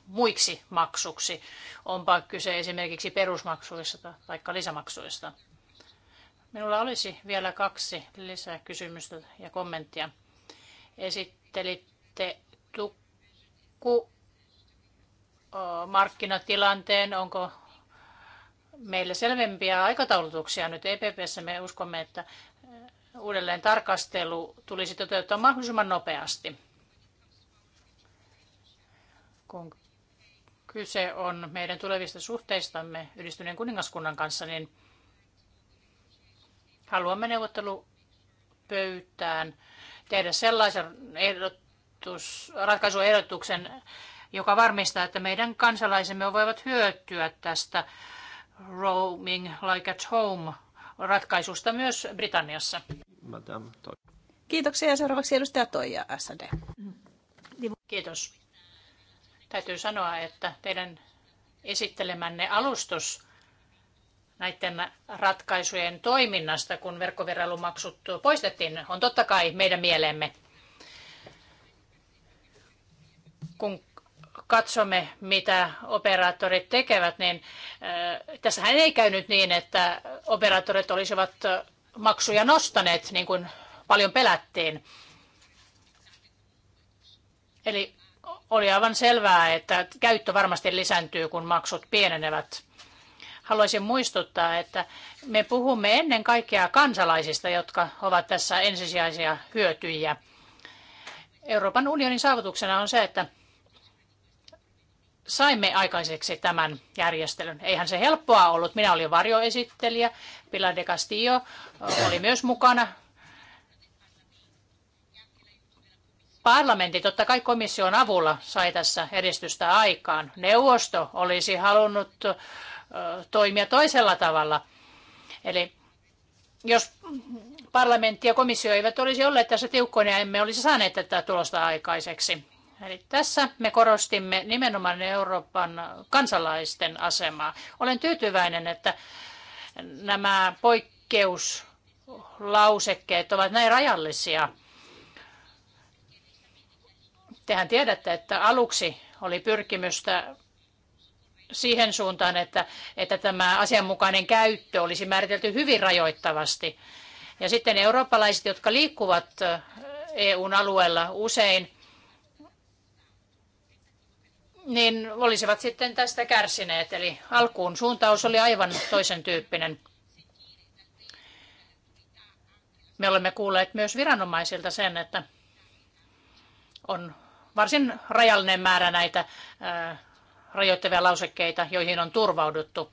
muiksi maksuksi. Onpa kyse esimerkiksi perusmaksuista tai lisämaksuista. Minulla olisi vielä kaksi lisää kysymystä ja kommenttia. Esittelitte tukku markkinatilanteen, onko meille selvempiä aikataulutuksia nyt EPPssä. Me uskomme, että uudelleen tarkastelu tulisi toteuttaa mahdollisimman nopeasti. Kun kyse on meidän tulevista suhteistamme yhdistyneen kuningaskunnan kanssa, niin haluamme neuvottelupöytään tehdä sellaisen ehdotus, ratkaisuehdotuksen, joka varmistaa, että meidän kansalaisemme voivat hyötyä tästä roaming like at home ratkaisusta myös Britanniassa. Kiitoksia ja seuraavaksi edustaja Toija SD. Kiitos. Täytyy sanoa, että teidän esittelemänne alustus näiden ratkaisujen toiminnasta, kun verkkovierailumaksut poistettiin, on totta kai meidän mieleemme. Kun katsomme, mitä operaattorit tekevät, niin äh, tässähän ei käynyt niin, että operaattorit olisivat äh, maksuja nostaneet, niin kuin paljon pelättiin. Eli oli aivan selvää, että käyttö varmasti lisääntyy, kun maksut pienenevät. Haluaisin muistuttaa, että me puhumme ennen kaikkea kansalaisista, jotka ovat tässä ensisijaisia hyötyjiä. Euroopan unionin saavutuksena on se, että saimme aikaiseksi tämän järjestelyn. Eihän se helppoa ollut. Minä olin varjoesittelijä, Pilar de Castillo oli myös mukana. Parlamentti totta kai komission avulla sai tässä edistystä aikaan. Neuvosto olisi halunnut toimia toisella tavalla. Eli jos parlamentti ja komissio eivät olisi olleet tässä tiukkoina, emme olisi saaneet tätä tulosta aikaiseksi. Eli tässä me korostimme nimenomaan Euroopan kansalaisten asemaa. Olen tyytyväinen, että nämä poikkeuslausekkeet ovat näin rajallisia. Tehän tiedätte, että aluksi oli pyrkimystä siihen suuntaan, että, että tämä asianmukainen käyttö olisi määritelty hyvin rajoittavasti. Ja sitten eurooppalaiset, jotka liikkuvat EUn alueella usein, niin olisivat sitten tästä kärsineet. Eli alkuun suuntaus oli aivan toisen tyyppinen. Me olemme kuulleet myös viranomaisilta sen, että on varsin rajallinen määrä näitä rajoittavia lausekkeita, joihin on turvauduttu.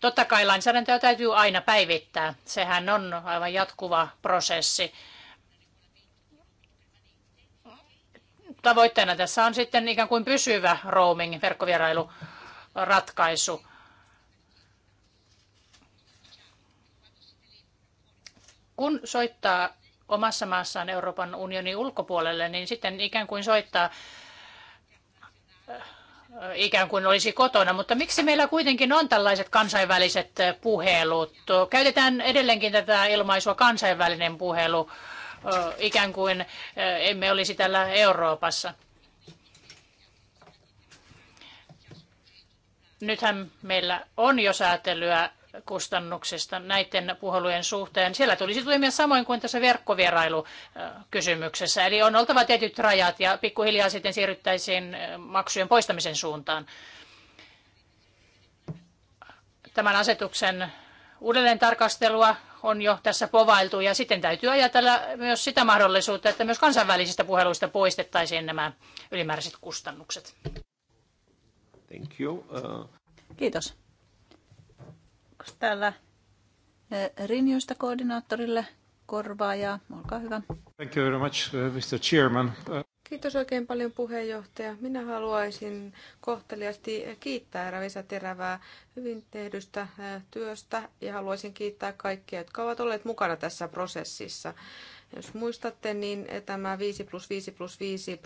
Totta kai lainsäädäntöä täytyy aina päivittää. Sehän on aivan jatkuva prosessi. tavoitteena tässä on sitten ikään kuin pysyvä roaming, verkkovierailuratkaisu. Kun soittaa omassa maassaan Euroopan unionin ulkopuolelle, niin sitten ikään kuin soittaa äh, ikään kuin olisi kotona, mutta miksi meillä kuitenkin on tällaiset kansainväliset puhelut? Käytetään edelleenkin tätä ilmaisua kansainvälinen puhelu ikään kuin emme olisi täällä Euroopassa. Nythän meillä on jo säätelyä kustannuksista näiden puhelujen suhteen. Siellä tulisi toimia samoin kuin tässä verkkovierailukysymyksessä. Eli on oltava tietyt rajat ja pikkuhiljaa sitten siirryttäisiin maksujen poistamisen suuntaan. Tämän asetuksen uudelleen tarkastelua on jo tässä povailtu ja sitten täytyy ajatella myös sitä mahdollisuutta, että myös kansainvälisistä puheluista poistettaisiin nämä ylimääräiset kustannukset. Thank you. Uh... Kiitos. täällä eh, Rinjuista koordinaattorille korvaajaa? Olkaa hyvä. Thank you very much, uh, Mr. Chairman. Uh, Kiitos oikein paljon puheenjohtaja. Minä haluaisin kohteliasti kiittää Ravisa Terävää hyvin tehdystä työstä ja haluaisin kiittää kaikkia, jotka ovat olleet mukana tässä prosessissa. Jos muistatte, niin tämä 5 plus 5 plus 5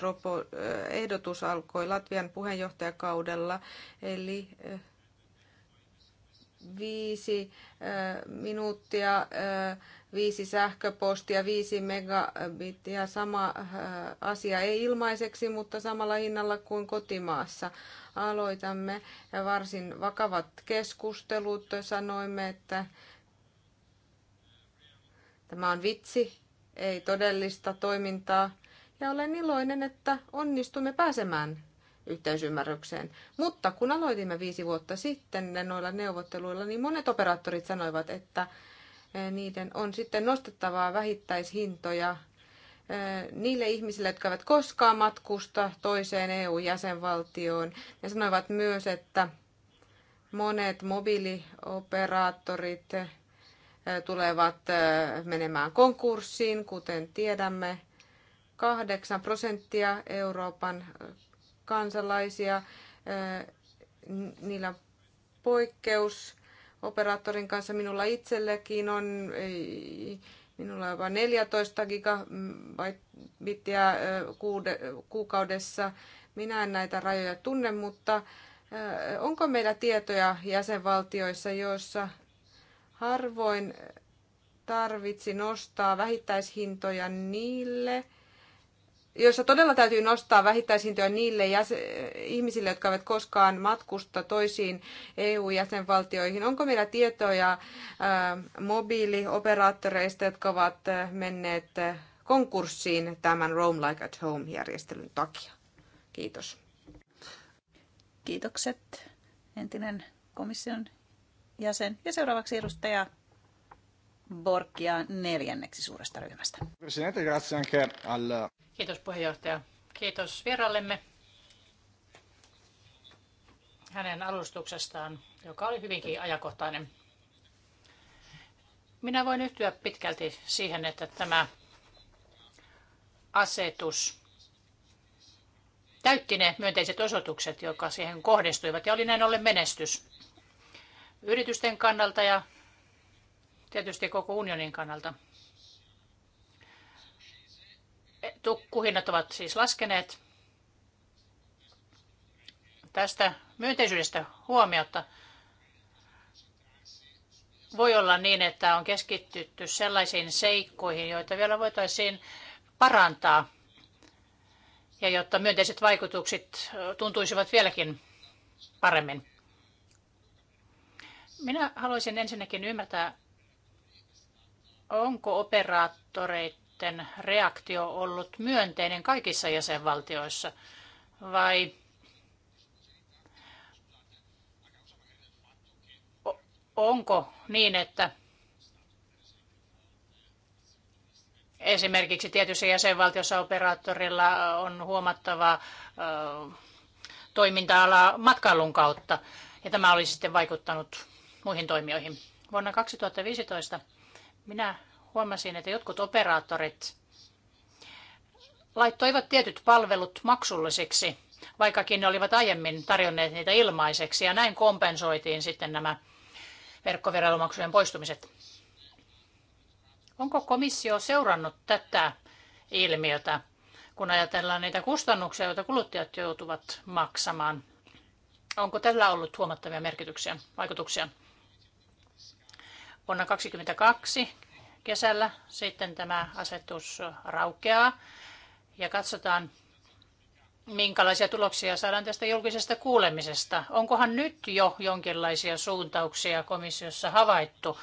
ehdotus alkoi Latvian puheenjohtajakaudella, eli viisi minuuttia, viisi sähköpostia, viisi megabittiä. Sama asia ei ilmaiseksi, mutta samalla hinnalla kuin kotimaassa. Aloitamme varsin vakavat keskustelut. Sanoimme, että tämä on vitsi, ei todellista toimintaa. Ja olen iloinen, että onnistumme pääsemään yhteisymmärrykseen. Mutta kun aloitimme viisi vuotta sitten noilla neuvotteluilla, niin monet operaattorit sanoivat, että e, niiden on sitten nostettavaa vähittäishintoja e, niille ihmisille, jotka eivät koskaan matkusta toiseen EU-jäsenvaltioon. Ne sanoivat myös, että monet mobiilioperaattorit e, tulevat menemään konkurssiin, kuten tiedämme. 8 prosenttia Euroopan kansalaisia. Eh, niillä poikkeus operaattorin kanssa. Minulla itsellekin on Minulla on vain 14 gigabittiä mm, eh, kuukaudessa. Minä en näitä rajoja tunne, mutta eh, onko meillä tietoja jäsenvaltioissa, joissa harvoin tarvitsi nostaa vähittäishintoja niille – joissa todella täytyy nostaa vähittäisintöä niille jäsen- ihmisille, jotka eivät koskaan matkusta toisiin EU-jäsenvaltioihin. Onko meillä tietoja äh, mobiilioperaattoreista, jotka ovat äh, menneet äh, konkurssiin tämän Roam Like at Home-järjestelyn takia? Kiitos. Kiitokset, entinen komission jäsen. Ja seuraavaksi edustaja Borkia neljänneksi suuresta ryhmästä. Kiitos puheenjohtaja. Kiitos vierallemme hänen alustuksestaan, joka oli hyvinkin ajankohtainen. Minä voin yhtyä pitkälti siihen, että tämä asetus täytti ne myönteiset osoitukset, jotka siihen kohdistuivat, ja oli näin ollen menestys yritysten kannalta ja tietysti koko unionin kannalta. tukkuhinnat ovat siis laskeneet. Tästä myönteisyydestä huomiota voi olla niin, että on keskittytty sellaisiin seikkoihin, joita vielä voitaisiin parantaa ja jotta myönteiset vaikutukset tuntuisivat vieläkin paremmin. Minä haluaisin ensinnäkin ymmärtää, onko operaattoreita sitten reaktio ollut myönteinen kaikissa jäsenvaltioissa? Vai onko niin, että esimerkiksi tietyissä jäsenvaltiossa operaattorilla on huomattava toiminta-ala matkailun kautta, ja tämä olisi sitten vaikuttanut muihin toimijoihin. Vuonna 2015 minä huomasin, että jotkut operaattorit laittoivat tietyt palvelut maksullisiksi, vaikkakin ne olivat aiemmin tarjonneet niitä ilmaiseksi, ja näin kompensoitiin sitten nämä verkkoviralumaksujen poistumiset. Onko komissio seurannut tätä ilmiötä, kun ajatellaan niitä kustannuksia, joita kuluttajat joutuvat maksamaan? Onko tällä ollut huomattavia merkityksiä, vaikutuksia? Vuonna 2022 kesällä sitten tämä asetus raukeaa ja katsotaan, minkälaisia tuloksia saadaan tästä julkisesta kuulemisesta. Onkohan nyt jo jonkinlaisia suuntauksia komissiossa havaittu,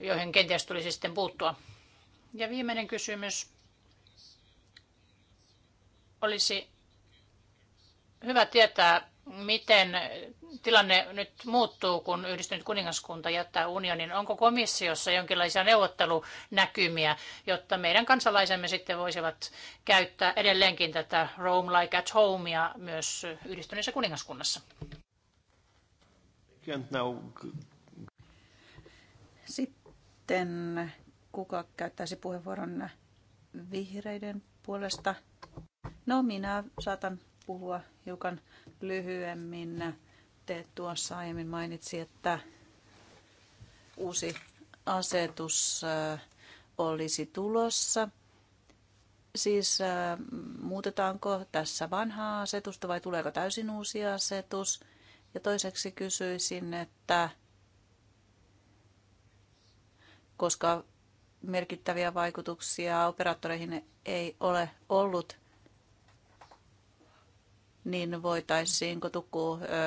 joihin kenties tulisi sitten puuttua? Ja viimeinen kysymys olisi hyvä tietää, miten tilanne nyt muuttuu, kun yhdistynyt kuningaskunta jättää unionin? Onko komissiossa jonkinlaisia neuvottelunäkymiä, jotta meidän kansalaisemme sitten voisivat käyttää edelleenkin tätä Roam Like at Homea myös yhdistyneessä kuningaskunnassa? Sitten kuka käyttäisi puheenvuoron vihreiden puolesta? No minä saatan puhua hiukan lyhyemmin. Te tuossa aiemmin mainitsi, että uusi asetus olisi tulossa. Siis muutetaanko tässä vanhaa asetusta vai tuleeko täysin uusi asetus? Ja toiseksi kysyisin, että koska merkittäviä vaikutuksia operaattoreihin ei ole ollut, niin voitaisiinko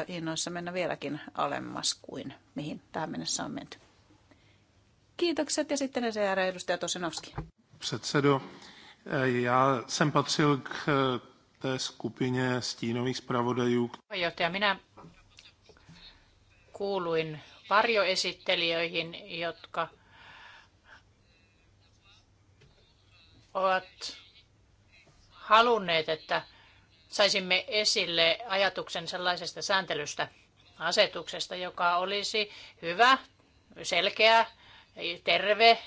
hinnoissa mennä vieläkin alemmas kuin mihin tähän mennessä on menty? Kiitokset ja sitten ECR edustaja Tosinovski. Předsedo, e, já jsem patřil k e, té skupině stínových zpravodajů. Puheenjohtaja, minä kuuluin varjoesittelijöihin, jotka ovat halunneet, että saisimme esille ajatuksen sellaisesta sääntelystä, asetuksesta, joka olisi hyvä, selkeä, terve.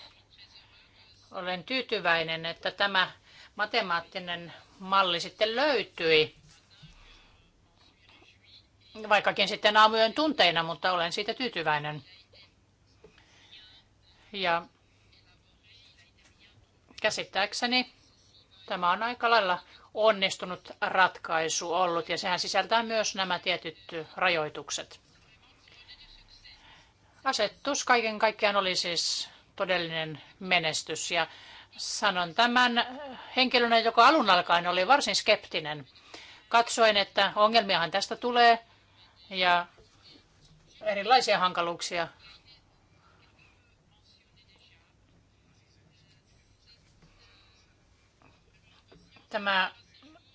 Olen tyytyväinen, että tämä matemaattinen malli sitten löytyi. Vaikkakin sitten aamujen tunteina, mutta olen siitä tyytyväinen. Ja käsittääkseni tämä on aika lailla onnistunut ratkaisu ollut ja sehän sisältää myös nämä tietyt rajoitukset. Asetus kaiken kaikkiaan oli siis todellinen menestys ja sanon tämän henkilönä, joka alun alkaen oli varsin skeptinen. Katsoin, että ongelmiahan tästä tulee ja erilaisia hankaluuksia. Tämä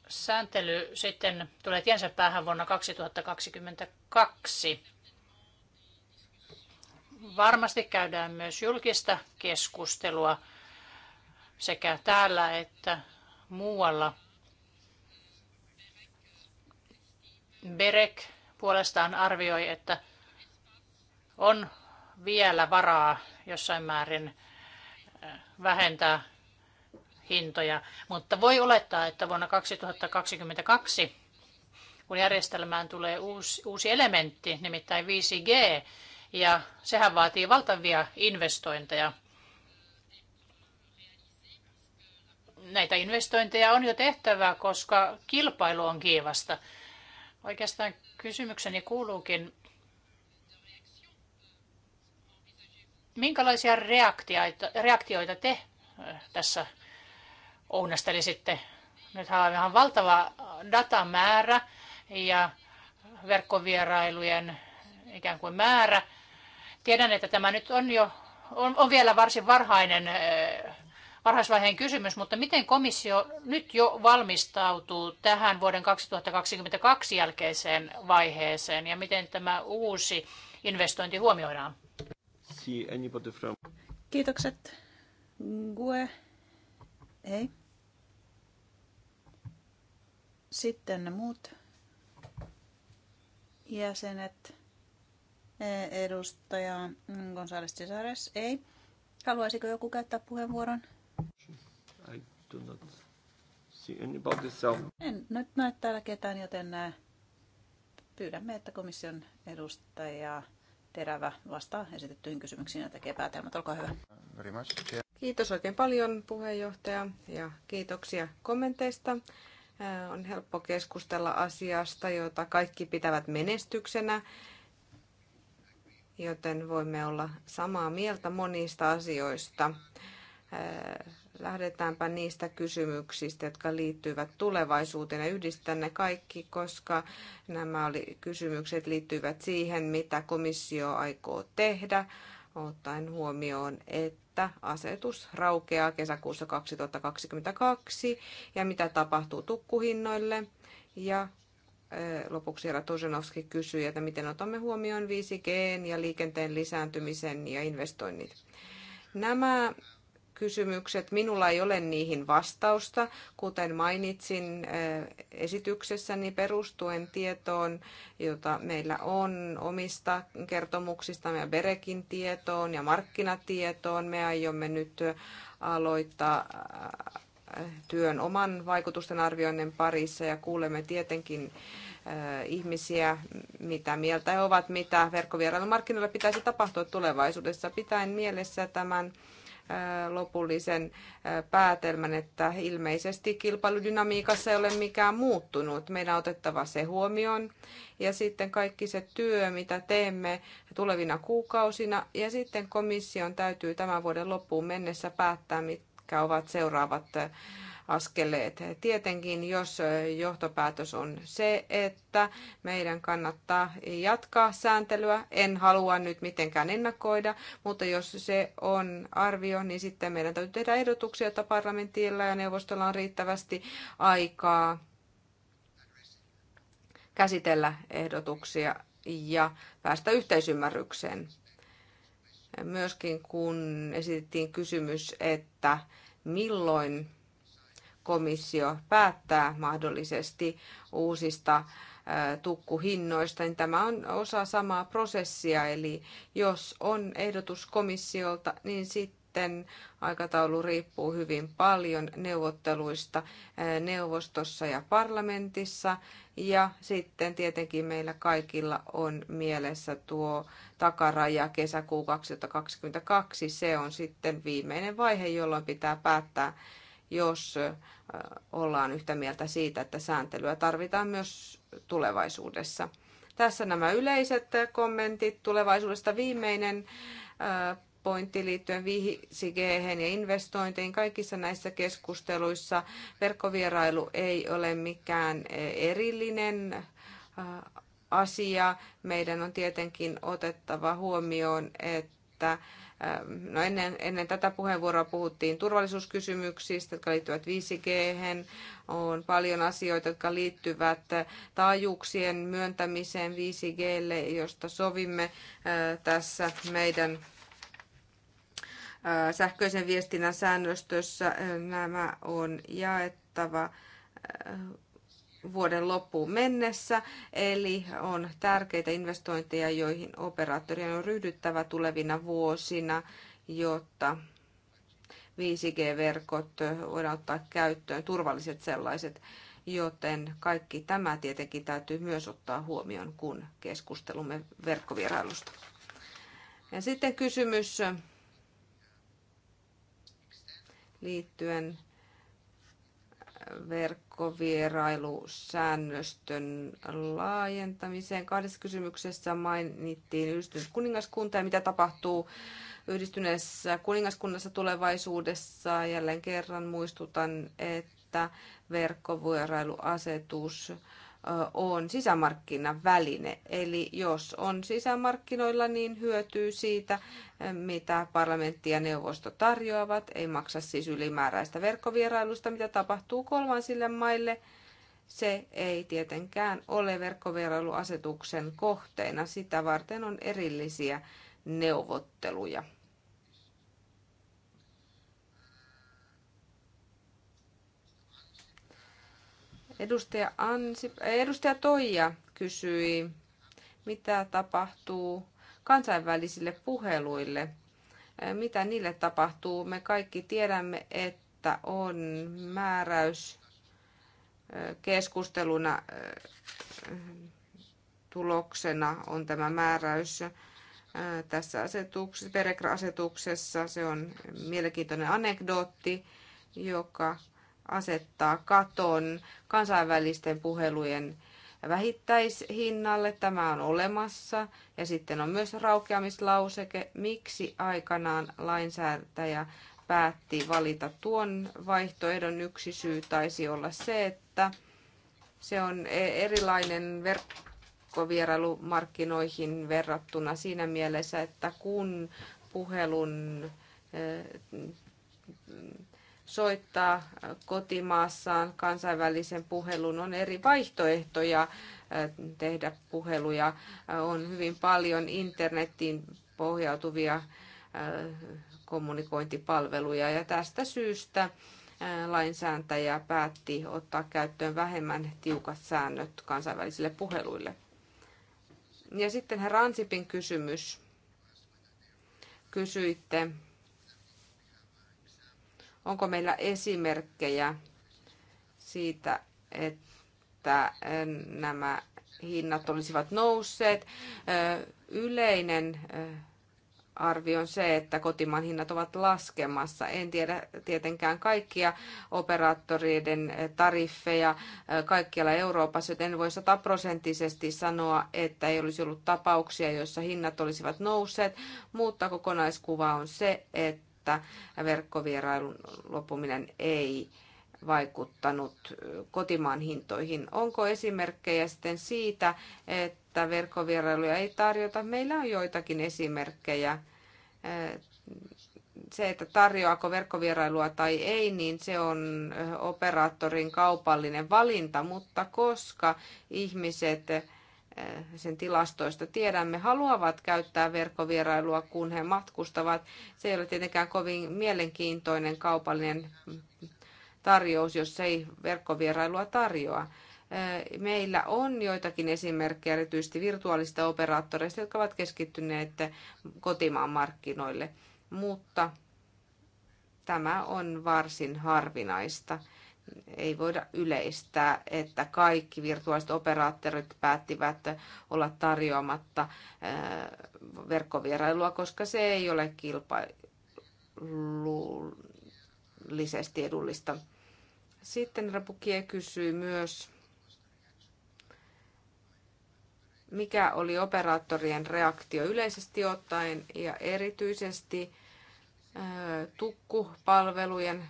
sääntely sitten tulee tiensä päähän vuonna 2022. Varmasti käydään myös julkista keskustelua sekä täällä että muualla. Berek puolestaan arvioi, että on vielä varaa jossain määrin äh, vähentää hintoja, mutta voi olettaa, että vuonna 2022, kun järjestelmään tulee uusi, uusi elementti, nimittäin 5G, ja sehän vaatii valtavia investointeja. Näitä investointeja on jo tehtävä, koska kilpailu on kiivasta. Oikeastaan kysymykseni kuuluukin, minkälaisia reaktioita, reaktioita te tässä sitten. Nyt on ihan valtava datamäärä ja verkkovierailujen ikään kuin määrä. Tiedän, että tämä nyt on jo on, on vielä varsin varhainen varhaisvaiheen kysymys, mutta miten komissio nyt jo valmistautuu tähän vuoden 2022 jälkeiseen vaiheeseen ja miten tämä uusi investointi huomioidaan? Kiitokset. Gue. Ei. Sitten muut jäsenet. Edustaja González Cesares, ei. Haluaisiko joku käyttää puheenvuoron? I do not see anybody, so... En nyt näe täällä ketään, joten äh, pyydämme, että komission edustaja Terävä vastaa esitettyihin kysymyksiin ja tekee päätelmät. Olkaa hyvä. Kiitos oikein paljon puheenjohtaja ja kiitoksia kommenteista. Äh, on helppo keskustella asiasta, jota kaikki pitävät menestyksenä, joten voimme olla samaa mieltä monista asioista. Äh, lähdetäänpä niistä kysymyksistä, jotka liittyvät tulevaisuuteen ja yhdistän ne kaikki, koska nämä oli, kysymykset liittyvät siihen, mitä komissio aikoo tehdä, ottaen huomioon, että että asetus raukeaa kesäkuussa 2022 ja mitä tapahtuu tukkuhinnoille. Ja lopuksi Jera Tusenovski kysyi, että miten otamme huomioon 5G ja liikenteen lisääntymisen ja investoinnit. Nämä kysymykset. Minulla ei ole niihin vastausta. Kuten mainitsin eh, esityksessäni perustuen tietoon, jota meillä on omista kertomuksista ja Berekin tietoon ja markkinatietoon, me aiomme nyt aloittaa eh, työn oman vaikutusten arvioinnin parissa ja kuulemme tietenkin eh, ihmisiä, mitä mieltä he ovat, mitä verkkovierailumarkkinoilla pitäisi tapahtua tulevaisuudessa. Pitäen mielessä tämän lopullisen päätelmän, että ilmeisesti kilpailudynamiikassa ei ole mikään muuttunut. Meidän on otettava se huomioon ja sitten kaikki se työ, mitä teemme tulevina kuukausina ja sitten komission täytyy tämän vuoden loppuun mennessä päättää, mitkä ovat seuraavat askeleet. Tietenkin, jos johtopäätös on se, että meidän kannattaa jatkaa sääntelyä, en halua nyt mitenkään ennakoida, mutta jos se on arvio, niin sitten meidän täytyy tehdä ehdotuksia, että parlamentilla ja neuvostolla on riittävästi aikaa käsitellä ehdotuksia ja päästä yhteisymmärrykseen. Myöskin kun esitettiin kysymys, että milloin komissio päättää mahdollisesti uusista tukkuhinnoista, niin tämä on osa samaa prosessia. Eli jos on ehdotus komissiolta, niin sitten aikataulu riippuu hyvin paljon neuvotteluista neuvostossa ja parlamentissa. Ja sitten tietenkin meillä kaikilla on mielessä tuo takaraja kesäkuu 2022. Se on sitten viimeinen vaihe, jolloin pitää päättää jos ollaan yhtä mieltä siitä, että sääntelyä tarvitaan myös tulevaisuudessa. Tässä nämä yleiset kommentit tulevaisuudesta. Viimeinen pointti liittyen 5G ja investointeihin. Kaikissa näissä keskusteluissa verkkovierailu ei ole mikään erillinen asia. Meidän on tietenkin otettava huomioon, että Ähm, no ennen, ennen tätä puheenvuoroa puhuttiin turvallisuuskysymyksistä, jotka liittyvät 5G. On paljon asioita, jotka liittyvät äh, taajuuksien myöntämiseen 5Glle, josta sovimme äh, tässä meidän äh, sähköisen viestinnän säännöstössä. Nämä on jaettava vuoden loppuun mennessä, eli on tärkeitä investointeja, joihin operaattorien on ryhdyttävä tulevina vuosina, jotta 5G-verkot voidaan ottaa käyttöön, turvalliset sellaiset, joten kaikki tämä tietenkin täytyy myös ottaa huomioon, kun keskustelumme verkkovierailusta. Ja sitten kysymys liittyen verkkovierailusäännöstön laajentamiseen. Kahdessa kysymyksessä mainittiin yhdistynyt kuningaskunta ja mitä tapahtuu yhdistyneessä kuningaskunnassa tulevaisuudessa. Jälleen kerran muistutan, että verkkovierailuasetus on sisämarkkinan väline. Eli jos on sisämarkkinoilla, niin hyötyy siitä, mitä parlamentti ja neuvosto tarjoavat. Ei maksa siis ylimääräistä verkkovierailusta, mitä tapahtuu kolmansille maille. Se ei tietenkään ole verkkovierailuasetuksen kohteena. Sitä varten on erillisiä neuvotteluja. Edustaja, Ansi, eh, edustaja Toija kysyi, mitä tapahtuu kansainvälisille puheluille. Eh, mitä niille tapahtuu? Me kaikki tiedämme, että on määräys eh, keskusteluna tuloksena on tämä määräys tässä asetuksessa, asetuksessa Se on mielenkiintoinen anekdootti, joka asettaa katon kansainvälisten puhelujen vähittäishinnalle. Tämä on olemassa. Ja sitten on myös raukeamislauseke, miksi aikanaan lainsäätäjä päätti valita tuon vaihtoehdon. Yksi syy taisi olla se, että se on e- erilainen verkkovierailumarkkinoihin verrattuna siinä mielessä, että kun puhelun e- soittaa kotimaassaan kansainvälisen puhelun. On eri vaihtoehtoja äh, tehdä puheluja. Äh, on hyvin paljon internetin pohjautuvia äh, kommunikointipalveluja ja tästä syystä lainsääntäjä päätti ottaa käyttöön vähemmän tiukat säännöt kansainvälisille puheluille. Ja sitten herra Ansipin kysymys. Kysyitte Onko meillä esimerkkejä siitä, että eh, nämä hinnat olisivat nousseet? Eh, yleinen eh, arvio on se, että kotimaan hinnat ovat laskemassa. En tiedä tietenkään kaikkia operaattoreiden tariffeja kaikkialla Euroopassa, joten en voi sataprosenttisesti sanoa, että ei olisi ollut tapauksia, joissa hinnat olisivat nousseet, mutta kokonaiskuva on se, että että verkkovierailun loppuminen ei vaikuttanut kotimaan hintoihin. Onko esimerkkejä sitten siitä, että verkkovierailuja ei tarjota? Meillä on joitakin esimerkkejä. Se, että tarjoako verkkovierailua tai ei, niin se on operaattorin kaupallinen valinta, mutta koska ihmiset sen tilastoista tiedämme, haluavat käyttää verkkovierailua, kun he matkustavat. Se ei ole tietenkään kovin mielenkiintoinen kaupallinen tarjous, jos ei verkkovierailua tarjoa. Meillä on joitakin esimerkkejä erityisesti virtuaalista operaattoreista, jotka ovat keskittyneet kotimaan markkinoille, mutta tämä on varsin harvinaista ei voida yleistää, että kaikki virtuaaliset operaattorit päättivät olla tarjoamatta verkkovierailua, koska se ei ole kilpailullisesti edullista. Sitten Rapukie kysyy myös, mikä oli operaattorien reaktio yleisesti ottaen ja erityisesti tukkupalvelujen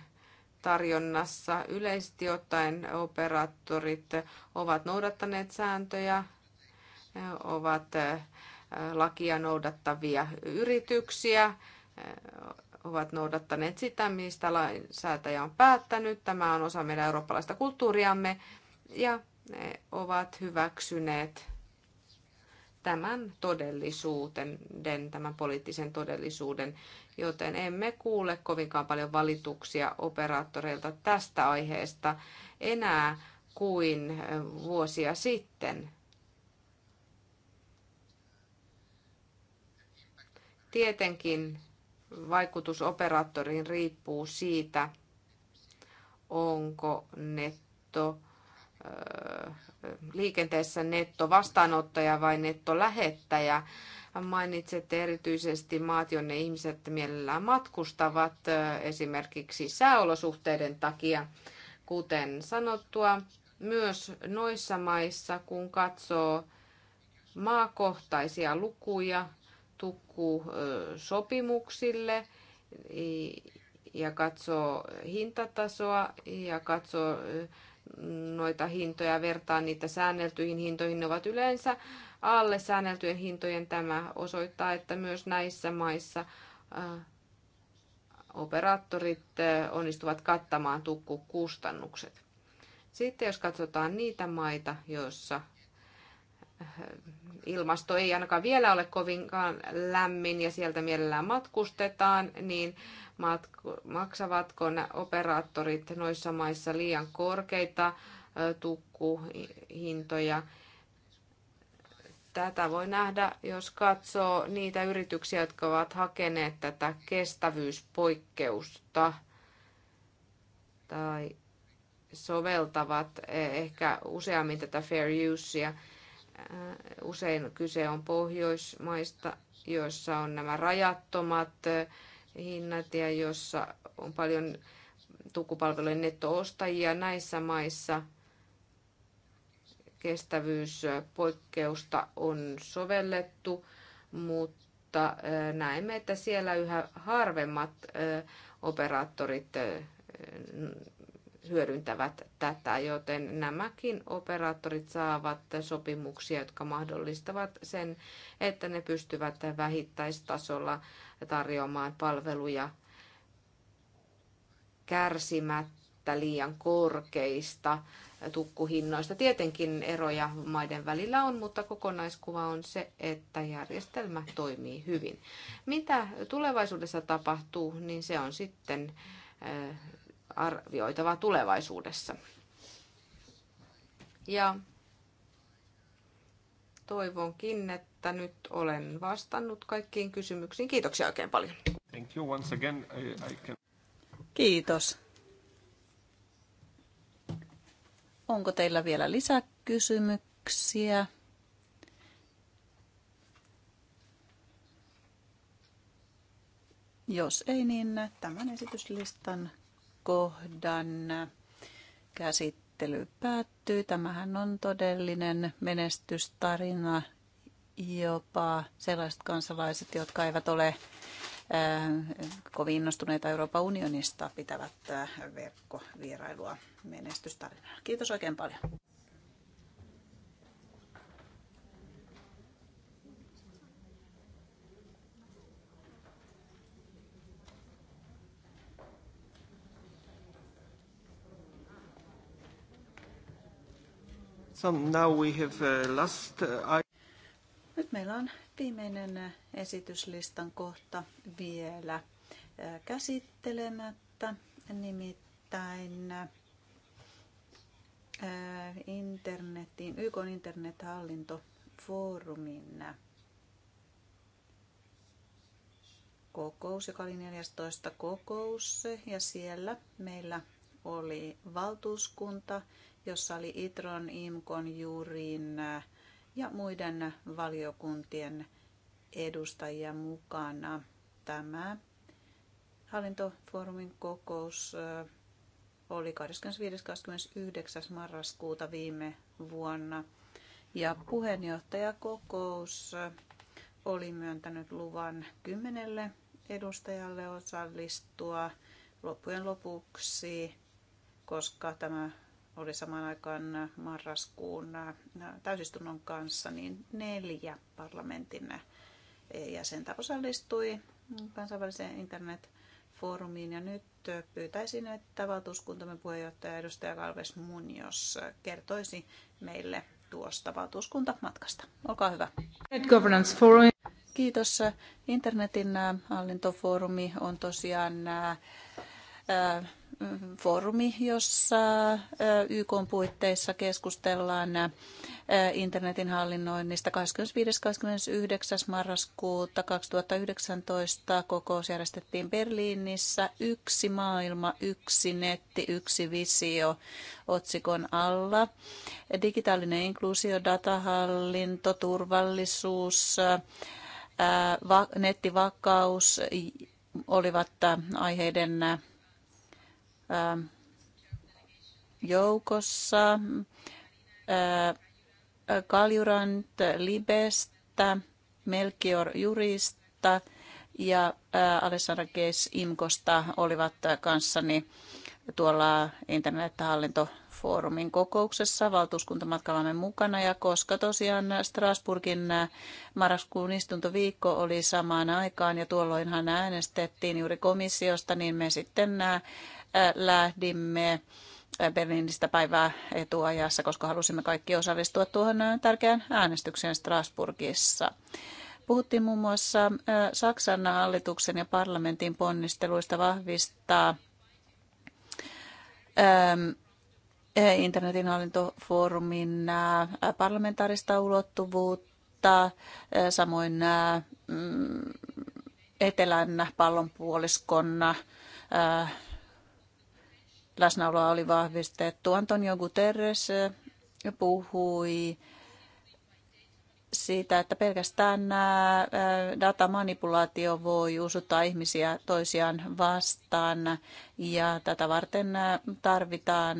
tarjonnassa. Yleisesti ottaen operaattorit ovat noudattaneet sääntöjä, ovat eh, lakia noudattavia yrityksiä, eh, ovat noudattaneet sitä, mistä lainsäätäjä on päättänyt. Tämä on osa meidän eurooppalaista kulttuuriamme ja ne ovat hyväksyneet tämän todellisuuden, tämän poliittisen todellisuuden, joten emme kuule kovinkaan paljon valituksia operaattoreilta tästä aiheesta enää kuin vuosia sitten. Tietenkin vaikutus operaattoriin riippuu siitä, onko netto liikenteessä netto vastaanottaja vai netto lähettäjä. Mainitsette erityisesti maat, jonne ihmiset mielellään matkustavat esimerkiksi sääolosuhteiden takia. Kuten sanottua, myös noissa maissa, kun katsoo maakohtaisia lukuja tukkusopimuksille ja katsoo hintatasoa ja katsoo noita hintoja, vertaan niitä säänneltyihin hintoihin, ne ovat yleensä alle säänneltyjen hintojen. Tämä osoittaa, että myös näissä maissa äh, operaattorit äh, onnistuvat kattamaan tukkukustannukset. Sitten jos katsotaan niitä maita, joissa äh, ilmasto ei ainakaan vielä ole kovinkaan lämmin ja sieltä mielellään matkustetaan, niin maksavatko nämä operaattorit noissa maissa liian korkeita tukkuhintoja? Tätä voi nähdä, jos katsoo niitä yrityksiä, jotka ovat hakeneet tätä kestävyyspoikkeusta tai soveltavat e, ehkä useammin tätä fair usea Usein kyse on Pohjoismaista, joissa on nämä rajattomat eh, hinnat ja jossa on paljon tukupalvelujen nettoostajia näissä maissa kestävyyspoikkeusta on sovellettu, mutta eh, näemme, että siellä yhä harvemmat eh, operaattorit hyödyntävät tätä, joten nämäkin operaattorit saavat sopimuksia, jotka mahdollistavat sen, että ne pystyvät vähittäistasolla tarjoamaan palveluja kärsimättä liian korkeista tukkuhinnoista. Tietenkin eroja maiden välillä on, mutta kokonaiskuva on se, että järjestelmä toimii hyvin. Mitä tulevaisuudessa tapahtuu, niin se on sitten arvioitava tulevaisuudessa. Ja toivonkin, että nyt olen vastannut kaikkiin kysymyksiin. Kiitoksia oikein paljon. Thank you once again. I, I can... Kiitos. Onko teillä vielä lisäkysymyksiä? Jos ei, niin tämän esityslistan kohdan käsittely päättyy. Tämähän on todellinen menestystarina jopa sellaiset kansalaiset, jotka eivät ole äh, kovin innostuneita Euroopan unionista pitävät äh, verkkovierailua menestystarinaa. Kiitos oikein paljon. now we have uh, last... Uh, Nyt meillä on viimeinen äh, esityslistan kohta vielä äh, käsittelemättä, nimittäin äh, internetin, YK internethallintofoorumin kokous, joka oli 14. kokous, ja siellä meillä oli valtuuskunta, jossa oli Itron, Imkon, Juurin äh, ja muiden valiokuntien edustajia mukana. Tämä hallintofoorumin kokous äh, oli 25.29. marraskuuta viime vuonna. Ja puheenjohtajakokous äh, oli myöntänyt luvan kymmenelle edustajalle osallistua loppujen lopuksi, koska tämä oli samaan aikaan marraskuun täysistunnon kanssa, niin neljä parlamentin jäsentä osallistui kansainväliseen internetfoorumiin. Ja nyt pyytäisin, että valtuuskuntamme puheenjohtaja edustaja Kalves Munjos kertoisi meille tuosta valtuuskuntamatkasta. Olkaa hyvä. Kiitos. Internetin hallintofoorumi on tosiaan foorumi, jossa YK puitteissa keskustellaan internetin hallinnoinnista 25.–29. marraskuuta 2019 kokous järjestettiin Berliinissä. Yksi maailma, yksi netti, yksi visio otsikon alla. Digitaalinen inkluusio, datahallinto, turvallisuus, nettivakaus olivat aiheiden joukossa. Kaljurant Libestä, Melkior Jurista ja Alessandra Kees Imkosta olivat kanssani tuolla internethallintofoorumin kokouksessa valtuuskuntamatkallamme mukana. Ja koska tosiaan Strasburgin marraskuun istuntoviikko oli samaan aikaan ja tuolloinhan äänestettiin juuri komissiosta, niin me sitten lähdimme Berliinistä päivää etuajassa, koska halusimme kaikki osallistua tuohon tärkeään äänestykseen Strasburgissa. Puhuttiin muun muassa Saksan hallituksen ja parlamentin ponnisteluista vahvistaa internetin hallintofoorumin parlamentaarista ulottuvuutta, samoin mm, etelän pallonpuoliskon läsnäoloa oli vahvistettu. Antonio Guterres äh, puhui siitä, että pelkästään äh, datamanipulaatio voi usuttaa ihmisiä toisiaan vastaan ja tätä varten äh, tarvitaan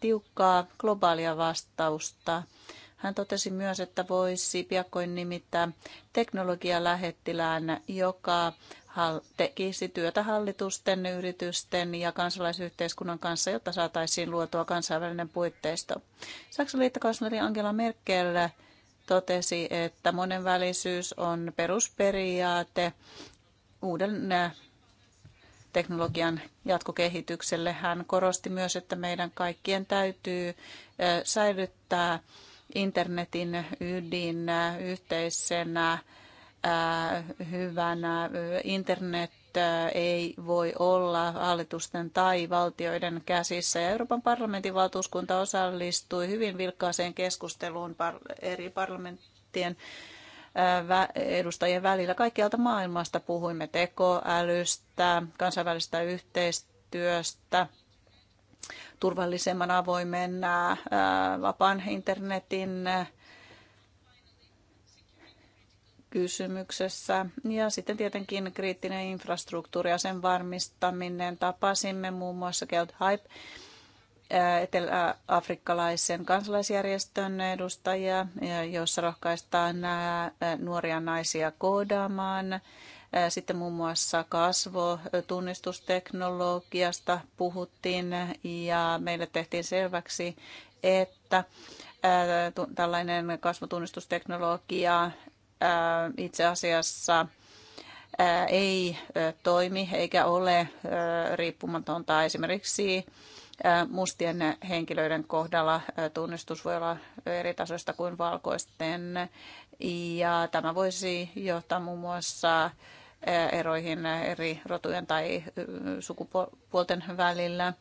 tiukkaa globaalia vastausta. Hän totesi myös, että voisi piakkoin nimittää teknologialähettilään, joka tekisi työtä hallitusten, yritysten ja kansalaisyhteiskunnan kanssa, jotta saataisiin luotua kansainvälinen puitteisto. Saksan liittokansleri Angela Merkel totesi, että monenvälisyys on perusperiaate uuden äh, teknologian jatkokehitykselle. Hän korosti myös, että meidän kaikkien täytyy äh, säilyttää internetin ydin äh, yhteisenä Äh, hyvänä. Äh, internet äh, ei voi olla hallitusten tai valtioiden käsissä. Ja Euroopan parlamentin valtuuskunta osallistui hyvin vilkkaaseen keskusteluun eri parlamenttien edustajien välillä. Kaikkialta maailmasta puhuimme tekoälystä, kansainvälisestä yhteistyöstä, turvallisemman avoimen vapaan internetin kysymyksessä. Ja sitten tietenkin kriittinen infrastruktuuri ja sen varmistaminen. Tapasimme muun muassa Geld Hype etelä-afrikkalaisen kansalaisjärjestön edustajia, jossa rohkaistaan nuoria naisia koodaamaan. Sitten muun muassa kasvotunnistusteknologiasta puhuttiin ja meille tehtiin selväksi, että tällainen kasvotunnistusteknologia itse asiassa ei toimi eikä ole riippumatonta esimerkiksi mustien henkilöiden kohdalla tunnistus voi olla eri tasoista kuin valkoisten. Ja tämä voisi johtaa muun muassa eroihin eri rotujen tai sukupuolten välillä.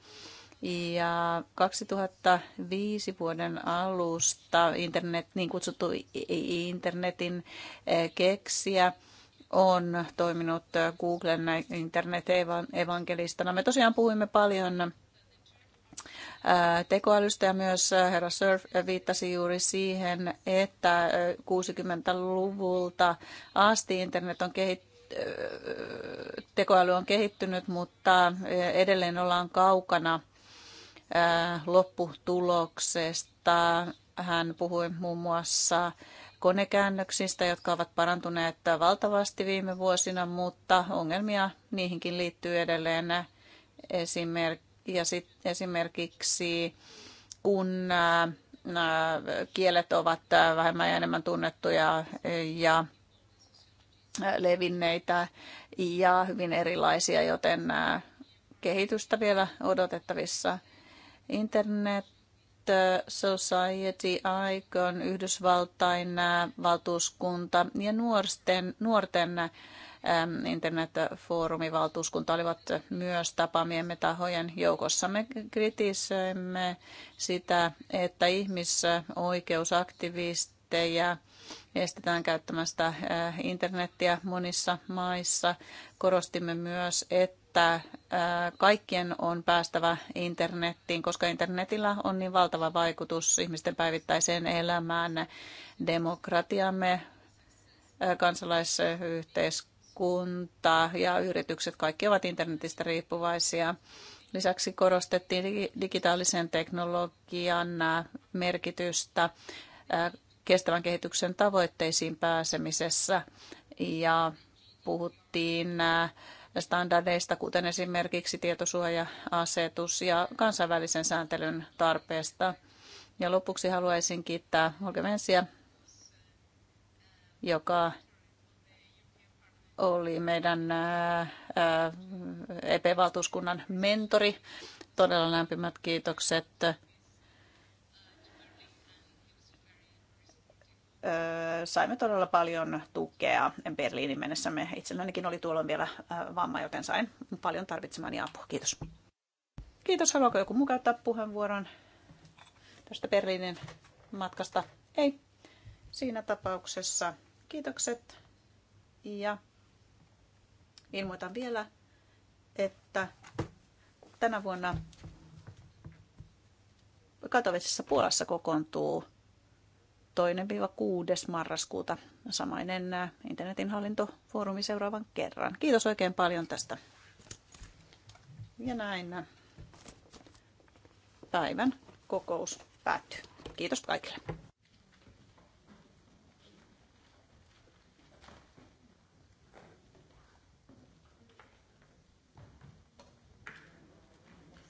Ja 2005 vuoden alusta internet, niin kutsuttu internetin eh, keksiä on toiminut eh, Googlen internet-evankelistana. Me tosiaan puhuimme paljon eh, tekoälystä ja myös herra Surf viittasi juuri siihen, että 60-luvulta asti internet on kehittynyt tekoäly on kehittynyt, mutta edelleen ollaan kaukana Äh, lopputuloksesta. Hän puhui muun muassa konekäännöksistä, jotka ovat parantuneet valtavasti viime vuosina, mutta ongelmia niihinkin liittyy edelleen esimerk- ja sit esimerkiksi kun äh, kielet ovat vähemmän ja enemmän tunnettuja ja levinneitä ja hyvin erilaisia, joten äh, kehitystä vielä odotettavissa. Internet Society Icon, Yhdysvaltain valtuuskunta ja nuorten, nuorten internetfoorumivaltuuskunta olivat myös tapaamiemme tahojen joukossa. Me kritisoimme sitä, että ihmisoikeusaktivisteja estetään käyttämästä internettiä monissa maissa. Korostimme myös, että että kaikkien on päästävä internettiin, koska internetillä on niin valtava vaikutus ihmisten päivittäiseen elämään, demokratiamme, kansalaisyhteiskunta ja yritykset, kaikki ovat internetistä riippuvaisia. Lisäksi korostettiin digitaalisen teknologian merkitystä kestävän kehityksen tavoitteisiin pääsemisessä ja puhuttiin standardeista, kuten esimerkiksi tietosuoja-asetus ja kansainvälisen sääntelyn tarpeesta. Ja lopuksi haluaisin kiittää Olga joka oli meidän EP-valtuuskunnan mentori. Todella lämpimät kiitokset saimme todella paljon tukea Berliinin mennessä. Me itsellänikin oli tuolloin vielä vamma, joten sain paljon tarvitsemani apua. Kiitos. Kiitos. Haluaako joku mukaan ottaa puheenvuoron tästä Berliinin matkasta? Ei. Siinä tapauksessa kiitokset ja ilmoitan vielä, että tänä vuonna Katowicessa Puolassa kokoontuu 2-6. marraskuuta samainen äh, internetin hallintofoorumi seuraavan kerran. Kiitos oikein paljon tästä. Ja näin äh, päivän kokous päättyy. Kiitos kaikille.